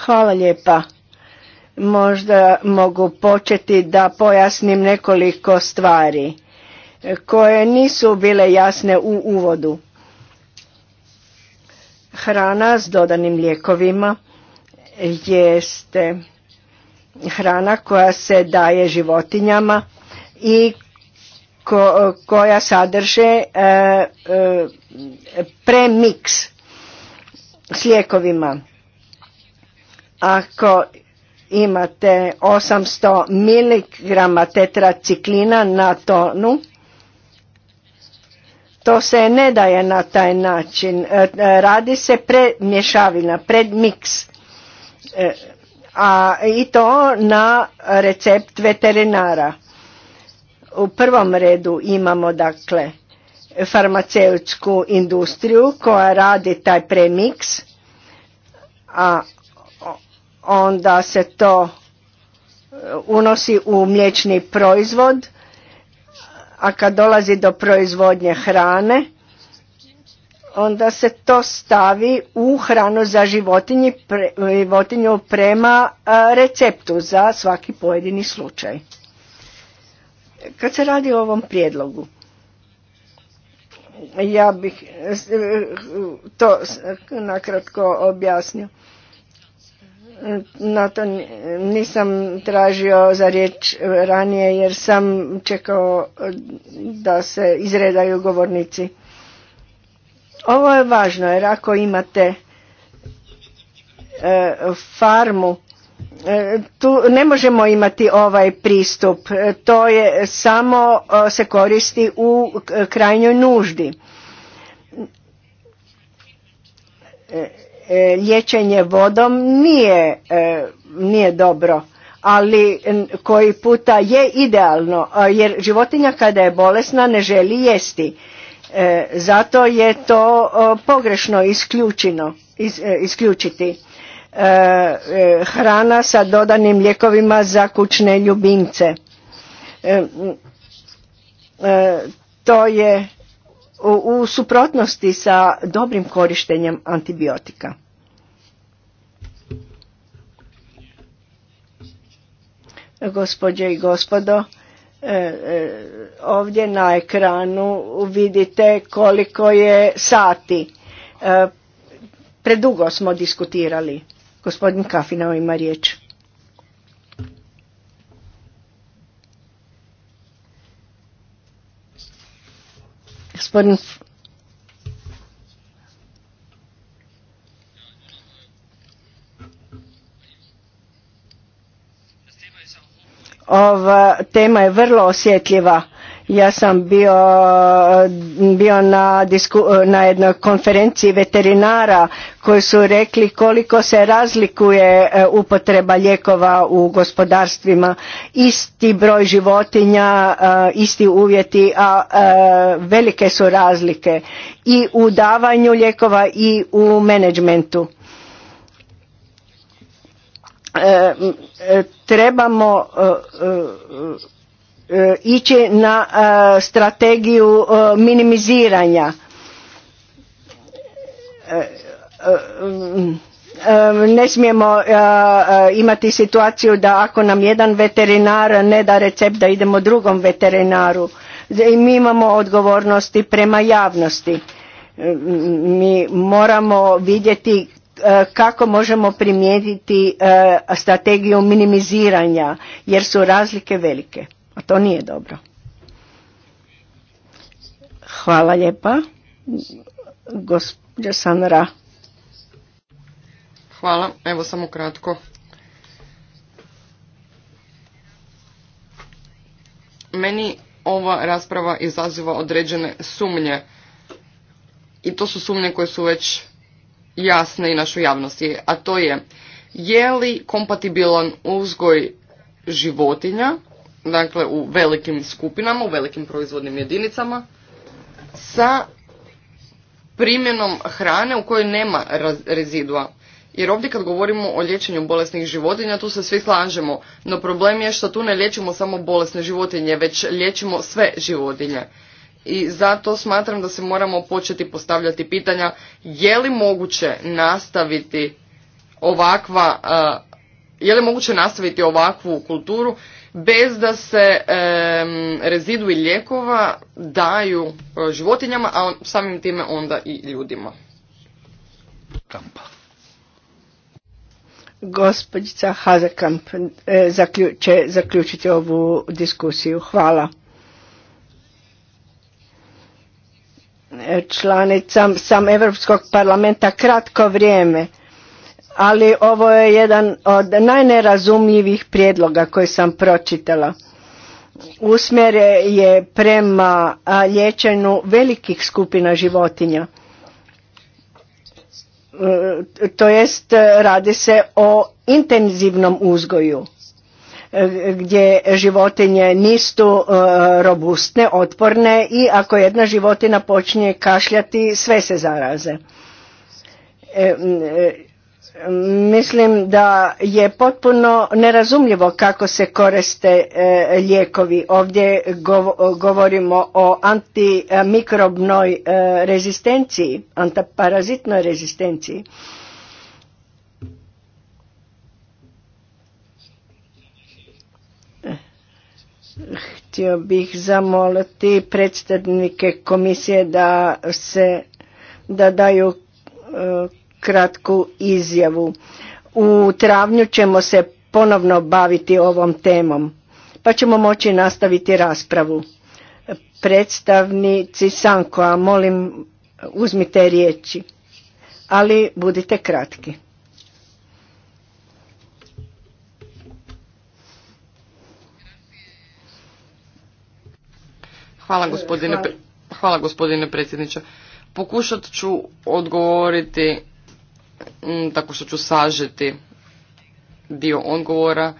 Hvala lijepa. Možda mogu početi da pojasnim nekoliko stvari koje nisu bile jasne u uvodu Hrana s dodanim lijekovima jeste hrana koja se daje životinjama i koja sadrže e, e, premiks s lijekovima. Ako imate 800 mg tetraciklina na tonu, to se ne daje na taj način. E, e, radi se premješavina, predmiks. E, a i to na recept veterinara. U prvom redu imamo dakle farmaceutsku industriju koja radi taj premiks, a onda se to unosi u mliječni proizvod a kad dolazi do proizvodnje hrane onda se to stavi u hranu za životinje, životinju prema e, receptu za svaki pojedini slučaj. Kad se radi o ovom prijedlogu, ja bih e, e, to nakratko objasnio na to nisam tražio za riječ ranije jer sam čekao eh, da se izredaju govornici. Ovo je važno jer ako imate eh, farmu, eh, tu ne možemo imati ovaj pristup, to je samo se koristi u krajnjoj nuždi E, liječenje vodom nije, e, nije dobro ali koji puta je idealno jer životinja kada je bolesna ne želi jesti e, zato je to pogrešno isključeno isključiti hrana sa dodanim lijekovima za kućne ljubimce to je u suprotnosti sa dobrim korištenjem antibiotika. Gospodje i gospodo, e, e, ovdje na ekranu vidite koliko je sati. E, predugo smo diskutirali. Gospodin Kafinao ima riječ. Gospodin Ova tema je vrlo osjetljiva ja sam bio, bio na, na jednoj konferenciji veterinara koji su rekli koliko se razlikuje e, upotreba lijekova u gospodarstvima. Isti broj životinja, e, isti uvjeti, a e, velike su razlike i u davanju lijekova i u menadžmentu. Trebamo Eh, ići na eh, strategiju eh, minimiziranja mm, ne smijemo imati situaciju da ako nam jedan veterinar ne da recept da idemo drugom veterinaru i mi imamo odgovornosti prema javnosti mi moramo vidjeti kako možemo primijeniti strategiju minimiziranja jer su razlike velike a to nije dobro. Hvala lijepa, gospođa Sanra. Hvala, evo samo kratko. Meni ova rasprava izaziva određene sumnje. I to su sumnje koje su već jasne i našoj javnosti. A to je, je li kompatibilan uzgoj životinja dakle u velikim skupinama, u velikim proizvodnim jedinicama sa primjenom hrane u kojoj nema rezidua. Jer ovdje kad govorimo o liječenju bolesnih životinja, tu se svi slažemo, no problem je što tu ne liječimo samo bolesne životinje, već liječimo sve životinje. I zato smatram da se moramo početi postavljati pitanja je li moguće nastaviti ovakva, je li moguće nastaviti ovakvu kulturu bez da se rezidui lijekova daju e, životinjama, a samim time onda i ljudima. Kampa. Gospodica Hazekamp e, će zaključiti ovu diskusiju. Hvala. E, Članica sam Europskog parlamenta kratko vrijeme ali ovo je jedan od najnerazumljivih prijedloga koje sam pročitala. Usmjer je prema liječenju velikih skupina životinja. E, to jest e, radi se o intenzivnom uzgoju e, gdje životinje nisu robustne, otporne i ako jedna životina počinje kašljati sve se zaraze Mislim da je potpuno nerazumljivo kako se koriste e, lijekovi. Ovdje govorimo o antimikrobnoj e, rezistenciji, antiparazitnoj rezistenciji. Htio bih zamoliti predstavnike komisije da se da daju e, kratku izjavu. U travnju ćemo se ponovno baviti ovom temom, pa ćemo moći nastaviti raspravu. Predstavnici a molim uzmite riječi, ali budite kratki. Hvala gospodine, hvala gospodine predsjedniče. Pokušat ću odgovoriti Mm, tako što ću sažeti dio odgovora,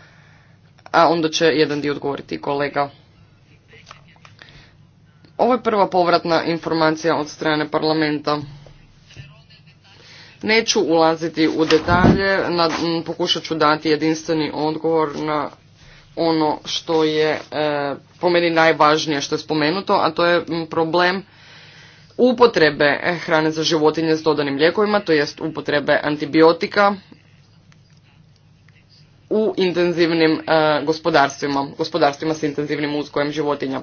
a onda će jedan dio odgovoriti kolega. Ovo je prva povratna informacija od strane parlamenta. Neću ulaziti u detalje, mm, pokušat ću dati jedinstveni odgovor na ono što je e, po meni najvažnije što je spomenuto, a to je mm, problem upotrebe hrane za životinje s dodanim ljekovima, to jest upotrebe antibiotika u intenzivnim e, gospodarstvima, gospodarstvima s intenzivnim uzgojem životinja.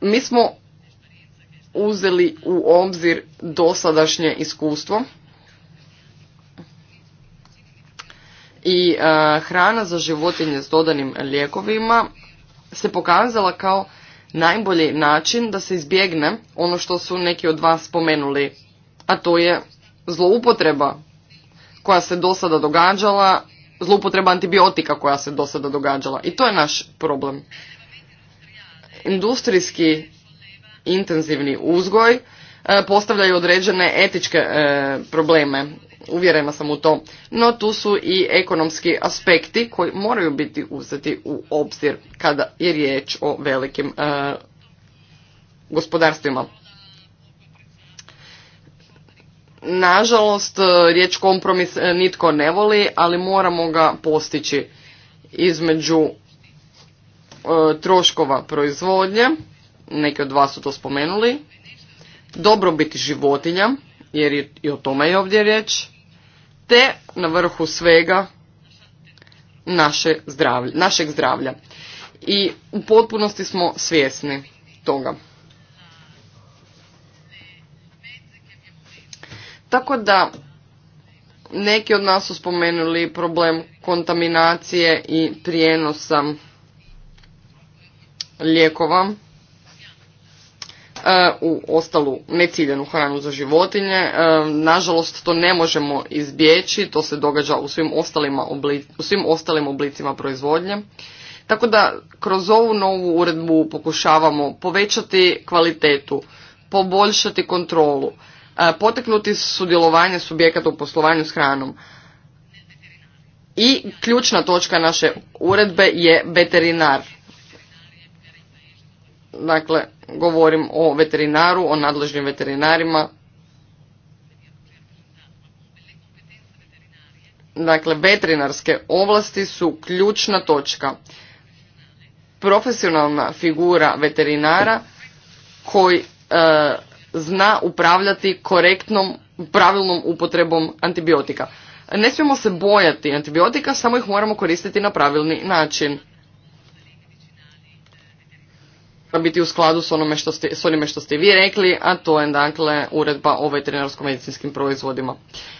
Mi smo uzeli u obzir dosadašnje iskustvo i e, hrana za životinje s dodanim lijekovima se pokazala kao najbolji način da se izbjegne ono što su neki od vas spomenuli, a to je zloupotreba koja se do sada događala, zloupotreba antibiotika koja se do sada događala. I to je naš problem. Industrijski intenzivni uzgoj e, postavljaju određene etičke e, probleme uvjerena sam u to. No tu su i ekonomski aspekti koji moraju biti uzeti u obzir kada je riječ o velikim e, gospodarstvima. Nažalost, e, riječ kompromis e, nitko ne voli, ali moramo ga postići između troškova proizvodnje, neki od vas su to spomenuli, dobrobiti životinja, jer i o tome je ovdje riječ, te na vrhu svega naše našeg zdravlja. I u potpunosti smo svjesni toga. Tako da neki od nas su spomenuli problem kontaminacije i prijenosa lijekova E, u ostalu neciljenu hranu za životinje. E, nažalost, to ne možemo izbjeći, to se događa u svim, u svim ostalim oblicima proizvodnje. Tako da kroz ovu novu uredbu pokušavamo povećati kvalitetu, poboljšati kontrolu, e, poteknuti sudjelovanje subjekata u poslovanju s hranom. I ključna točka naše uredbe je veterinar Dakle, govorim o veterinaru, o nadležnim veterinarima. Dakle, veterinarske ovlasti su ključna točka. Profesionalna figura veterinara koji e, zna upravljati korektnom, pravilnom upotrebom antibiotika. Ne smijemo se bojati antibiotika, samo ih moramo koristiti na pravilni način biti u skladu s, onome što ste, s onime što ste vi rekli, a to je dakle uredba o veterinarsko-medicinskim proizvodima.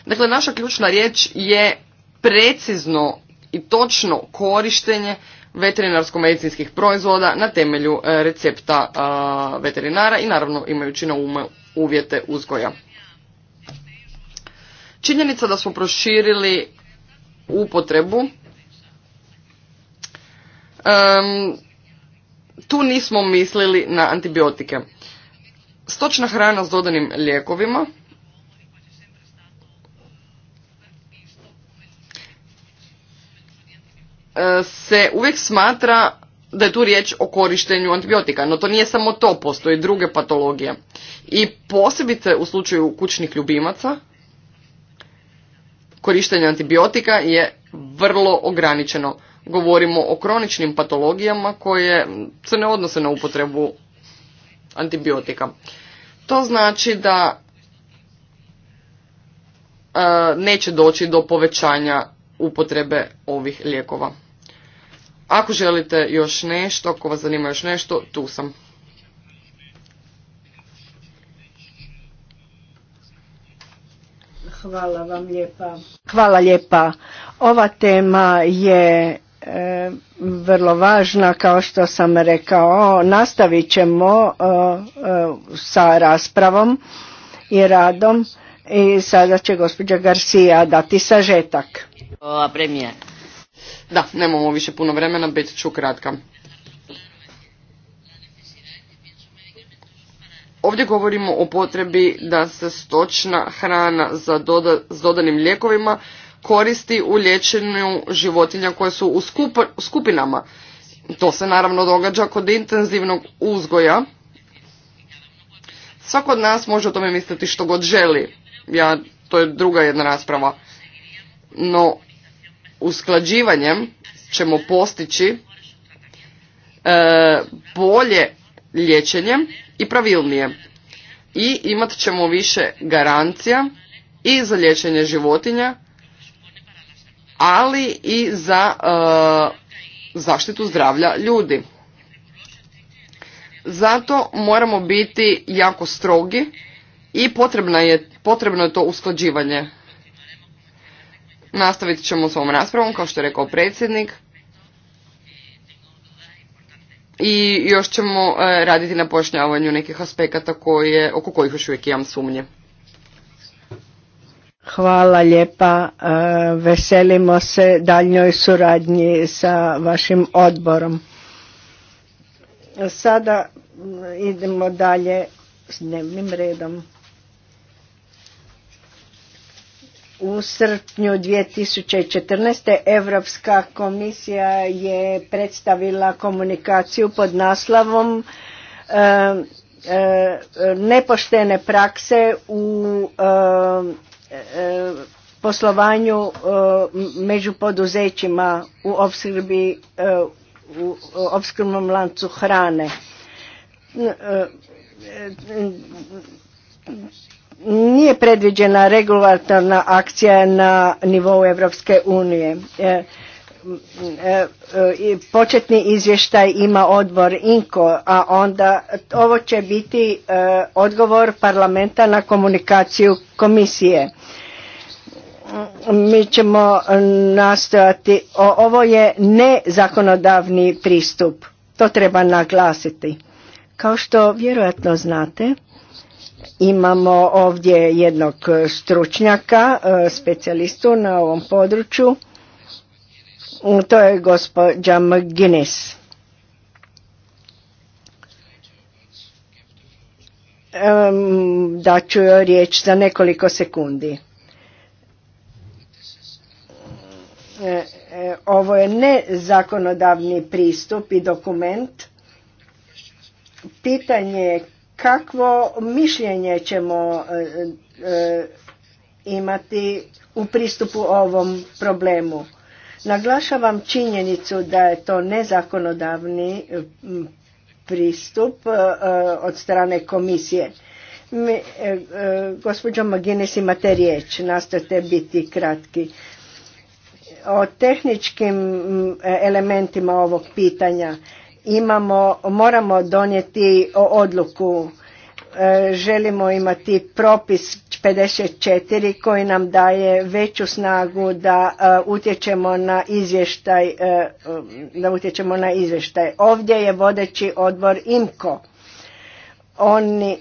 Dakle, naša ključna riječ je precizno i točno korištenje veterinarsko-medicinskih proizvoda na temelju e, recepta veterinara i naravno imajući na ume uvjete uzgoja. Činjenica da smo proširili upotrebu tu nismo mislili na antibiotike. Stočna hrana s dodanim lijekovima. E, se uvijek smatra da je tu riječ o korištenju antibiotika, no to nije samo to, postoje druge patologije. I posebice u slučaju kućnih ljubimaca, korištenje antibiotika je vrlo ograničeno. Govorimo o kroničnim patologijama koje se ne odnose na upotrebu antibiotika. To znači da e, neće doći do povećanja upotrebe ovih lijekova. Ako želite još nešto, ako vas zanima još nešto, tu sam. Hvala vam lijepa. Hvala lijepa. Ova tema je vrlo važna kao što sam rekao nastavit ćemo sa raspravom i radom i sada će gospođa Garcia dati sažetak premijer da nemamo više puno vremena bit ću kratka Ovdje govorimo o potrebi da se stočna hrana s dodanim lijekovima koristi u liječenju životinja koje su u skupinama. To se naravno događa kod intenzivnog uzgoja. Svako od nas može o tome misliti što god želi. Ja, to je druga jedna rasprava. No, usklađivanjem ćemo postići e, bolje liječenje i pravilnije. I imat ćemo više garancija i za liječenje životinja ali i za e, zaštitu zdravlja ljudi. Zato moramo biti jako strogi i potrebno je, potrebno je to usklađivanje. Nastavit ćemo s ovom raspravom, kao što je rekao predsjednik. I još ćemo e, raditi na pojašnjavanju nekih aspekata oko kojih još uvijek imam sumnje. Hvala lijepa, e, veselimo se daljnjoj suradnji sa vašim odborom. Sada idemo dalje s dnevnim redom. U srpnju 2014. Europska komisija je predstavila komunikaciju pod naslavom e, e, nepoštene prakse u E, poslovanju e, među poduzećima u opskrbi e, u opskrbnom lancu hrane nije predviđena regulatorna akcija na nivou Evropske unije. E, e, početni izvještaj ima odbor INKO, a onda ovo će biti e, odgovor parlamenta na komunikaciju komisije. Mi ćemo nastojati, ovo je nezakonodavni pristup, to treba naglasiti. Kao što vjerojatno znate, imamo ovdje jednog stručnjaka, specijalistu na ovom području, Mm, to je gospođa McGuinness. Daću joj riječ za nekoliko sekundi. E, e, ovo je zakonodavni pristup i dokument. Pitanje je kakvo mišljenje ćemo e, imati u pristupu ovom problemu Naglašavam činjenicu da je to nezakonodavni pristup e, od strane komisije. E, e, gospođo Maginis, imate riječ, nastojte biti kratki. O tehničkim elementima ovog pitanja moramo donijeti odluku E, želimo imati propis 54 koji nam daje veću snagu da e, utječemo na izvještaj e, da utječemo na izvještaj ovdje je vodeći odbor IMKO oni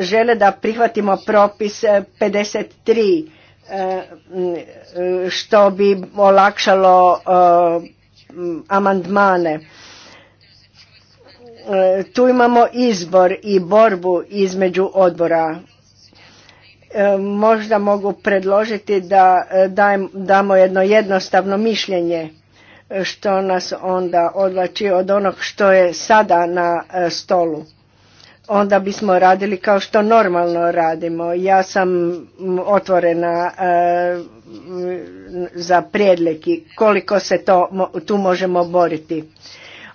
žele da prihvatimo propis 53 što bi olakšalo amandmane E, tu imamo izbor i borbu između odbora. E, možda mogu predložiti da e, damo jedno jednostavno mišljenje što nas onda odlači od onog što je sada na stolu. Onda bismo radili kao što normalno radimo. Ja sam otvorena za prijedleki koliko se tu možemo boriti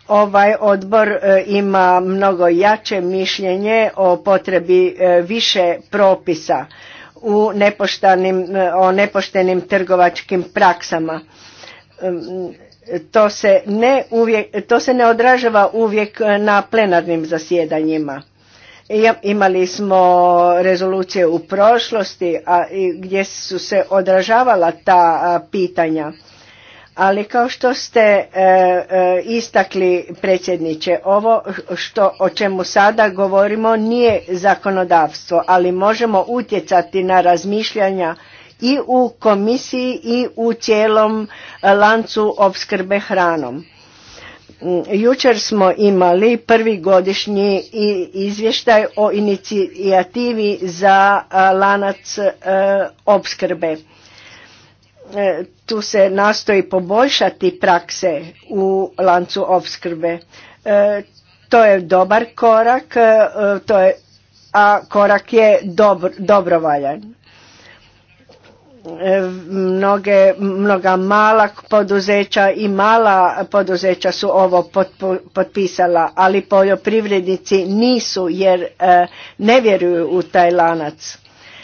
Ovaj odbor e, ima mnogo jače mišljenje o potrebi e, više propisa u nepoštenim, e, o nepoštenim trgovačkim praksama. To se, ne to se ne odražava uvijek na plenarnim zasjedanjima. Imali smo rezolucije u prošlosti a, gdje su se odražavala ta pitanja ali kao što ste e, e, istakli predsjedniče ovo što o čemu sada govorimo nije zakonodavstvo ali možemo utjecati na razmišljanja i u komisiji i u cijelom lancu opskrbe hranom mm, jučer smo imali prvi godišnji izvještaj o inicijativi za lanac e, opskrbe E, tu se nastoji poboljšati prakse u lancu opskrbe. E, to je dobar korak, e, to je, a korak je dobro, dobrovaljan. Mnoge, mnoga mala poduzeća i mala poduzeća su ovo potpisala, ali poljoprivrednici nisu jer ne vjeruju u taj lanac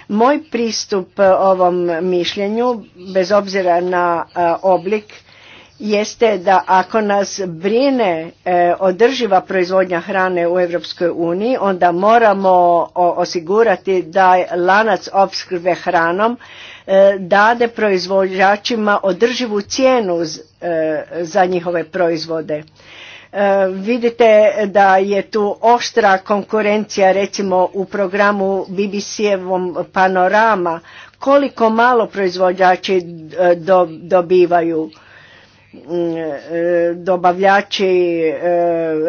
moj pristup e, ovom mišljenju, bez obzira na e, oblik, jeste da ako nas brine e, održiva proizvodnja hrane u Europskoj uniji, onda moramo osigurati da lanac opskrbe hranom dade proizvođačima održivu cijenu za njihove proizvode E, vidite da je tu oštra konkurencija recimo u programu BBC-evom panorama koliko malo proizvođači e, dobivaju mm, e, dobavljači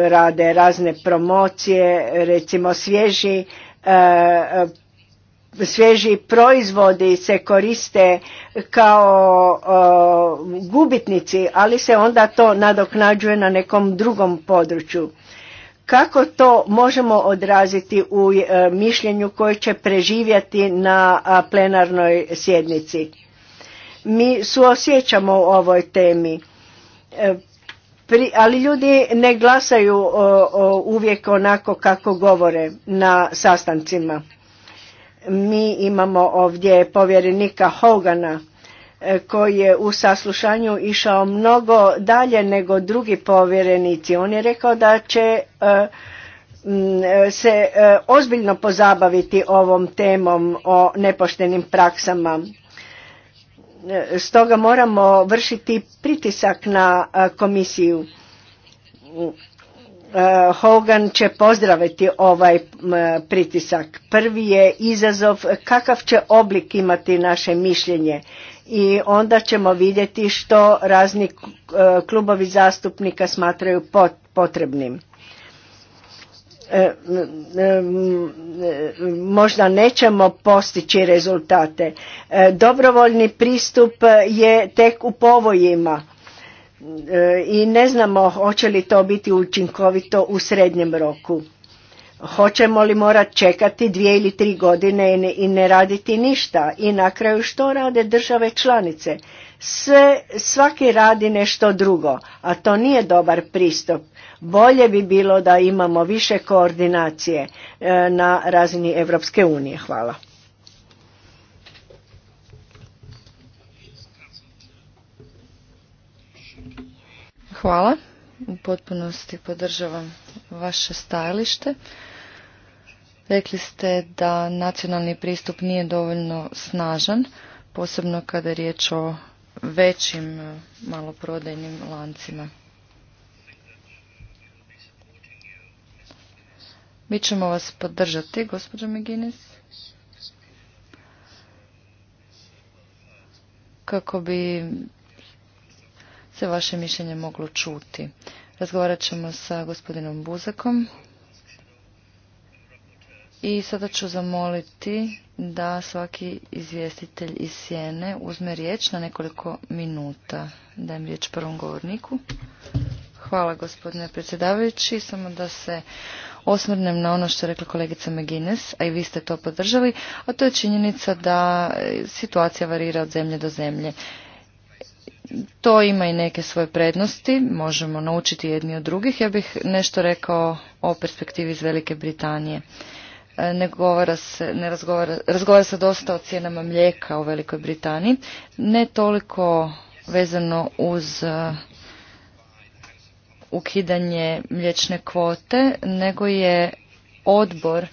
rade razne promocije recimo svježi svježi proizvodi se koriste kao gubitnici, ali se onda to nadoknađuje na nekom drugom području. Kako to možemo odraziti u e, mišljenju koje će preživjeti na plenarnoj sjednici? Mi suosjećamo o ovoj temi, e, ali ljudi ne glasaju uvijek onako kako govore na sastancima. Mi imamo ovdje povjerenika Hogana e, koji je u saslušanju išao mnogo dalje nego drugi povjerenici. On je rekao da će e, e, se ozbiljno pozabaviti ovom temom o nepoštenim praksama. Stoga moramo vršiti pritisak na komisiju E, Hogan će pozdraviti ovaj pritisak. Prvi je izazov kakav će oblik imati naše mišljenje i onda ćemo vidjeti što razni e, klubovi zastupnika smatraju potrebnim. E, možda nećemo postići rezultate. Dobrovoljni pristup je tek u povojima E, i ne znamo hoće li to biti učinkovito u srednjem roku. Hoćemo li morati čekati dvije ili tri godine i ne raditi ništa i na kraju što rade države članice? Sve, svaki radi nešto drugo, a to nije dobar pristup. Bolje bi bilo da imamo više koordinacije e, na razini Europske unije. Hvala. Hvala. U potpunosti podržavam vaše stajalište. Rekli ste da nacionalni pristup nije dovoljno snažan, posebno kada je riječ o većim e, maloprodajnim lancima. Mi ćemo vas podržati, gospođo Meginis, kako bi se vaše mišljenje moglo čuti. Razgovarat ćemo sa gospodinom Buzakom. I sada ću zamoliti da svaki izvjestitelj iz Sjene uzme riječ na nekoliko minuta. Dajem riječ prvom govorniku. Hvala gospodine predsjedavajući. Samo da se osvrnem na ono što je rekla kolegica McGuinness, a i vi ste to podržali, a to je činjenica da situacija varira od zemlje do zemlje. To ima i neke svoje prednosti, možemo naučiti jedni od drugih. Ja bih nešto rekao o perspektivi iz Velike Britanije. E, ne, se, ne razgovara, razgovara se dosta o cijenama mlijeka u Velikoj Britaniji, ne toliko vezano uz e, ukidanje mliječne kvote, nego je odbor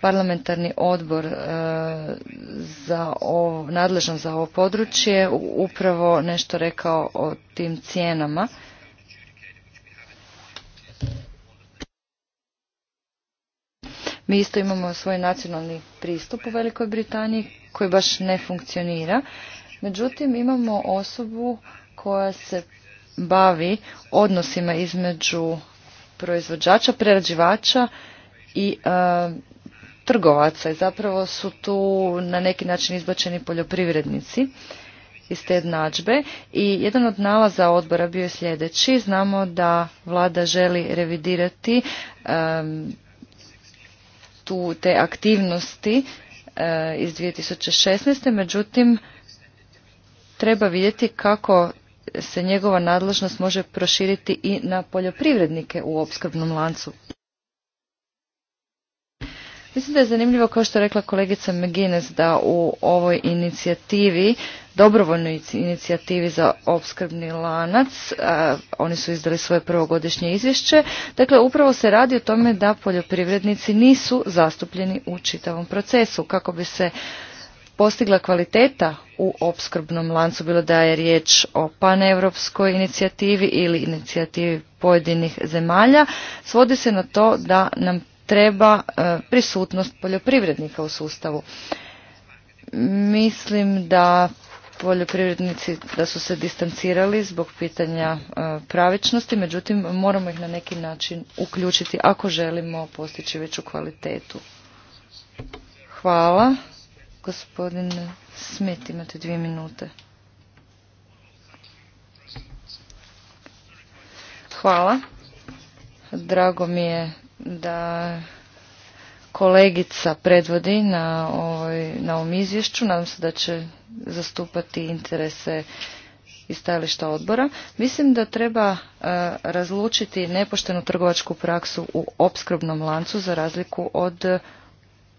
parlamentarni odbor e, za nadležan za ovo područje upravo nešto rekao o tim cijenama. Mi isto imamo svoj nacionalni pristup u Velikoj Britaniji koji baš ne funkcionira. Međutim, imamo osobu koja se bavi odnosima između proizvođača, prerađivača i e, trgovaca i zapravo su tu na neki način izbačeni poljoprivrednici iz te jednadžbe i jedan od nalaza odbora bio je sljedeći. Znamo da vlada želi revidirati tu te aktivnosti uh, iz 2016. Međutim, treba vidjeti kako se njegova nadležnost može proširiti i na poljoprivrednike u opskrbnom lancu. Mislim da je zanimljivo, kao što je rekla kolegica McGuinness, da u ovoj inicijativi, dobrovoljnoj inicijativi za opskrbni lanac, oni su izdali svoje prvogodišnje izvješće, dakle upravo se radi o tome da poljoprivrednici nisu zastupljeni u čitavom procesu, kako bi se postigla kvaliteta u opskrbnom lancu, bilo da je riječ o paneuropskoj inicijativi ili inicijativi pojedinih zemalja, svodi se na to da nam treba e, prisutnost poljoprivrednika u sustavu. Mislim da poljoprivrednici da su se distancirali zbog pitanja e, pravičnosti, međutim moramo ih na neki način uključiti ako želimo postići veću kvalitetu. Hvala. Gospodin Smit, imate dvije minute. Hvala. Drago mi je da kolegica predvodi na, ovoj, ovom izvješću. Nadam se da će zastupati interese i stajališta odbora. Mislim da treba e, razlučiti nepoštenu trgovačku praksu u opskrbnom lancu za razliku od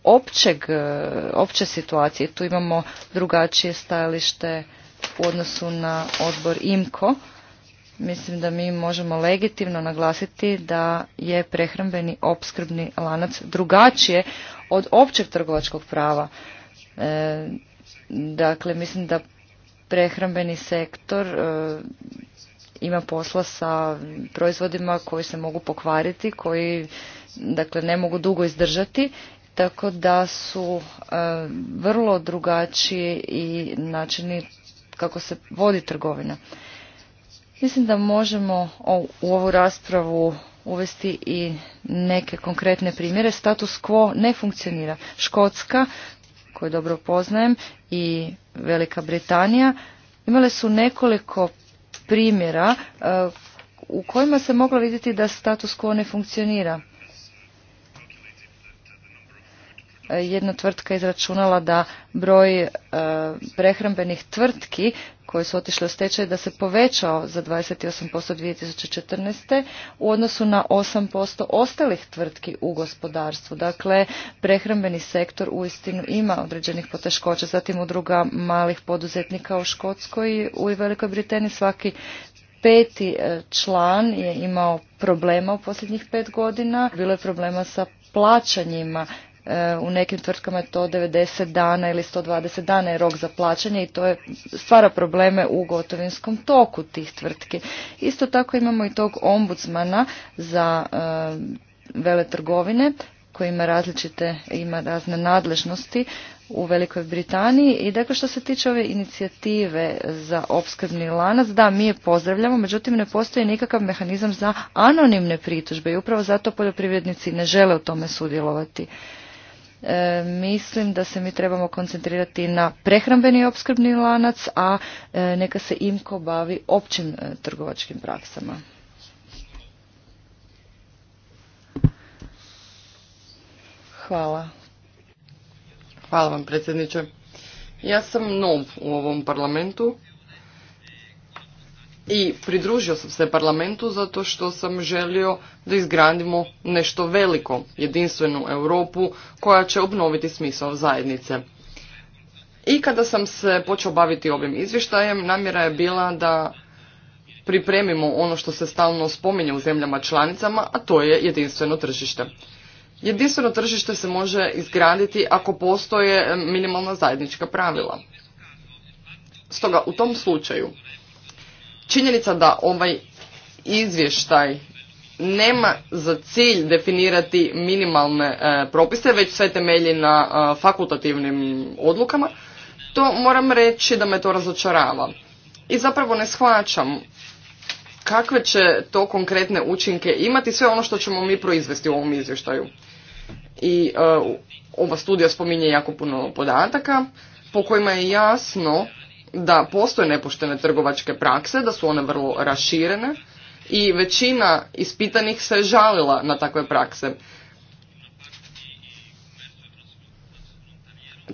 općeg, e, opće situacije. Tu imamo drugačije stajalište u odnosu na odbor IMKO Mislim da mi možemo legitimno naglasiti da je prehrambeni opskrbni lanac drugačije od općeg trgovačkog prava. E, dakle, mislim da prehrambeni sektor e, ima posla sa proizvodima koji se mogu pokvariti, koji dakle ne mogu dugo izdržati, tako da su e, vrlo drugačiji i načini kako se vodi trgovina. Mislim da možemo u ovu raspravu uvesti i neke konkretne primjere. Status quo ne funkcionira. Škotska, koju dobro poznajem, i Velika Britanija imale su nekoliko primjera e, u kojima se moglo vidjeti da status quo ne funkcionira. jedna tvrtka izračunala da broj e, prehrambenih tvrtki koje su otišle u stečaj da se povećao za 28% 2014. u odnosu na 8% ostalih tvrtki u gospodarstvu. Dakle, prehrambeni sektor uistinu ima određenih poteškoća. Zatim udruga malih poduzetnika u Škotskoj u Velikoj Britaniji svaki peti e, član je imao problema u posljednjih pet godina. Bilo je problema sa plaćanjima E, u nekim tvrtkama je to 90 dana ili 120 dana je rok za plaćanje i to je, stvara probleme u gotovinskom toku tih tvrtki. Isto tako imamo i tog ombudsmana za e, veletrgovine koji ima različite, ima razne nadležnosti u Velikoj Britaniji i dakle što se tiče ove inicijative za opskrbni lanac, da mi je pozdravljamo, međutim ne postoji nikakav mehanizam za anonimne pritužbe i upravo zato poljoprivrednici ne žele u tome sudjelovati. E, mislim da se mi trebamo koncentrirati na prehrambeni opskrbni lanac, a e, neka se imko bavi općim e, trgovačkim praksama. Hvala. Hvala vam predsjedniče. Ja sam nov u ovom parlamentu i pridružio sam se parlamentu zato što sam želio da izgradimo nešto veliko, jedinstvenu Europu koja će obnoviti smisao zajednice. I kada sam se počeo baviti ovim izvještajem, namjera je bila da pripremimo ono što se stalno spominje u zemljama članicama, a to je jedinstveno tržište. Jedinstveno tržište se može izgraditi ako postoje minimalna zajednička pravila. Stoga u tom slučaju Činjenica da ovaj izvještaj nema za cilj definirati minimalne e, propise, već sve temelji na e, fakultativnim odlukama, to moram reći da me to razočarava. I zapravo ne shvaćam kakve će to konkretne učinke imati sve ono što ćemo mi proizvesti u ovom izvještaju. I e, ova studija spominje jako puno podataka po kojima je jasno da postoje nepoštene trgovačke prakse, da su one vrlo raširene i većina ispitanih se žalila na takve prakse.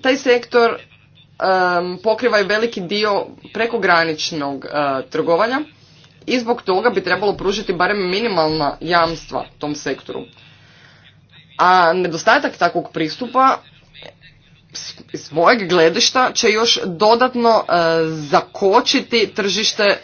Taj sektor um, pokriva i veliki dio prekograničnog e, trgovanja i zbog toga bi trebalo pružiti barem minimalna jamstva tom sektoru. A nedostatak takvog pristupa iz mojeg gledišta će još dodatno e, zakočiti tržište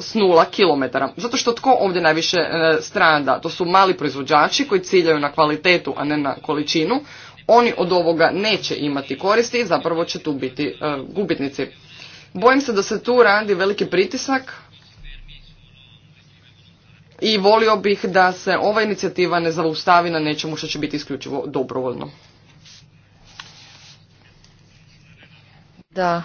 s nula kilometara. Zato što tko ovdje najviše e, strada? To su mali proizvođači koji ciljaju na kvalitetu, a ne na količinu. Oni od ovoga neće imati koristi i zapravo će tu biti e, gubitnici. Bojim se da se tu radi veliki pritisak i volio bih da se ova inicijativa ne zaustavi na nečemu što će biti isključivo dobrovoljno. Da,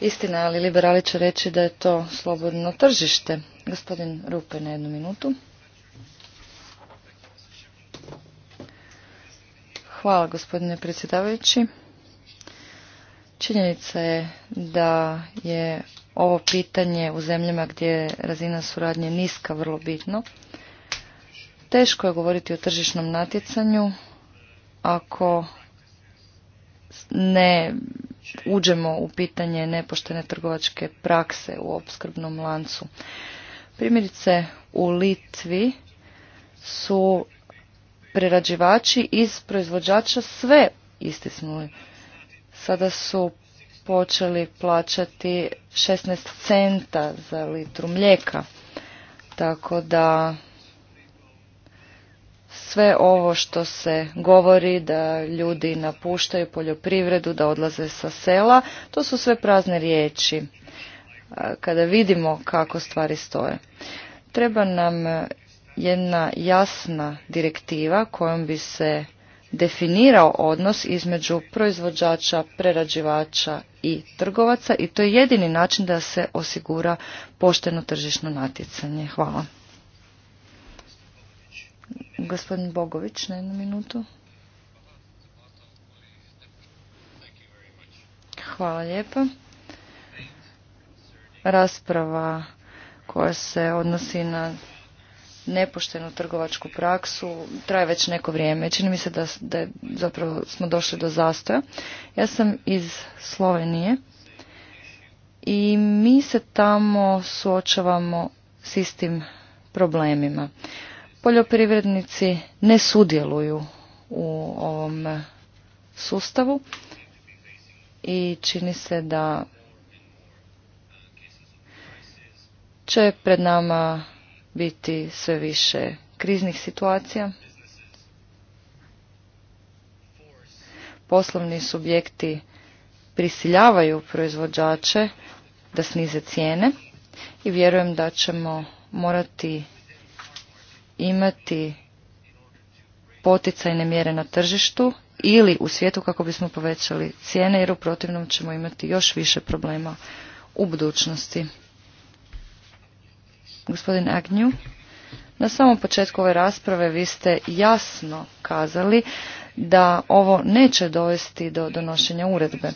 istina, ali liberali će reći da je to slobodno tržište. Gospodin Rupe na jednu minutu. Hvala gospodine predsjedavajući. Činjenica je da je ovo pitanje u zemljama gdje je razina suradnje niska vrlo bitno. Teško je govoriti o tržišnom natjecanju ako ne uđemo u pitanje nepoštene trgovačke prakse u opskrbnom lancu. Primjerice u Litvi su prerađivači iz proizvođača sve istisnuli. Sada su počeli plaćati 16 centa za litru mlijeka. Tako da sve ovo što se govori da ljudi napuštaju poljoprivredu, da odlaze sa sela, to su sve prazne riječi kada vidimo kako stvari stoje. Treba nam jedna jasna direktiva kojom bi se definirao odnos između proizvođača, prerađivača i trgovaca i to je jedini način da se osigura pošteno tržišno natjecanje. Hvala. Gospodin Bogović na jednu minutu. Hvala lijepa. Rasprava koja se odnosi na nepoštenu trgovačku praksu traje već neko vrijeme. Čini mi se da, da je, zapravo smo došli do zastoja. Ja sam iz Slovenije i mi se tamo suočavamo s istim problemima poljoprivrednici ne sudjeluju u ovom sustavu i čini se da će pred nama biti sve više kriznih situacija. Poslovni subjekti prisiljavaju proizvođače da snize cijene i vjerujem da ćemo morati imati poticajne mjere na tržištu ili u svijetu kako bismo povećali cijene jer u protivnom ćemo imati još više problema u budućnosti. Gospodin Agnju, na samom početku ove rasprave vi ste jasno kazali da ovo neće dovesti do donošenja uredbe. E,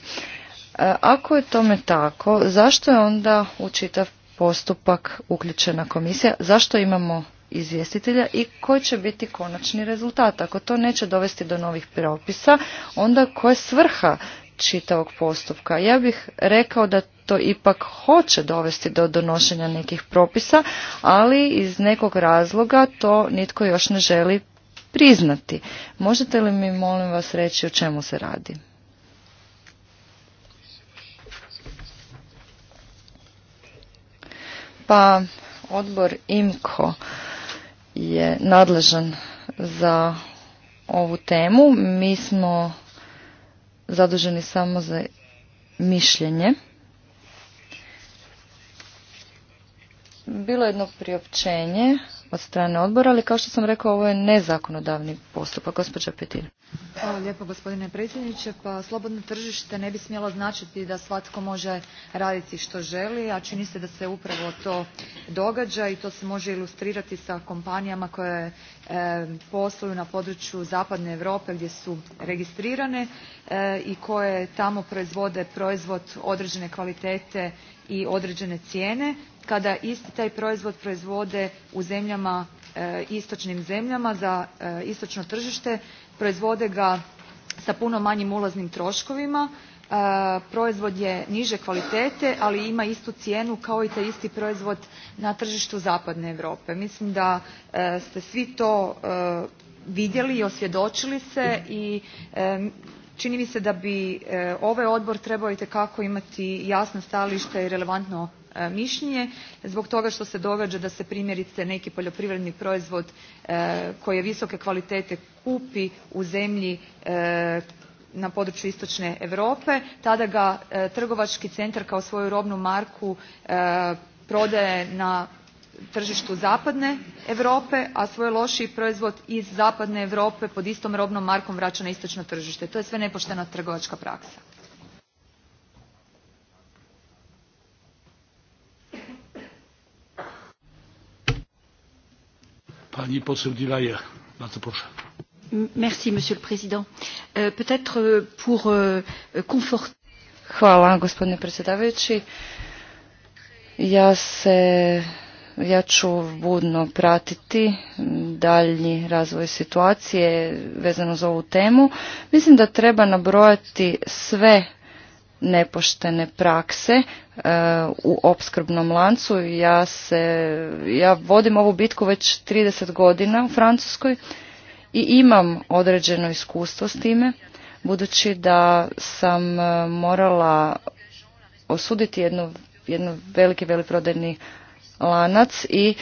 ako je tome tako, zašto je onda u čitav postupak uključena komisija? Zašto imamo izvjestitelja i koji će biti konačni rezultat. Ako to neće dovesti do novih propisa, onda koja je svrha čitavog postupka? Ja bih rekao da to ipak hoće dovesti do donošenja nekih propisa, ali iz nekog razloga to nitko još ne želi priznati. Možete li mi, molim vas, reći o čemu se radi? Pa, odbor IMKO je nadležan za ovu temu. Mi smo zaduženi samo za mišljenje. Bilo jedno priopćenje od strane odbora, ali kao što sam rekao, ovo je nezakonodavni postupak. Gospođa Petir. Hvala lijepo gospodine predsjedniče. Pa slobodno tržište ne bi smjelo značiti da svatko može raditi što želi, a čini se da se upravo to događa i to se može ilustrirati sa kompanijama koje e, posluju na području zapadne Europe gdje su registrirane e, i koje tamo proizvode proizvod određene kvalitete i određene cijene kada isti taj proizvod proizvode u zemljama e, istočnim zemljama za e, istočno tržište proizvode ga sa puno manjim ulaznim troškovima e, proizvod je niže kvalitete ali ima istu cijenu kao i taj isti proizvod na tržištu zapadne europe. mislim da ste svi to vidjeli i osvjedočili se i čini mi se da bi e, ovaj odbor trebao itekako imati jasno stajalište i relevantno e, mišljenje zbog toga što se događa da se primjerice neki poljoprivredni proizvod e, koji je visoke kvalitete kupi u zemlji na području istočne europe tada ga trgovački centar kao svoju robnu marku prodaje na tržištu zapadne Europe, a svoj lošiji proizvod iz zapadne Europe pod istom robnom markom vraća na istočno tržište. To je sve nepoštena trgovačka praksa. Hvala, gospodine predsjedavajući. Ja se ja ću budno pratiti daljnji razvoj situacije vezano za ovu temu. Mislim da treba nabrojati sve nepoštene prakse e, u opskrbnom lancu. Ja, se, ja vodim ovu bitku već 30 godina u Francuskoj i imam određeno iskustvo s time, budući da sam e, morala osuditi jednu jedno veliki veliprodajni lanac i e,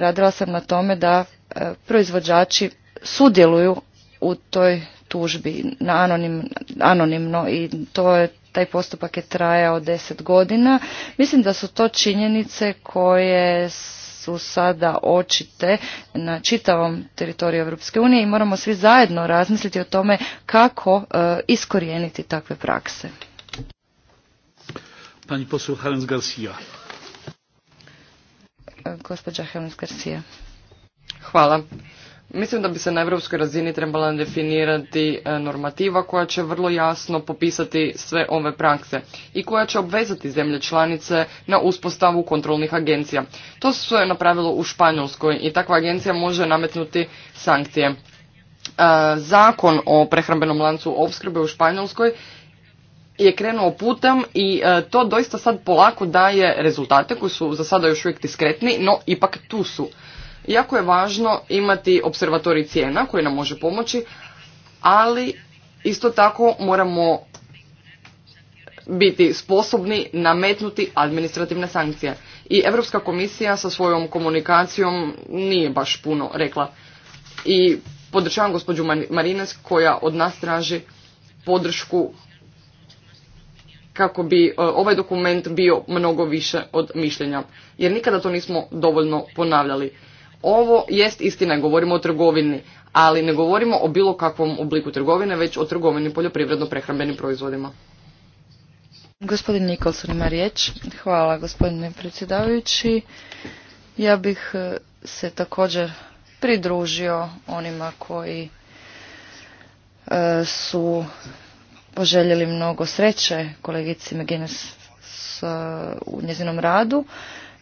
radila sam na tome da e, proizvođači sudjeluju u toj tužbi anonimno i to je taj postupak je trajao deset godina. Mislim da su to činjenice koje su sada očite na čitavom teritoriju Europske unije i moramo svi zajedno razmisliti o tome kako e, iskorijeniti takve prakse. Pani Garcia. Gospođa Helms Garcia. Hvala. Mislim da bi se na europskoj razini trebala definirati e, normativa koja će vrlo jasno popisati sve ove prakse i koja će obvezati zemlje članice na uspostavu kontrolnih agencija. To se napravilo u Španjolskoj i takva agencija može nametnuti sankcije. E, Zakon o prehrambenom lancu opskrbe u Španjolskoj je krenuo putem i e, to doista sad polako daje rezultate koji su za sada još uvijek diskretni, no ipak tu su. Jako je važno imati observatori cijena koji nam može pomoći, ali isto tako moramo biti sposobni nametnuti administrativne sankcije. I Europska komisija sa svojom komunikacijom nije baš puno rekla. I podržavam gospođu Marines koja od nas traži podršku kako bi e, ovaj dokument bio mnogo više od mišljenja. Jer nikada to nismo dovoljno ponavljali. Ovo jest istina, govorimo o trgovini, ali ne govorimo o bilo kakvom obliku trgovine, već o trgovini poljoprivredno-prehrambenim proizvodima. Gospodin Nikolson ima riječ. Hvala gospodine predsjedavajući. Ja bih e, se također pridružio onima koji e, su poželjeli mnogo sreće kolegici McGuinness e, u njezinom radu.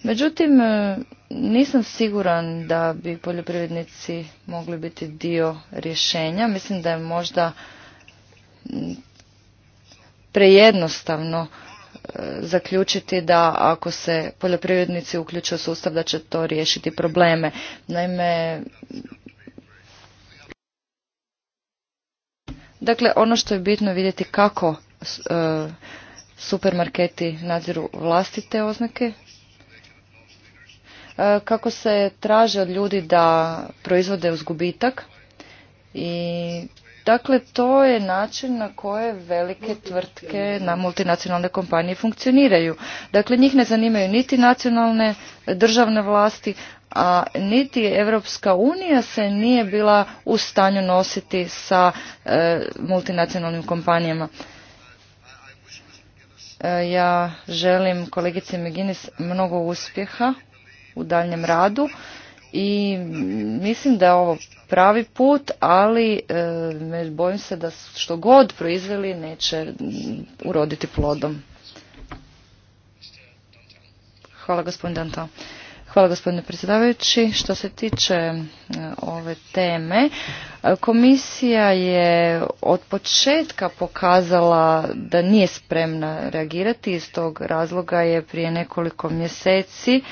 Međutim, e, nisam siguran da bi poljoprivrednici mogli biti dio rješenja. Mislim da je možda prejednostavno e, zaključiti da ako se poljoprivrednici uključe u sustav da će to riješiti probleme. Naime, Dakle, ono što je bitno vidjeti kako e, supermarketi nadziru vlastite oznake, e, kako se traže od ljudi da proizvode uz gubitak i Dakle, to je način na koje velike tvrtke na multinacionalne kompanije funkcioniraju. Dakle, njih ne zanimaju niti nacionalne državne vlasti, a niti Europska unija se nije bila u stanju nositi sa e, multinacionalnim kompanijama. E, ja želim kolegici Meginis mnogo uspjeha u daljem radu i mislim da je ovo pravi put, ali e, bojim se da što god proizveli neće uroditi plodom. Hvala gospodin Hvala gospodine predsjedavajući. Što se tiče e, ove teme, e, komisija je od početka pokazala da nije spremna reagirati. Iz tog razloga je prije nekoliko mjeseci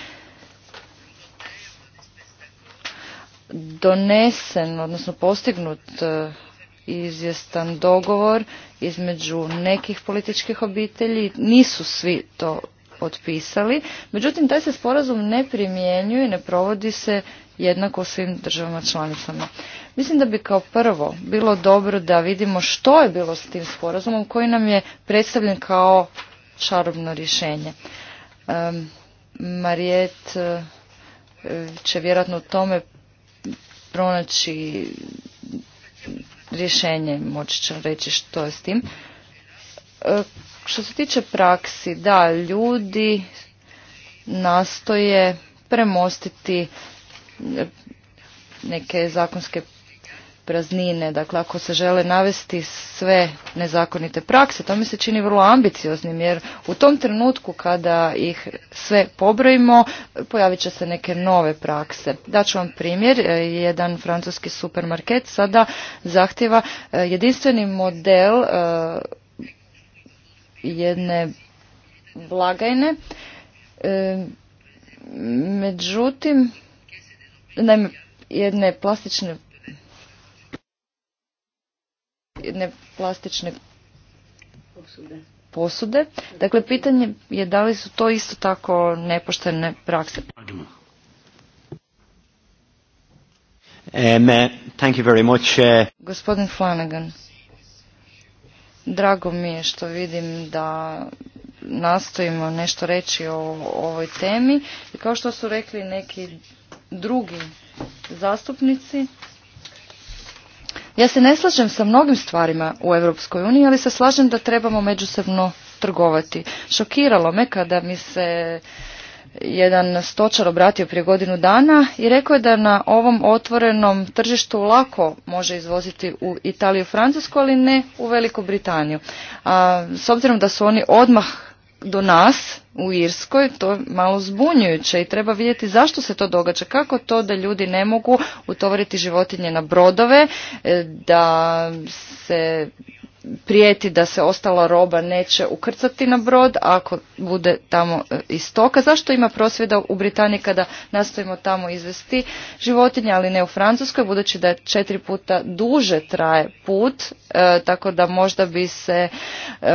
donesen, odnosno postignut e, izvjestan dogovor između nekih političkih obitelji. Nisu svi to potpisali. Međutim, taj se sporazum ne primjenjuje i ne provodi se jednako svim državama članicama. Mislim da bi kao prvo bilo dobro da vidimo što je bilo s tim sporazumom koji nam je predstavljen kao čarobno rješenje. Marijet eh, će vjerojatno u tome pronaći rješenje, moći će reći što je s tim. Eh, što se tiče praksi, da, ljudi nastoje premostiti e, neke zakonske praznine, dakle ako se žele navesti sve nezakonite prakse, to mi se čini vrlo ambicioznim jer u tom trenutku kada ih sve pobrojimo pojavit će se neke nove prakse. Daću vam primjer, e, jedan francuski supermarket sada zahtjeva e, jedinstveni model jedne blagajne. E, međutim, naime, jedne plastične jedne plastične posude. posude. Dakle, pitanje je da li su to isto tako nepoštene prakse. Eh. Gospodin Flanagan. Drago mi je što vidim da nastojimo nešto reći o ovoj temi. I kao što su rekli neki drugi zastupnici, ja se ne slažem sa mnogim stvarima u Europskoj uniji, ali se slažem da trebamo međusobno trgovati. Šokiralo me kada mi se jedan stočar obratio prije godinu dana i rekao je da na ovom otvorenom tržištu lako može izvoziti u Italiju i Francusku, ali ne u Veliku Britaniju. A, s obzirom da su oni odmah do nas u Irskoj, to je malo zbunjujuće i treba vidjeti zašto se to događa, kako to da ljudi ne mogu utovariti životinje na brodove, e, da se prijeti da se ostala roba neće ukrcati na brod ako bude tamo e, iz stoka. Zašto ima prosvjeda u Britaniji kada nastojimo tamo izvesti životinje, ali ne u Francuskoj, budući da četiri puta duže traje put, e, tako da možda bi se e,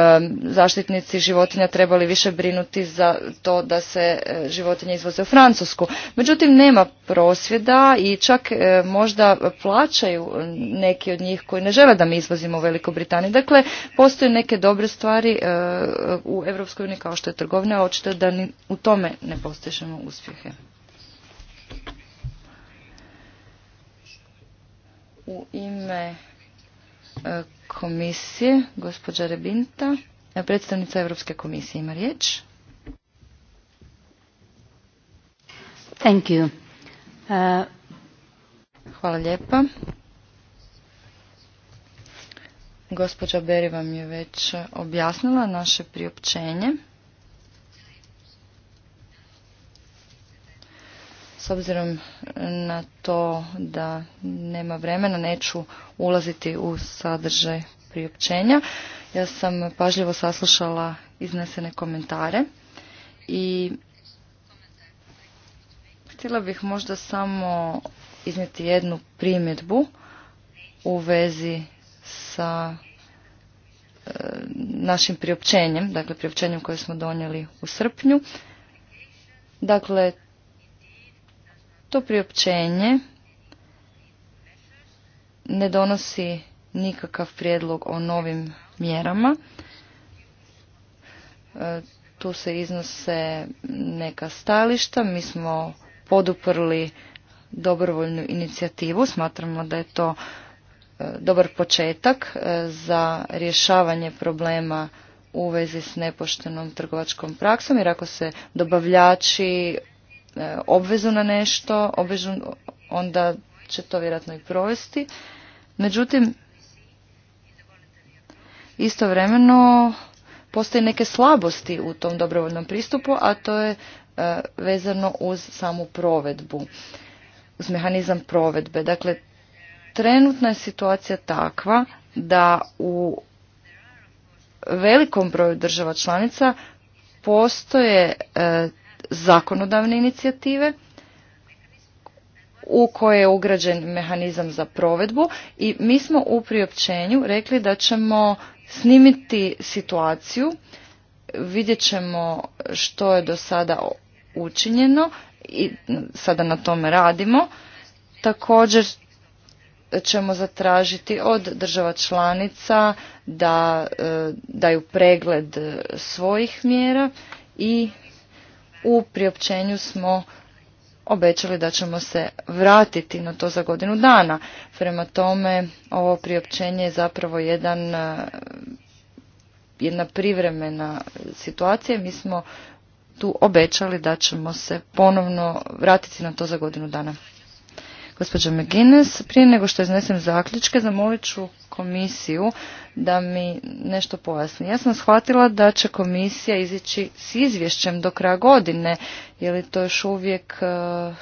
zaštitnici životinja trebali više brinuti za to da se životinje izvoze u Francusku. Međutim, nema prosvjeda i čak možda plaćaju neki od njih koji ne žele da mi izvozimo u Veliku Britaniju. da Dakle, postoje neke dobre stvari e, u Europskoj uniji kao što je trgovina, a očito da ni u tome ne postižemo uspjehe. U ime e, komisije, gospođa Rebinta, e, predstavnica Europske komisije ima riječ. Thank Hvala lijepa. Gospođa Beri vam je već objasnila naše priopćenje. S obzirom na to da nema vremena, neću ulaziti u sadržaj priopćenja. Ja sam pažljivo saslušala iznesene komentare i htjela bih možda samo iznijeti jednu primjedbu u vezi sa e, našim priopćenjem, dakle priopćenjem koje smo donijeli u srpnju. Dakle, to priopćenje ne donosi nikakav prijedlog o novim mjerama. E, tu se iznose neka stajališta. Mi smo poduprli dobrovoljnu inicijativu. Smatramo da je to dobar početak e, za rješavanje problema u vezi s nepoštenom trgovačkom praksom jer ako se dobavljači e, obvezu na nešto, obvezu, onda će to vjerojatno i provesti. Međutim, istovremeno postoje neke slabosti u tom dobrovoljnom pristupu, a to je e, vezano uz samu provedbu, uz mehanizam provedbe. Dakle, Trenutna je situacija takva da u velikom broju država članica postoje e, zakonodavne inicijative u koje je ugrađen mehanizam za provedbu i mi smo u priopćenju rekli da ćemo snimiti situaciju, vidjet ćemo što je do sada učinjeno i sada na tome radimo. Također ćemo zatražiti od država članica da e, daju pregled svojih mjera i u priopćenju smo obećali da ćemo se vratiti na to za godinu dana. Prema tome, ovo priopćenje je zapravo jedan, e, jedna privremena situacija. Mi smo tu obećali da ćemo se ponovno vratiti na to za godinu dana gospođo McGuinness. Prije nego što iznesem zaključke, zamolit ću komisiju da mi nešto pojasni. Ja sam shvatila da će komisija izići s izvješćem do kraja godine. Je li to još uvijek e,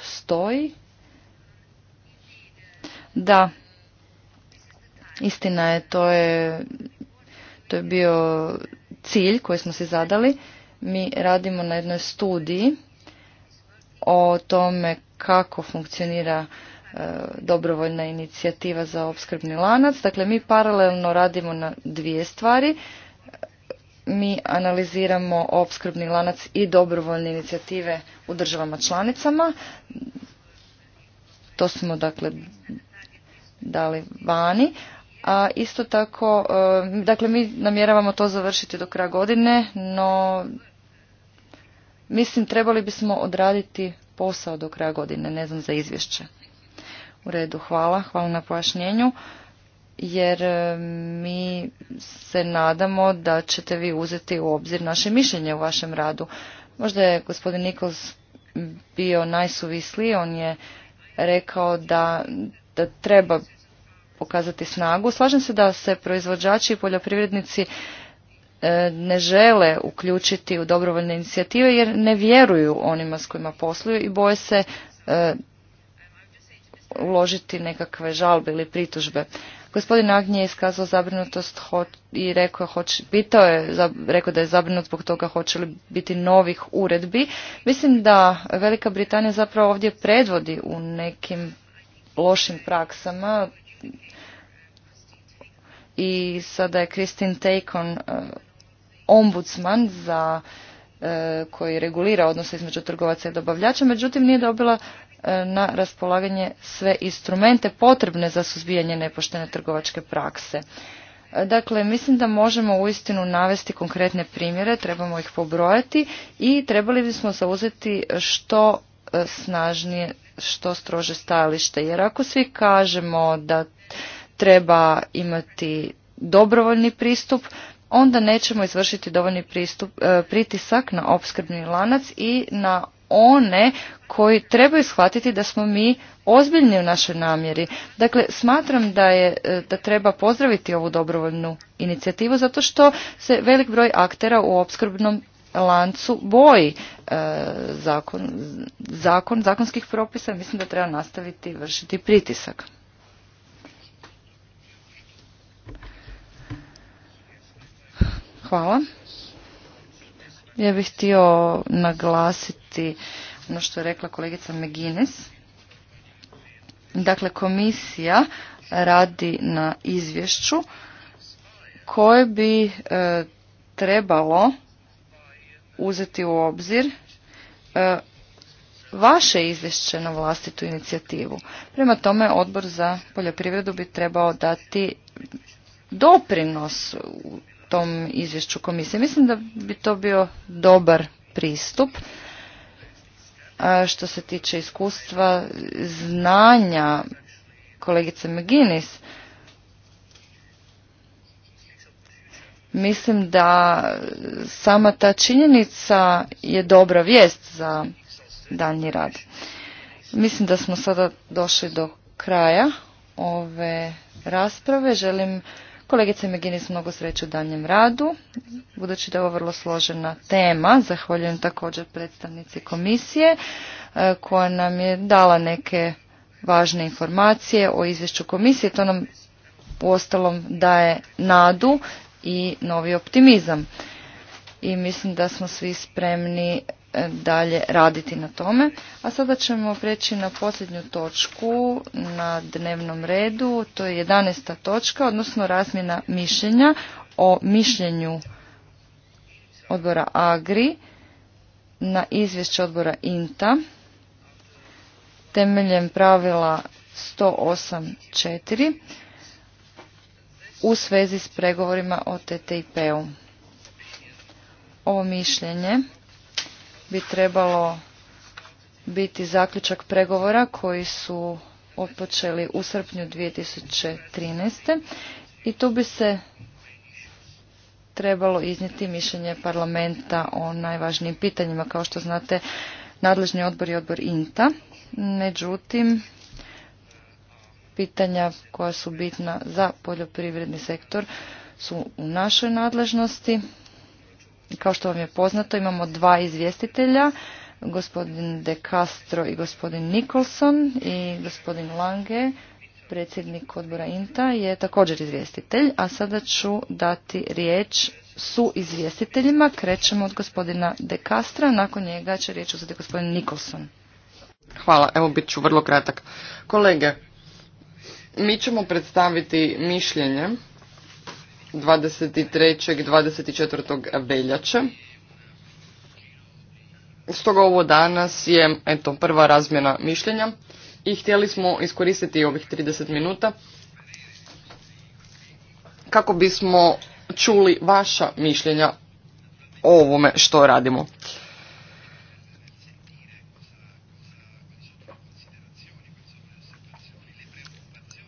stoji? Da, istina je, to je, to je bio cilj koji smo si zadali. Mi radimo na jednoj studiji o tome kako funkcionira E, dobrovoljna inicijativa za opskrbni lanac. Dakle, mi paralelno radimo na dvije stvari. Mi analiziramo opskrbni lanac i dobrovoljne inicijative u državama članicama. To smo dakle dali vani. A isto tako, e, dakle mi namjeravamo to završiti do kraja godine, no mislim trebali bismo odraditi posao do kraja godine, ne znam za izvješće. U redu, hvala. Hvala na pojašnjenju. Jer e, mi se nadamo da ćete vi uzeti u obzir naše mišljenje u vašem radu. Možda je gospodin Nikos bio najsuvisliji. On je rekao da, da treba pokazati snagu. Slažem se da se proizvođači i poljoprivrednici e, ne žele uključiti u dobrovoljne inicijative jer ne vjeruju onima s kojima posluju i boje se e, uložiti nekakve žalbe ili pritužbe. Gospodin Agnje je iskazao zabrinutost i rekao, hoće, pitao je, rekao da je zabrinut zbog toga hoće li biti novih uredbi. Mislim da Velika Britanija zapravo ovdje predvodi u nekim lošim praksama i sada je Christine Tacon e, ombudsman za e, koji regulira odnose između trgovaca i dobavljača, međutim nije dobila E, na raspolaganje sve instrumente potrebne za suzbijanje nepoštene trgovačke prakse. E, dakle, mislim da možemo uistinu navesti konkretne primjere, trebamo ih pobrojati i trebali bismo zauzeti što e, snažnije, što strože stajalište. Jer ako svi kažemo da treba imati dobrovoljni pristup, onda nećemo izvršiti dovoljni pristup, pritisak na opskrbni lanac i na one koji trebaju shvatiti da smo mi ozbiljni u našoj namjeri. Dakle, smatram da, je, e, da treba pozdraviti ovu dobrovoljnu inicijativu zato što se velik broj aktera u opskrbnom lancu boji e, zakon, zakon, zakonskih propisa. Mislim da treba nastaviti vršiti pritisak. Hvala. Ja bih htio naglasiti ponoviti ono što je rekla kolegica McGuinness. Dakle, komisija radi na izvješću koje bi e, trebalo uzeti u obzir e, vaše izvješće na vlastitu inicijativu. Prema tome, odbor za poljoprivredu bi trebao dati doprinos u tom izvješću komisije. Mislim da bi to bio dobar pristup što se tiče iskustva, znanja kolegice McGinnis. Mislim da sama ta činjenica je dobra vijest za daljnji rad. Mislim da smo sada došli do kraja ove rasprave. Želim Kolegice Meginis, mnogo sreće u danjem radu. Budući da je ovo vrlo složena tema, zahvaljujem također predstavnici komisije e, koja nam je dala neke važne informacije o izvješću komisije. To nam uostalom daje nadu i novi optimizam i mislim da smo svi spremni e, dalje raditi na tome. A sada ćemo preći na posljednju točku na dnevnom redu, to je 11. točka, odnosno razmjena mišljenja o mišljenju odbora AGRI na izvješće odbora INTA temeljem pravila 108.4 u svezi s pregovorima o TTIP-u ovo mišljenje bi trebalo biti zaključak pregovora koji su otpočeli u srpnju 2013. i tu bi se trebalo iznijeti mišljenje parlamenta o najvažnijim pitanjima. Kao što znate, nadležni odbor i odbor INTA. Međutim, pitanja koja su bitna za poljoprivredni sektor su u našoj nadležnosti. Kao što vam je poznato, imamo dva izvjestitelja, gospodin De Castro i gospodin Nicholson i gospodin Lange, predsjednik odbora INTA, je također izvjestitelj, a sada ću dati riječ su izvjestiteljima. Krećemo od gospodina De Castra, nakon njega će riječ uzeti gospodin Nicholson. Hvala, evo bit ću vrlo kratak. Kolege, mi ćemo predstaviti mišljenje 23. i 24. veljače. Stoga ovo danas je eto, prva razmjena mišljenja i htjeli smo iskoristiti ovih 30 minuta kako bismo čuli vaša mišljenja o ovome što radimo.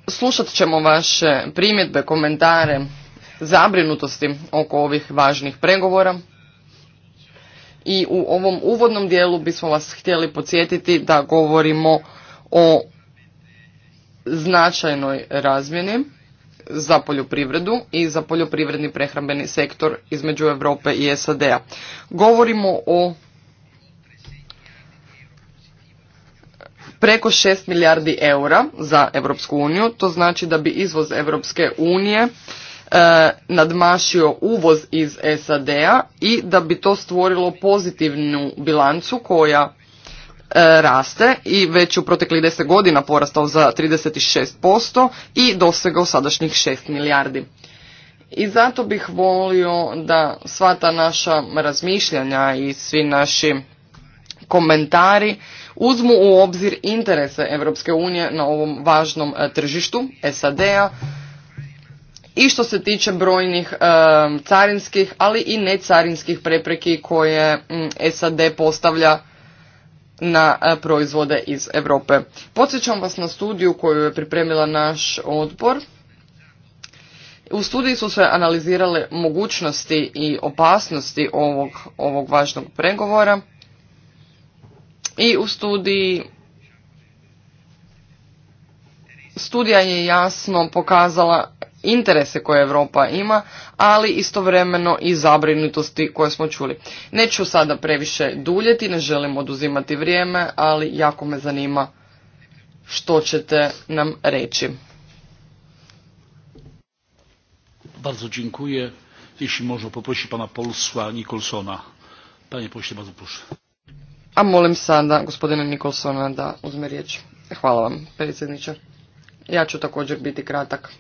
Slušat ćemo vaše primjedbe, komentare, zabrinutosti oko ovih važnih pregovora. I u ovom uvodnom dijelu bismo vas htjeli podsjetiti da govorimo o značajnoj razmjeni za poljoprivredu i za poljoprivredni prehrambeni sektor između Europe i SAD-a. Govorimo o preko 6 milijardi eura za Europsku uniju, to znači da bi izvoz Europske unije E, nadmašio uvoz iz SAD-a i da bi to stvorilo pozitivnu bilancu koja e, raste i već u proteklih 10 godina porastao za 36% i dosegao sadašnjih 6 milijardi. I zato bih volio da sva ta naša razmišljanja i svi naši komentari uzmu u obzir interese Europske unije na ovom važnom e, tržištu SAD-a i što se tiče brojnih e, carinskih, ali i necarinskih prepreki koje mm, SAD postavlja na e, proizvode iz Europe. Podsjećam vas na studiju koju je pripremila naš odbor. U studiji su se analizirale mogućnosti i opasnosti ovog, ovog važnog pregovora i u studiji studija je jasno pokazala interese koje Europa ima, ali istovremeno i zabrinutosti koje smo čuli. Neću sada previše duljeti, ne želim oduzimati vrijeme, ali jako me zanima što ćete nam reći. Bardzo dziękuję. Jeśli można poprosić pana Polsła Nikolsona. Panie pośle, bardzo proszę. A molim sada gospodina Nikolsona da uzme riječ. Hvala vam, predsjedniče. Ja ću također biti kratak.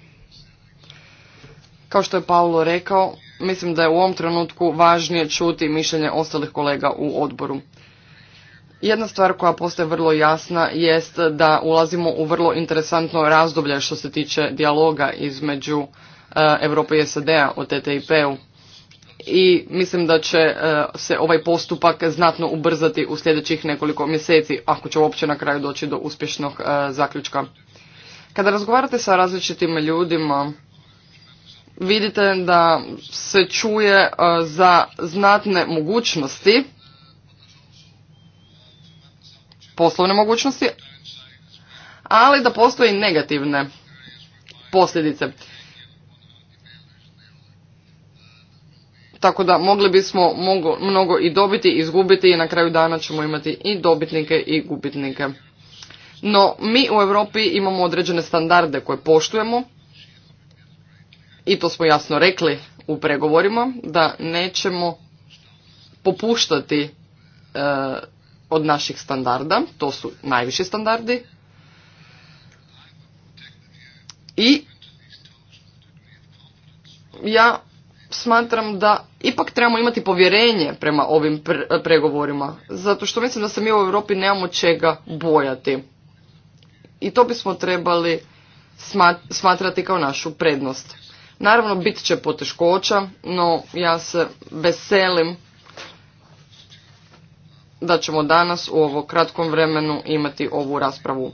Kao što je Paulo rekao, mislim da je u ovom trenutku važnije čuti mišljenje ostalih kolega u odboru. Jedna stvar koja postaje vrlo jasna jest da ulazimo u vrlo interesantno razdoblje što se tiče dijaloga između uh, Europe i SAD-a o TTIP-u i mislim da će e, se ovaj postupak znatno ubrzati u sljedećih nekoliko mjeseci ako će uopće na kraju doći do uspješnog e, zaključka. Kada razgovarate sa različitim ljudima vidite da se čuje e, za znatne mogućnosti, poslovne mogućnosti, ali da postoje i negativne posljedice. Tako da mogli bismo mnogo i dobiti i izgubiti i na kraju dana ćemo imati i dobitnike i gubitnike. No, mi u Europi imamo određene standarde koje poštujemo i to smo jasno rekli u pregovorima, da nećemo popuštati e, od naših standarda, to su najviši standardi. I ja smatram da ipak trebamo imati povjerenje prema ovim pregovorima, zato što mislim da se mi u Europi nemamo čega bojati. I to bismo trebali smatrati kao našu prednost. Naravno, bit će poteškoća, no ja se veselim da ćemo danas u ovo kratkom vremenu imati ovu raspravu.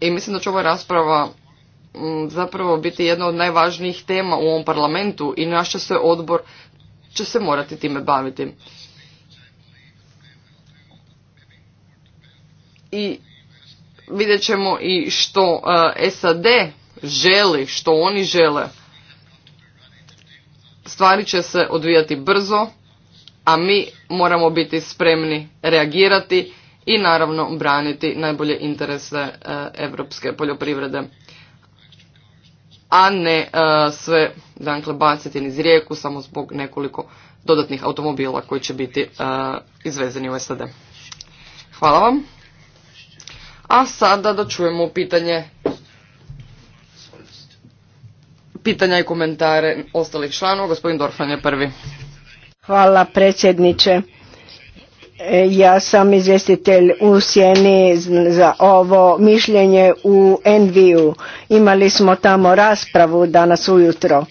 I mislim da će ova rasprava mm, zapravo biti jedna od najvažnijih tema u ovom parlamentu i naš će se odbor će se morati time baviti. I vidjet ćemo i što eh, SAD želi, što oni žele Stvari će se odvijati brzo, a mi moramo biti spremni reagirati i naravno braniti najbolje interese europske eh, poljoprivrede a ne eh, sve dakle, baciti niz rijeku samo zbog nekoliko dodatnih automobila koji će biti eh, izvezeni u SAD. Hvala vam. A sada da čujemo pitanje pitanja i komentare ostalih članova. Gospodin Dorfan je prvi. Hvala predsjedniče. E, ja sam izvjestitelj u Sjeni za ovo mišljenje u Enviju. Imali smo tamo raspravu danas ujutro.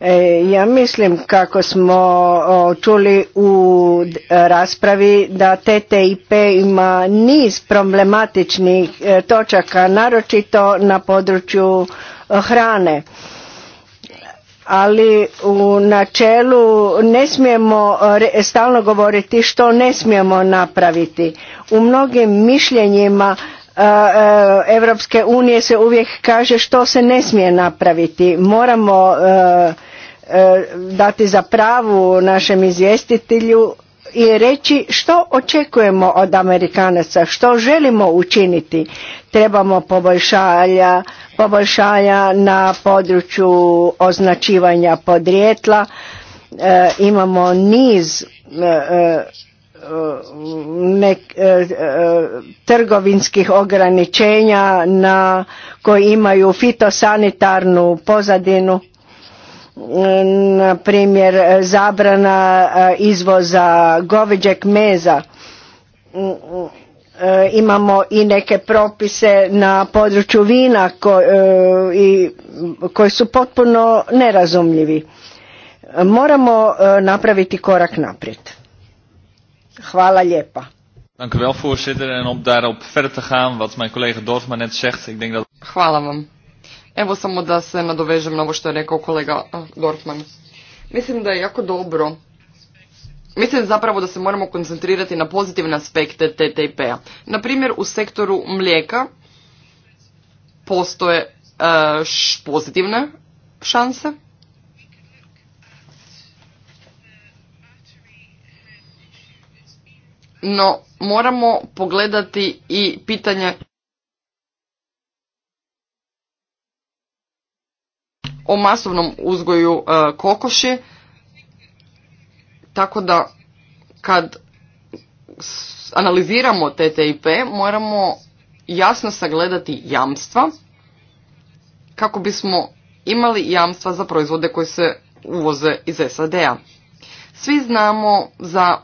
E, ja mislim kako smo čuli u raspravi da TTIP ima niz problematičnih e, točaka, naročito na području hrane ali u načelu ne smijemo stalno govoriti što ne smijemo napraviti. U mnogim mišljenjima Europske e, unije se uvijek kaže što se ne smije napraviti. Moramo e, e, dati za pravu našem izvjestitelju i reći što očekujemo od Amerikanaca, što želimo učiniti. Trebamo poboljšanja, poboljšanja na području označivanja podrijetla, e, imamo niz e, e, trgovinskih ograničenja na, koji imaju fitosanitarnu pozadinu na primjer e, zabrana e, izvoza goveđeg meza mm, mm, e, imamo i neke propise na području vina koji su potpuno nerazumljivi moramo napraviti korak naprijed hvala lijepa voorzitter. Hvala vam. Evo samo da se nadovežem na ovo što je rekao kolega eh, Dorfman. Mislim da je jako dobro Mislim zapravo da se moramo koncentrirati na pozitivne aspekte TTIP-a. Naprimjer, u sektoru mlijeka postoje eh, pozitivne šanse. No, moramo pogledati i pitanje o masovnom uzgoju e, kokoši, tako da kad analiziramo TTIP moramo jasno sagledati jamstva kako bismo imali jamstva za proizvode koji se uvoze iz SAD-a. Svi znamo za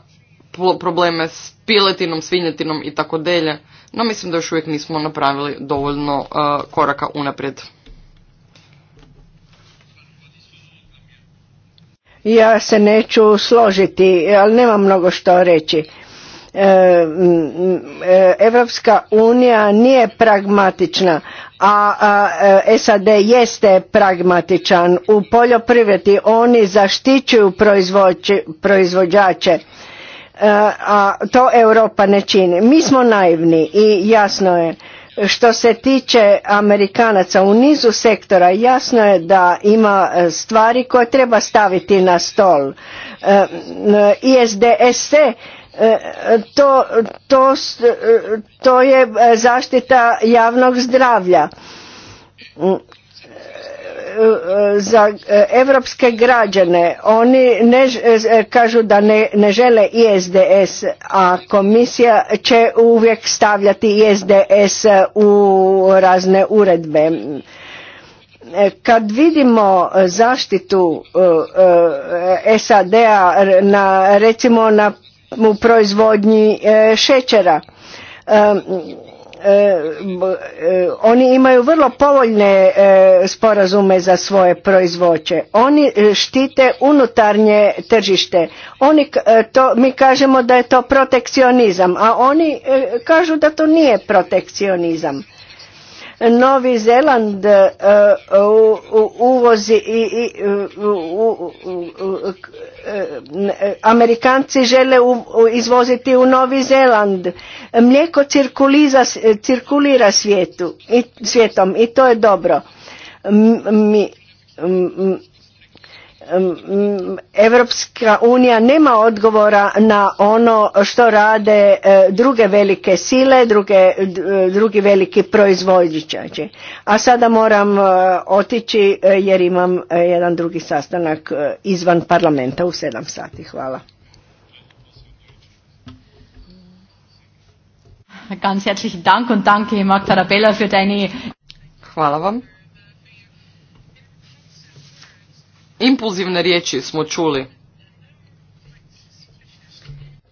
probleme s piletinom, svinjetinom i tako delje, no mislim da još uvijek nismo napravili dovoljno e, koraka unaprijed. Ja se neću složiti, ali nemam mnogo što reći. E, e, Evropska unija nije pragmatična, a e, SAD jeste pragmatičan. U poljoprivredi oni zaštićuju proizvođače, a to Europa ne čini. Mi smo naivni i jasno je što se tiče Amerikanaca u nizu sektora jasno je da ima e, stvari koje treba staviti na stol. E, ISDS e, to, to, to je zaštita javnog zdravlja za e, evropske građane. Oni ne, e, e, kažu da ne, ne žele ISDS, a komisija će uvijek stavljati ISDS u razne uredbe. Kad vidimo zaštitu SAD-a na recimo na u proizvodnji šećera, Eh, eh, oni imaju vrlo povoljne eh, sporazume za svoje proizvoće. Oni štite unutarnje tržište. Oni, to, mi kažemo da je to protekcionizam, a oni kažu da to nije protekcionizam. Novi Zeland e, e, uvozi i e, Amerikanci žele izvoziti u Novi Zeland. Mlijeko cirkulira svijetu, svijetom i to je dobro. Mi, Mm, Evropska unija nema odgovora na ono što rade e, druge velike sile, druge, e, drugi veliki proizvođači. A sada moram e, otići jer imam jedan drugi sastanak izvan parlamenta u 7 sati. Hvala. Ganz herzlichen Dank und danke Hvala vam impulzivne riječi smo čuli.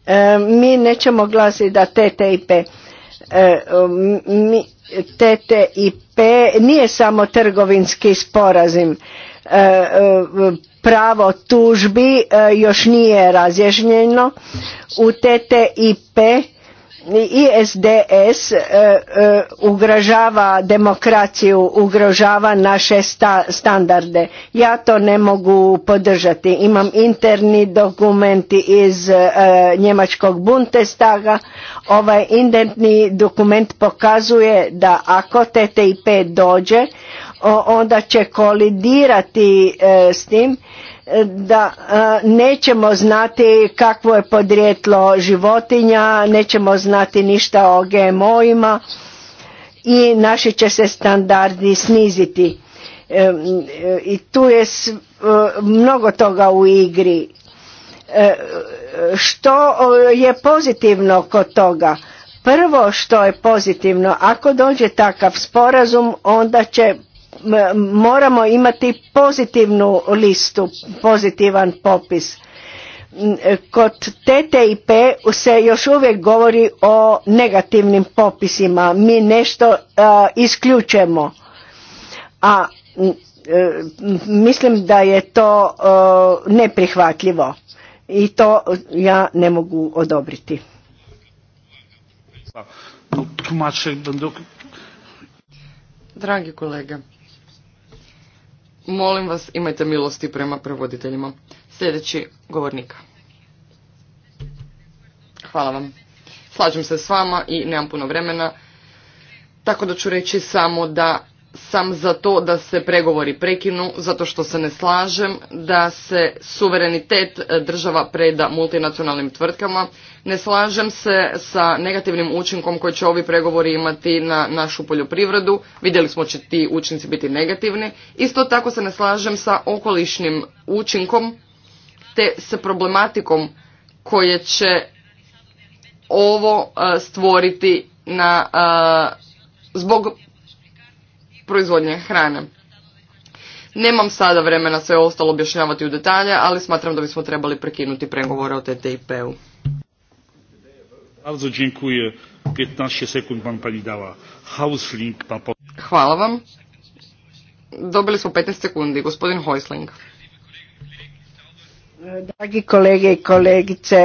E, mi nećemo glasiti da TTIP e, mi, TTIP nije samo trgovinski sporazim. E, e, pravo tužbi e, još nije razjašnjeno. U TTIP ISDS e, e, ugrožava demokraciju, ugrožava naše standarde. Ja to ne mogu podržati. Imam interni dokumenti iz e, njemačkog Bundestaga. Ovaj indentni dokument pokazuje da ako TTIP dođe, onda će kolidirati s tim da e, nećemo znati kakvo je podrijetlo životinja, nećemo znati ništa o GMO-ima i naši će se standardi sniziti. E, e, I tu je mnogo toga u igri. Što je pozitivno kod toga? Prvo što je pozitivno, ako dođe takav sporazum, onda će moramo imati pozitivnu listu, pozitivan popis. Kod TTIP se još uvijek govori o negativnim popisima. Mi nešto isključujemo. A e, mislim da je to neprihvatljivo i to ja ne mogu odobriti. Dragi kolega, Molim vas, imajte milosti prema prevoditeljima. Sljedeći govornika. Hvala vam. Slažem se s vama i nemam puno vremena, tako da ću reći samo da sam za to da se pregovori prekinu zato što se ne slažem da se suverenitet e, država preda multinacionalnim tvrtkama. Ne slažem se sa negativnim učinkom koji će ovi pregovori imati na našu poljoprivredu. Vidjeli smo će ti učinci biti negativni. Isto tako se ne slažem sa okolišnim učinkom te sa problematikom koje će ovo e, stvoriti na, e, zbog proizvodnje hrane. Nemam sada vremena sve ostalo objašnjavati u detalje, ali smatram da bismo trebali prekinuti pregovore o TTIP-u. dziękuję. 15 sekund pa- pa- Hvala vam. Dobili smo 15 sekundi. Gospodin Hojsling. Dragi kolege i kolegice,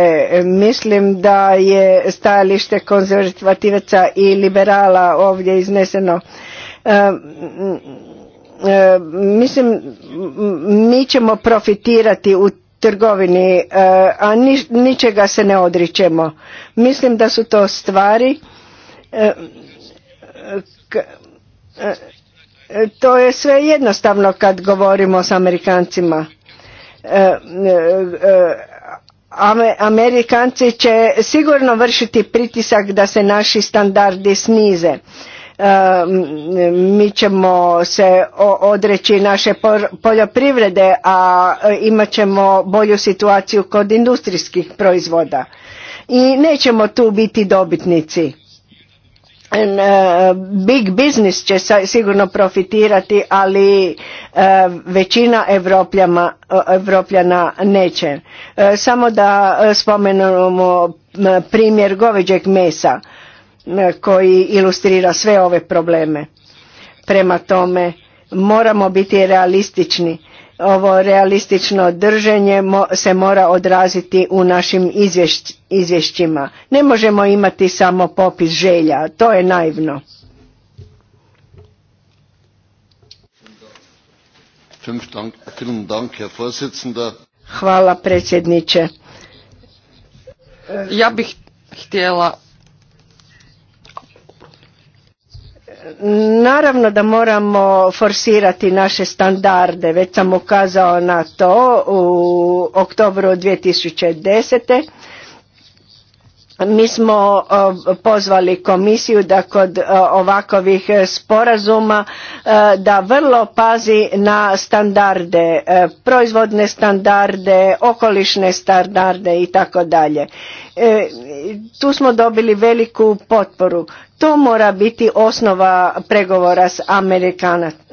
mislim da je stajalište konzervativaca i liberala ovdje izneseno E, e, mislim mi ćemo profitirati u trgovini e, a ničega se ne odričemo mislim da su to stvari to je sve jednostavno kad govorimo s Amerikancima Amerikanci će sigurno vršiti pritisak da se naši standardi snize mi ćemo se odreći naše poljoprivrede, a e, imat ćemo bolju situaciju kod industrijskih proizvoda. I nećemo tu biti dobitnici. E, big business će sigurno profitirati, ali e, većina Evropljana neće. Samo da spomenemo primjer goveđeg mesa E, koji ilustrira sve ove probleme. Prema tome moramo biti realistični. Ovo realistično drženje se mora odraziti u našim izvješćima. Ne možemo imati samo popis želja, to je naivno. Hvala predsjedniče. Ja bih htjela Naravno da moramo forsirati naše standarde, već sam ukazao na to u oktobru 2010. Mi smo pozvali komisiju da kod ovakovih sporazuma da vrlo pazi na standarde, e, proizvodne standarde, okolišne standarde i tako dalje. E, tu smo dobili veliku potporu. To mora biti osnova pregovora s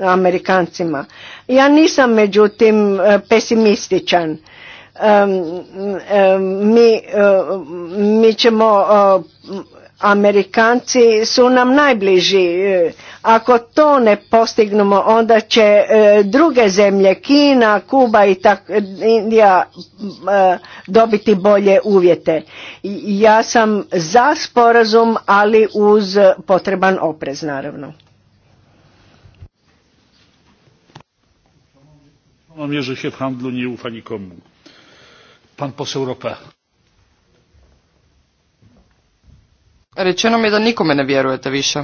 Amerikancima. Ja nisam međutim e, pesimističan. E, mi ćemo e, Amerikanci su nam najbliži. E, ako to ne postignemo, onda će e, druge zemlje, Kina, Kuba i tak, Indija, e, dobiti bolje uvjete. Ja sam za sporazum, ali uz potreban oprez, naravno. Pan poseł Rečeno mi je da nikome ne vjerujete više.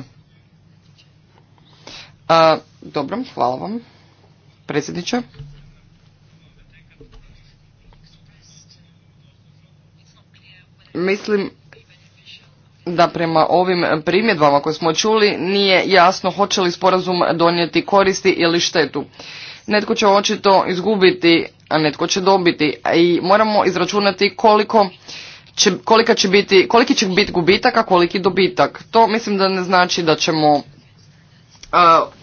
A, dobro, hvala vam, predsjedniče. Mislim da prema ovim primjedbama koje smo čuli nije jasno hoće li sporazum donijeti koristi ili štetu. Netko će očito izgubiti, a netko će dobiti. I moramo izračunati koliko će, kolika će biti, koliki će biti gubitak, a koliki dobitak. To mislim da ne znači da ćemo uh,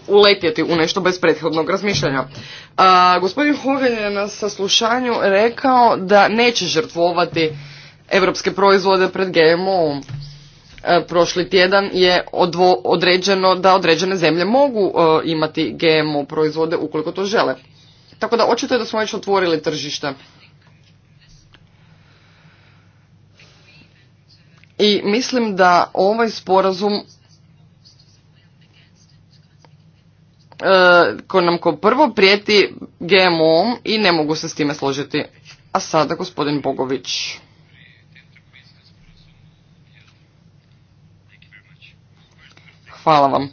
uletjeti u nešto bez prethodnog razmišljanja. gospodin Hogan je na saslušanju rekao da neće žrtvovati europske proizvode pred GMO-om. E, prošli tjedan je određeno da određene zemlje mogu e, imati GMO proizvode ukoliko to žele. Tako da očito je da smo već otvorili tržište. i mislim da ovaj sporazum e, koji nam ko prvo prijeti gmo i ne mogu se s time složiti. A sada gospodin Bogović. Hvala vam.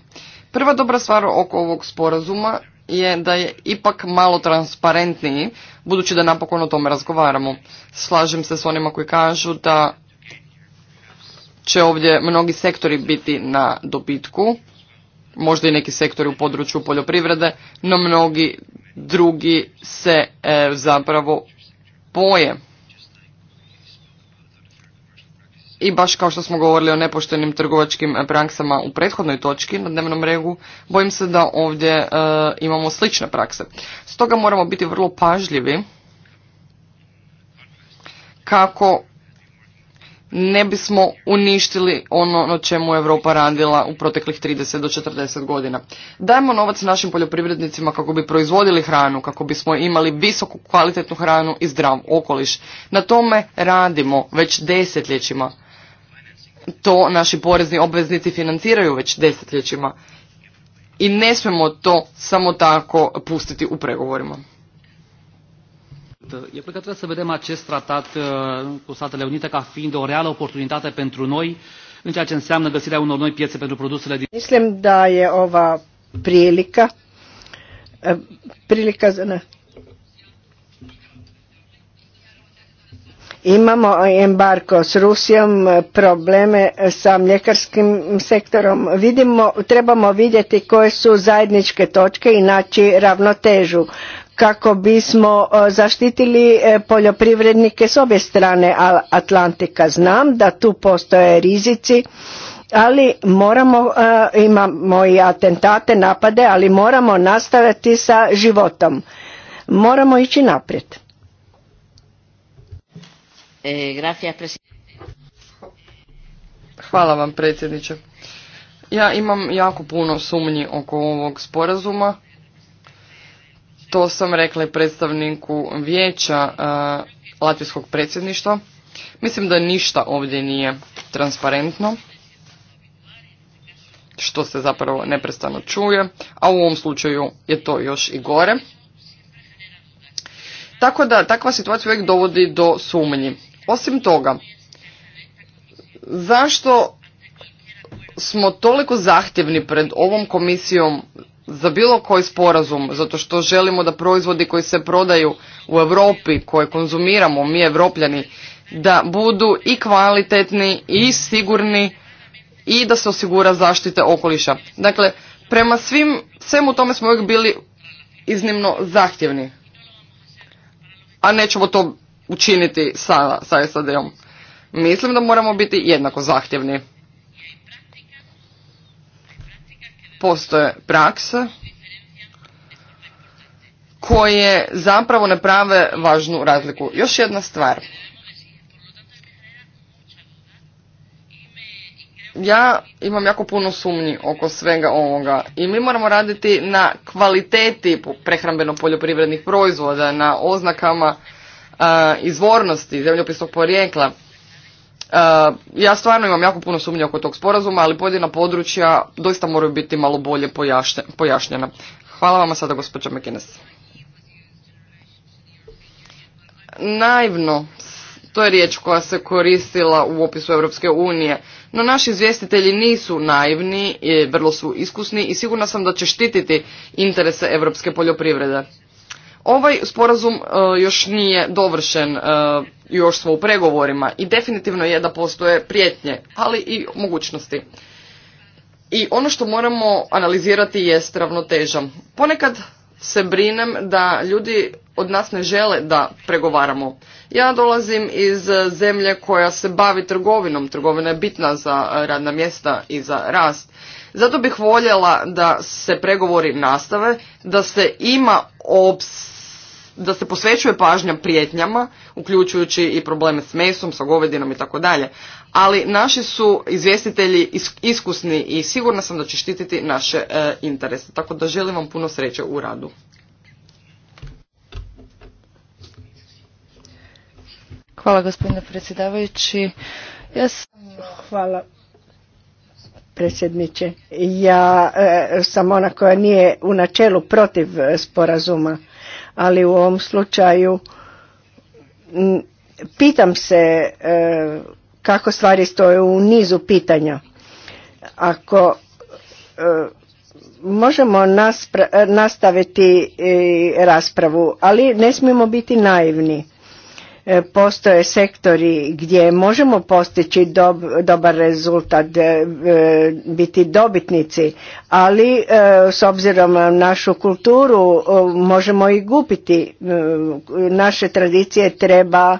Prva dobra stvar oko ovog sporazuma je da je ipak malo transparentniji, budući da napokon o tome razgovaramo. Slažem se s onima koji kažu da će ovdje mnogi sektori biti na dobitku, možda i neki sektori u području poljoprivrede, no mnogi drugi se e, zapravo boje. I baš kao što smo govorili o nepoštenim trgovačkim praksama u prethodnoj točki na dnevnom regu, bojim se da ovdje e, imamo slične prakse. Stoga moramo biti vrlo pažljivi kako ne bismo uništili ono na čemu je Europa radila u proteklih 30 do 40 godina. Dajmo novac našim poljoprivrednicima kako bi proizvodili hranu, kako bismo imali visoku kvalitetnu hranu i zdrav okoliš. Na tome radimo već desetljećima. To naši porezni obveznici financiraju već desetljećima. I ne smemo to samo tako pustiti u pregovorima. Eu cred că trebuie să vedem acest tratat uh, cu Statele Unite ca fiind o reală oportunitate pentru noi în ceea ce înseamnă găsirea unor noi piețe pentru produsele din... Mislim da je ova prilika uh, prilika Imamo embargo s Rusijom, uh, probleme sa mljekarskim sektorom. Vidimo, trebamo vidjeti koje su zajedničke točke i naći ravnotežu kako bismo e, zaštitili e, poljoprivrednike s obje strane Atlantika. Znam da tu postoje rizici, ali moramo, e, imamo i atentate, napade, ali moramo nastaviti sa životom. Moramo ići naprijed. Hvala vam predsjedniče. Ja imam jako puno sumnji oko ovog sporazuma to sam rekla i predstavniku vijeća e, Latvijskog predsjedništva. Mislim da ništa ovdje nije transparentno, što se zapravo neprestano čuje, a u ovom slučaju je to još i gore. Tako da takva situacija uvijek dovodi do sumnji. Osim toga, zašto smo toliko zahtjevni pred ovom komisijom za bilo koji sporazum, zato što želimo da proizvodi koji se prodaju u Europi, koje konzumiramo mi Evropljani, da budu i kvalitetni i sigurni i da se osigura zaštite okoliša. Dakle, prema svim, svemu tome smo uvijek bili iznimno zahtjevni. A nećemo to učiniti sa, sa SAD-om. Mislim da moramo biti jednako zahtjevni. postoje prakse koje zapravo ne prave važnu razliku. Još jedna stvar. Ja imam jako puno sumnji oko svega ovoga i mi moramo raditi na kvaliteti prehrambeno-poljoprivrednih proizvoda, na oznakama izvornosti zemljopisnog porijekla E, ja stvarno imam jako puno sumnje oko tog sporazuma, ali pojedina područja doista moraju biti malo bolje pojašnjena. Hvala vama sada, gospođa McInnes. Naivno, to je riječ koja se koristila u opisu Europske unije, no naši izvjestitelji nisu naivni, vrlo su iskusni i sigurna sam da će štititi interese europske poljoprivrede. Ovaj sporazum e, još nije dovršen, e, još smo u pregovorima i definitivno je da postoje prijetnje, ali i mogućnosti. I ono što moramo analizirati jest ravnoteža. Ponekad se brinem da ljudi od nas ne žele da pregovaramo. Ja dolazim iz zemlje koja se bavi trgovinom. Trgovina je bitna za radna mjesta i za rast. Zato bih voljela da se pregovori nastave, da se ima ops da se posvećuje pažnja prijetnjama, uključujući i probleme s mesom, sa govedinom i tako dalje. Ali naši su izvjestitelji iskusni i sigurna sam da će štititi naše e, interese. Tako da želim vam puno sreće u radu. Hvala gospodine predsjedavajući. Ja sam... Hvala predsjedniče. Ja e, sam ona koja nije u načelu protiv e, sporazuma ali u ovom slučaju pitam se e, kako stvari stoje u nizu pitanja. Ako e, možemo nastaviti raspravu, ali ne smijemo biti naivni. E, postoje sektori gdje možemo postići dobar rezultat, e, e, biti dobitnici, ali s obzirom na našu kulturu možemo i gupiti. Naše tradicije treba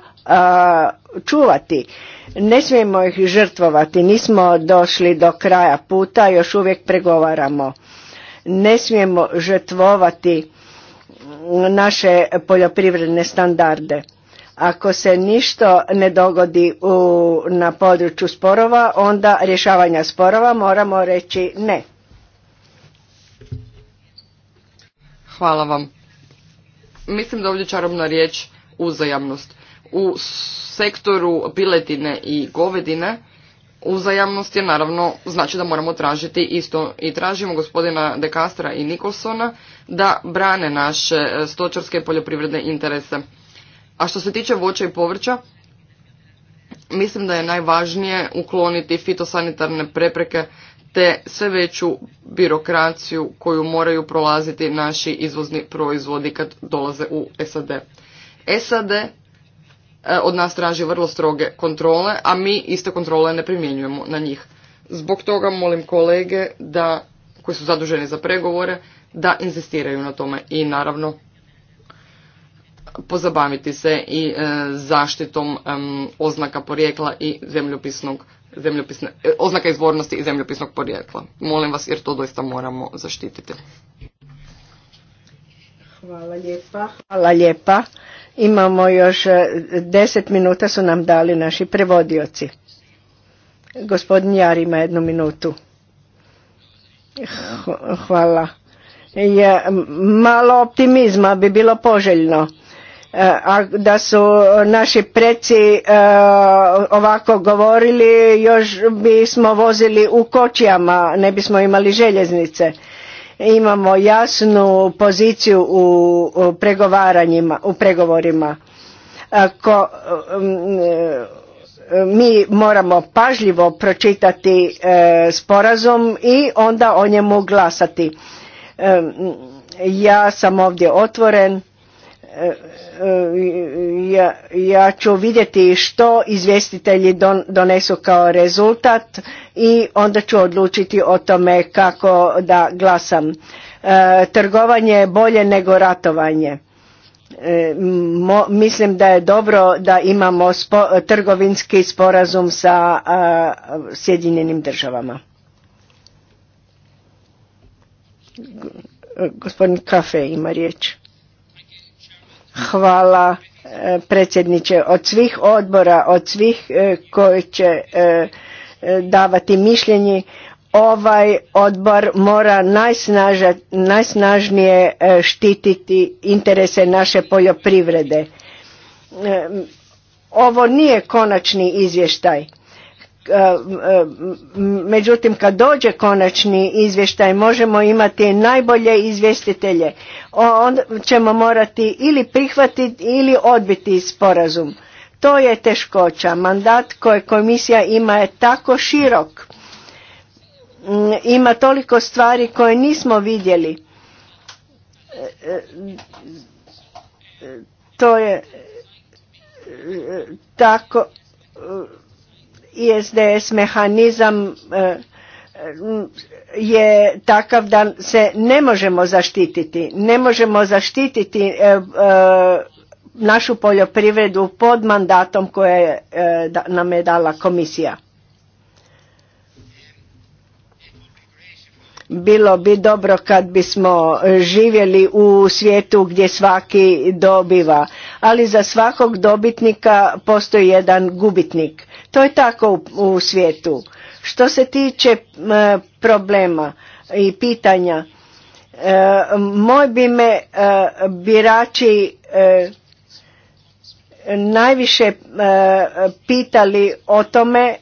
čuvati. Ne smijemo ih žrtvovati, nismo došli do kraja puta, još uvijek pregovaramo. Ne smijemo žrtvovati naše poljoprivredne standarde ako se ništa ne dogodi na području sporova, onda rješavanja sporova moramo reći ne. Hvala vam. Mislim da ovdje čarobna riječ uzajamnost. U sektoru piletine i govedine uzajamnost je naravno znači da moramo tražiti isto i tražimo gospodina De Castra i Nikolsona da brane naše stočarske poljoprivredne interese. A što se tiče voća i povrća, mislim da je najvažnije ukloniti fitosanitarne prepreke te sve veću birokraciju koju moraju prolaziti naši izvozni proizvodi kad dolaze u SAD. SAD e, od nas traži vrlo stroge kontrole, a mi iste kontrole ne primjenjujemo na njih. Zbog toga molim kolege da, koji su zaduženi za pregovore da inzistiraju na tome i naravno pozabaviti se i e, zaštitom e, oznaka porijekla i zemljopisnog e, oznaka izvornosti i zemljopisnog porijekla. Molim vas jer to doista moramo zaštititi. Hvala lijepa. Hvala lijepa. Imamo još deset minuta su nam dali naši prevodioci. Gospodin Jar ima jednu minutu. Hvala. je malo optimizma bi bilo poželjno. Eh, da su naši preci eh, ovako govorili još bismo vozili u kočijama ne bismo imali željeznice imamo jasnu poziciju u pregovaranjima u pregovorima eh, mm, mi moramo pažljivo pročitati sporazum i onda o njemu glasati ja sam ovdje otvoren E, e, ja, ja ću vidjeti što izvjestitelji donesu kao rezultat i onda ću odlučiti o tome kako da glasam. E, trgovanje je bolje nego ratovanje. mislim da je dobro da imamo trgovinski sporazum sa Sjedinjenim državama. Gospodin Kafe ima riječ. Hvala e, predsjedniče od svih odbora, od svih e, koji će e, davati mišljenje. Ovaj odbor mora najsnažnije štititi interese naše poljoprivrede. Ovo nije konačni izvještaj E, e, međutim kad dođe konačni izvještaj možemo imati najbolje izvjestitelje onda ćemo morati ili prihvatiti ili odbiti sporazum to je teškoća mandat koji komisija ima je tako širok mm, ima toliko stvari koje nismo vidjeli e, to je tako ISDS mehanizam e, e, je takav da se ne možemo zaštititi. Ne možemo zaštititi e, našu poljoprivredu pod mandatom koje nam je dala komisija. bilo bi dobro kad bismo živjeli u svijetu gdje svaki dobiva ali za svakog dobitnika postoji jedan gubitnik to je tako u, svijetu. Što se tiče problema i pitanja, e, moj bi me e, birači e, najviše e, pitali o tome,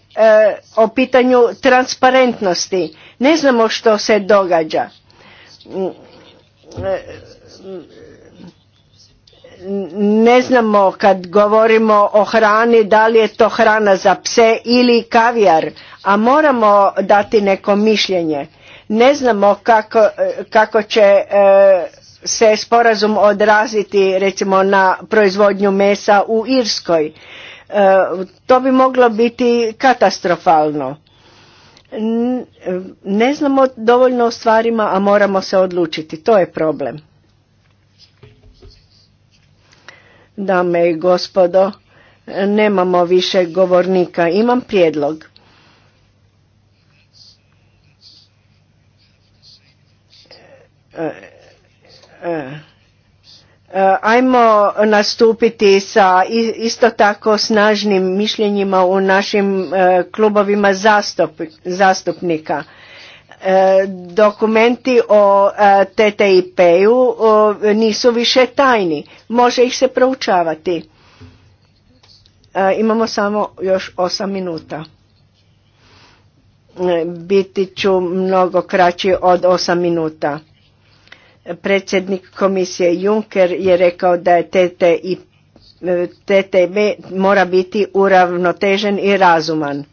o pitanju transparentnosti. Ne znamo što se događa ne znamo kad govorimo o hrani da li je to hrana za pse ili kavijar, a moramo dati neko mišljenje. Ne znamo kako, kako će e, se sporazum odraziti recimo na proizvodnju mesa u Irskoj. E, to bi moglo biti katastrofalno. E, ne znamo dovoljno o stvarima, a moramo se odlučiti. To je problem. Dame i gospodo, nemamo više govornika. Imam prijedlog. E, e, e, ajmo nastupiti sa isto tako snažnim mišljenjima u našim klubovima zastupnika. E, dokumenti o e, TTIP-u nisu više tajni. Može ih se proučavati. E, imamo samo još osam minuta. Biti ću mnogo kraći od osam minuta. Predsjednik komisije Juncker je rekao da je TTIP, mora biti uravnotežen i razuman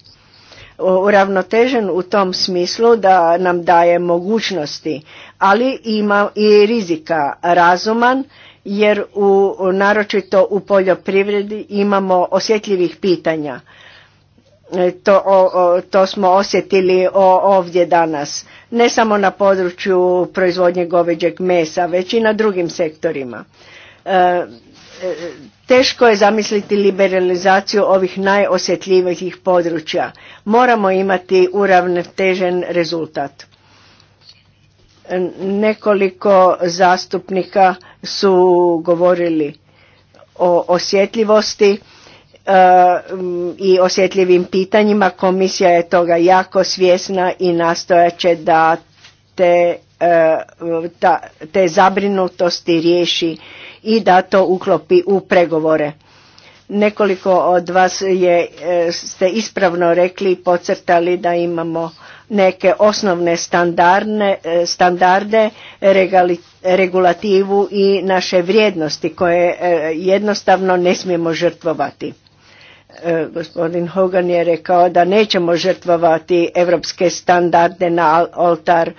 uravnotežen u tom smislu da nam daje mogućnosti, ali ima i rizika razuman jer u, naročito u poljoprivredi imamo osjetljivih pitanja. E, to, to smo osjetili o, ovdje danas, ne samo na području proizvodnje goveđeg mesa, već i na drugim sektorima. E, e, Teško je zamisliti liberalizaciju ovih najosjetljivijih područja. Moramo imati uravnotežen rezultat. Nekoliko zastupnika su govorili o osjetljivosti e, mm, i osjetljivim pitanjima. Komisija je toga jako svjesna i nastojaće da te, e, te zabrinutosti riješi i da to uklopi u pregovore. Nekoliko od vas je, e, ste ispravno rekli i podcrtali da imamo neke osnovne standardne, e, standarde, regulativu i naše vrijednosti koje e, jednostavno ne smijemo žrtvovati. Gospodin Hogan je rekao da nećemo žrtvovati evropske standarde na oltar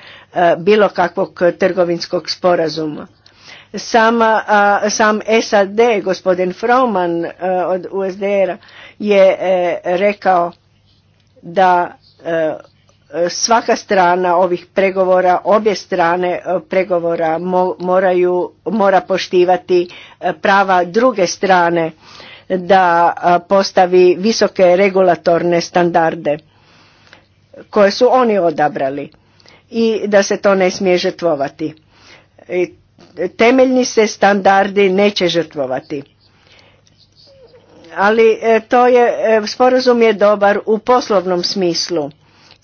bilo kakvog trgovinskog sporazuma Sama, sam SAD, gospodin Froman e, od USDR-a je e, rekao da e, svaka strana ovih pregovora, obje strane pregovora moraju, mora poštivati prava druge strane da postavi visoke regulatorne standarde koje su oni odabrali i da se to ne smije žrtvovati. I temeljni se standardi neće žrtvovati. Ali e, to je, e, sporazum je dobar u poslovnom smislu.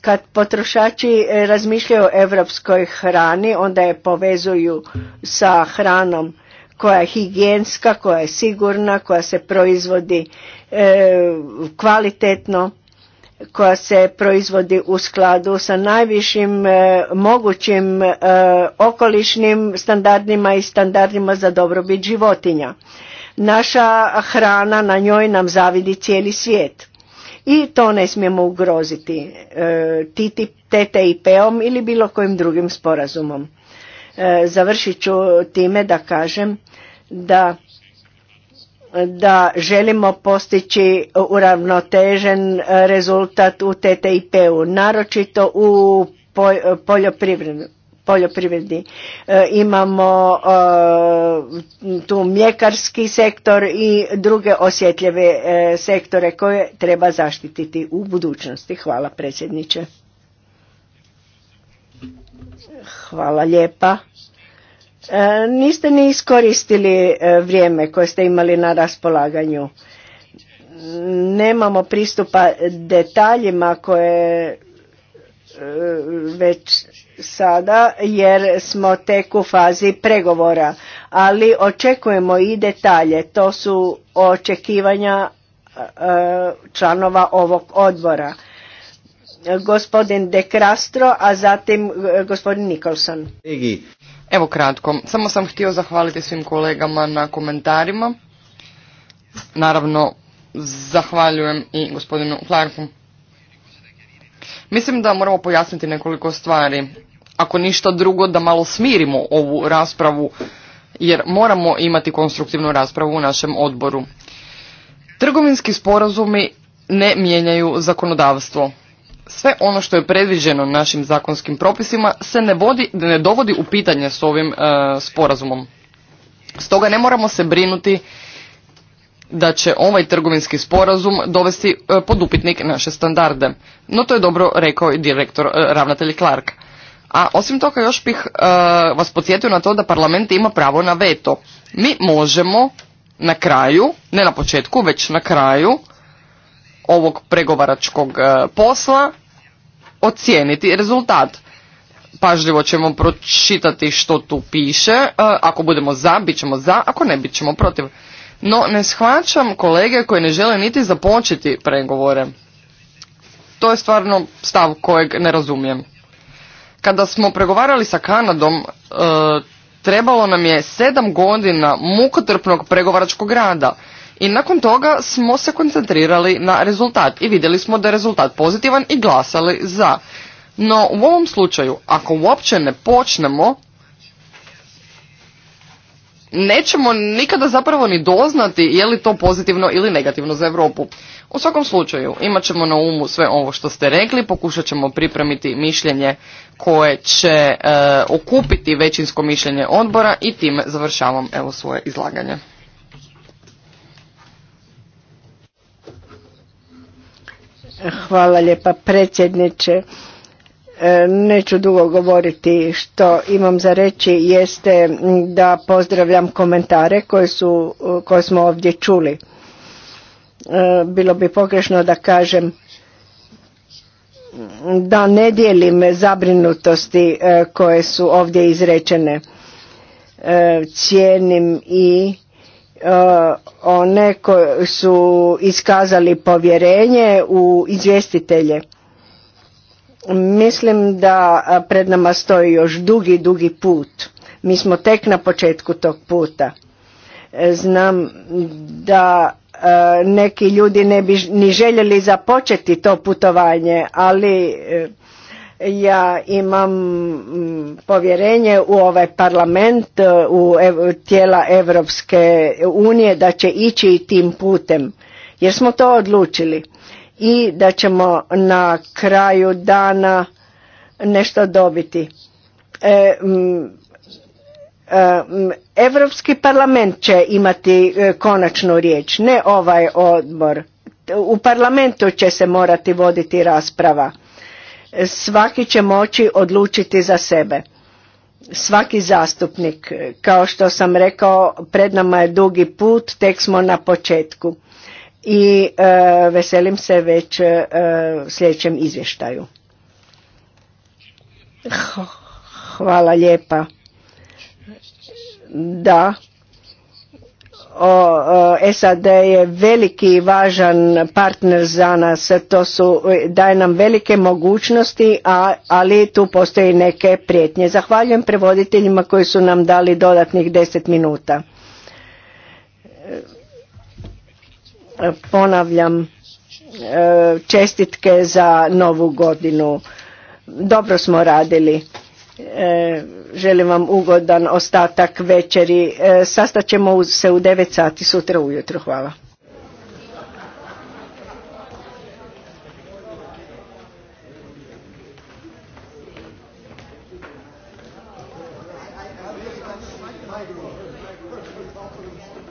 Kad potrošači e, razmišljaju o evropskoj hrani, onda je povezuju sa hranom koja je higijenska, koja je sigurna, koja se proizvodi kvalitetno koja se proizvodi u skladu sa najvišim e, mogućim e, okolišnim standardima i standardima za dobrobit životinja. Naša hrana na njoj nam zavidi cijeli svijet i to ne smijemo ugroziti e, TTIP-om ili bilo kojim drugim sporazumom. E, završit ću time da kažem da da želimo postići uravnotežen e, rezultat u TTIP-u, naročito u poljoprivredi. E, imamo e, tu mljekarski sektor i druge osjetljive sektore koje treba zaštititi u budućnosti. Hvala predsjedniče. Hvala lijepa. E, niste ni iskoristili e, vrijeme koje ste imali na raspolaganju. Nemamo pristupa detaljima koje e, već sada jer smo tek u fazi pregovora, ali očekujemo i detalje, to su očekivanja članova ovog odbora. Gospodin De Krastro, a zatim gospodin Nikolson. Evo kratko, samo sam htio zahvaliti svim kolegama na komentarima. Naravno, zahvaljujem i gospodinu Clarku. Mislim da moramo pojasniti nekoliko stvari. Ako ništa drugo, da malo smirimo ovu raspravu, jer moramo imati konstruktivnu raspravu u našem odboru. Trgovinski sporazumi ne mijenjaju zakonodavstvo sve ono što je predviđeno našim zakonskim propisima se ne, vodi, ne dovodi u pitanje s ovim e, sporazumom. Stoga ne moramo se brinuti da će ovaj trgovinski sporazum dovesti e, pod upitnik naše standarde. No to je dobro rekao i direktor, e, ravnatelj Clark. A osim toga još bih e, vas podsjetio na to da parlament ima pravo na veto. Mi možemo na kraju, ne na početku, već na kraju, ovog pregovaračkog e, posla ocijeniti rezultat. Pažljivo ćemo pročitati što tu piše. E, ako budemo za, bit ćemo za, ako ne, bit ćemo protiv. No, ne shvaćam kolege koji ne žele niti započeti pregovore. To je stvarno stav kojeg ne razumijem. Kada smo pregovarali sa Kanadom, e, trebalo nam je sedam godina mukotrpnog pregovaračkog rada i nakon toga smo se koncentrirali na rezultat i vidjeli smo da je rezultat pozitivan i glasali za. No u ovom slučaju, ako uopće ne počnemo, nećemo nikada zapravo ni doznati je li to pozitivno ili negativno za Europu. U svakom slučaju imat ćemo na umu sve ovo što ste rekli, pokušat ćemo pripremiti mišljenje koje će e, okupiti većinsko mišljenje odbora i time završavam evo svoje izlaganje. Hvala lijepa predsjedniče. E, neću dugo govoriti što imam za reći jeste da pozdravljam komentare koje, su, koje smo ovdje čuli. E, bilo bi pogrešno da kažem da ne dijelim zabrinutosti e, koje su ovdje izrečene. Cijenim i Eh, one koji su iskazali povjerenje u izvjestitelje. Mislim da pred nama stoji još dugi, dugi put. Mi smo tek na početku tog puta. Eh, znam da eh, neki ljudi ne bi ni željeli započeti to putovanje, ali ja imam mm, povjerenje u ovaj parlament, e, u tijela Evropske unije da će ići tim putem jer smo to odlučili i da ćemo na kraju dana nešto dobiti. Europski mm, e, mm, parlament će imati e, konačnu riječ, ne ovaj odbor. U parlamentu će se morati voditi rasprava svaki će moći odlučiti za sebe. Svaki zastupnik, kao što sam rekao, pred nama je dugi put, tek smo na početku i e, veselim se već e, sljedećem izvještaju. Hvala lijepa. Da, SAD je veliki i važan partner za nas, to su, daje nam velike mogućnosti, a, ali tu postoje neke prijetnje. Zahvaljujem prevoditeljima koji su nam dali dodatnih 10 minuta. Ponavljam e, čestitke za novu godinu. Dobro smo radili. E, želim vam ugodan ostatak večeri. E, sastat ćemo se u 9 sati sutra ujutro. Hvala.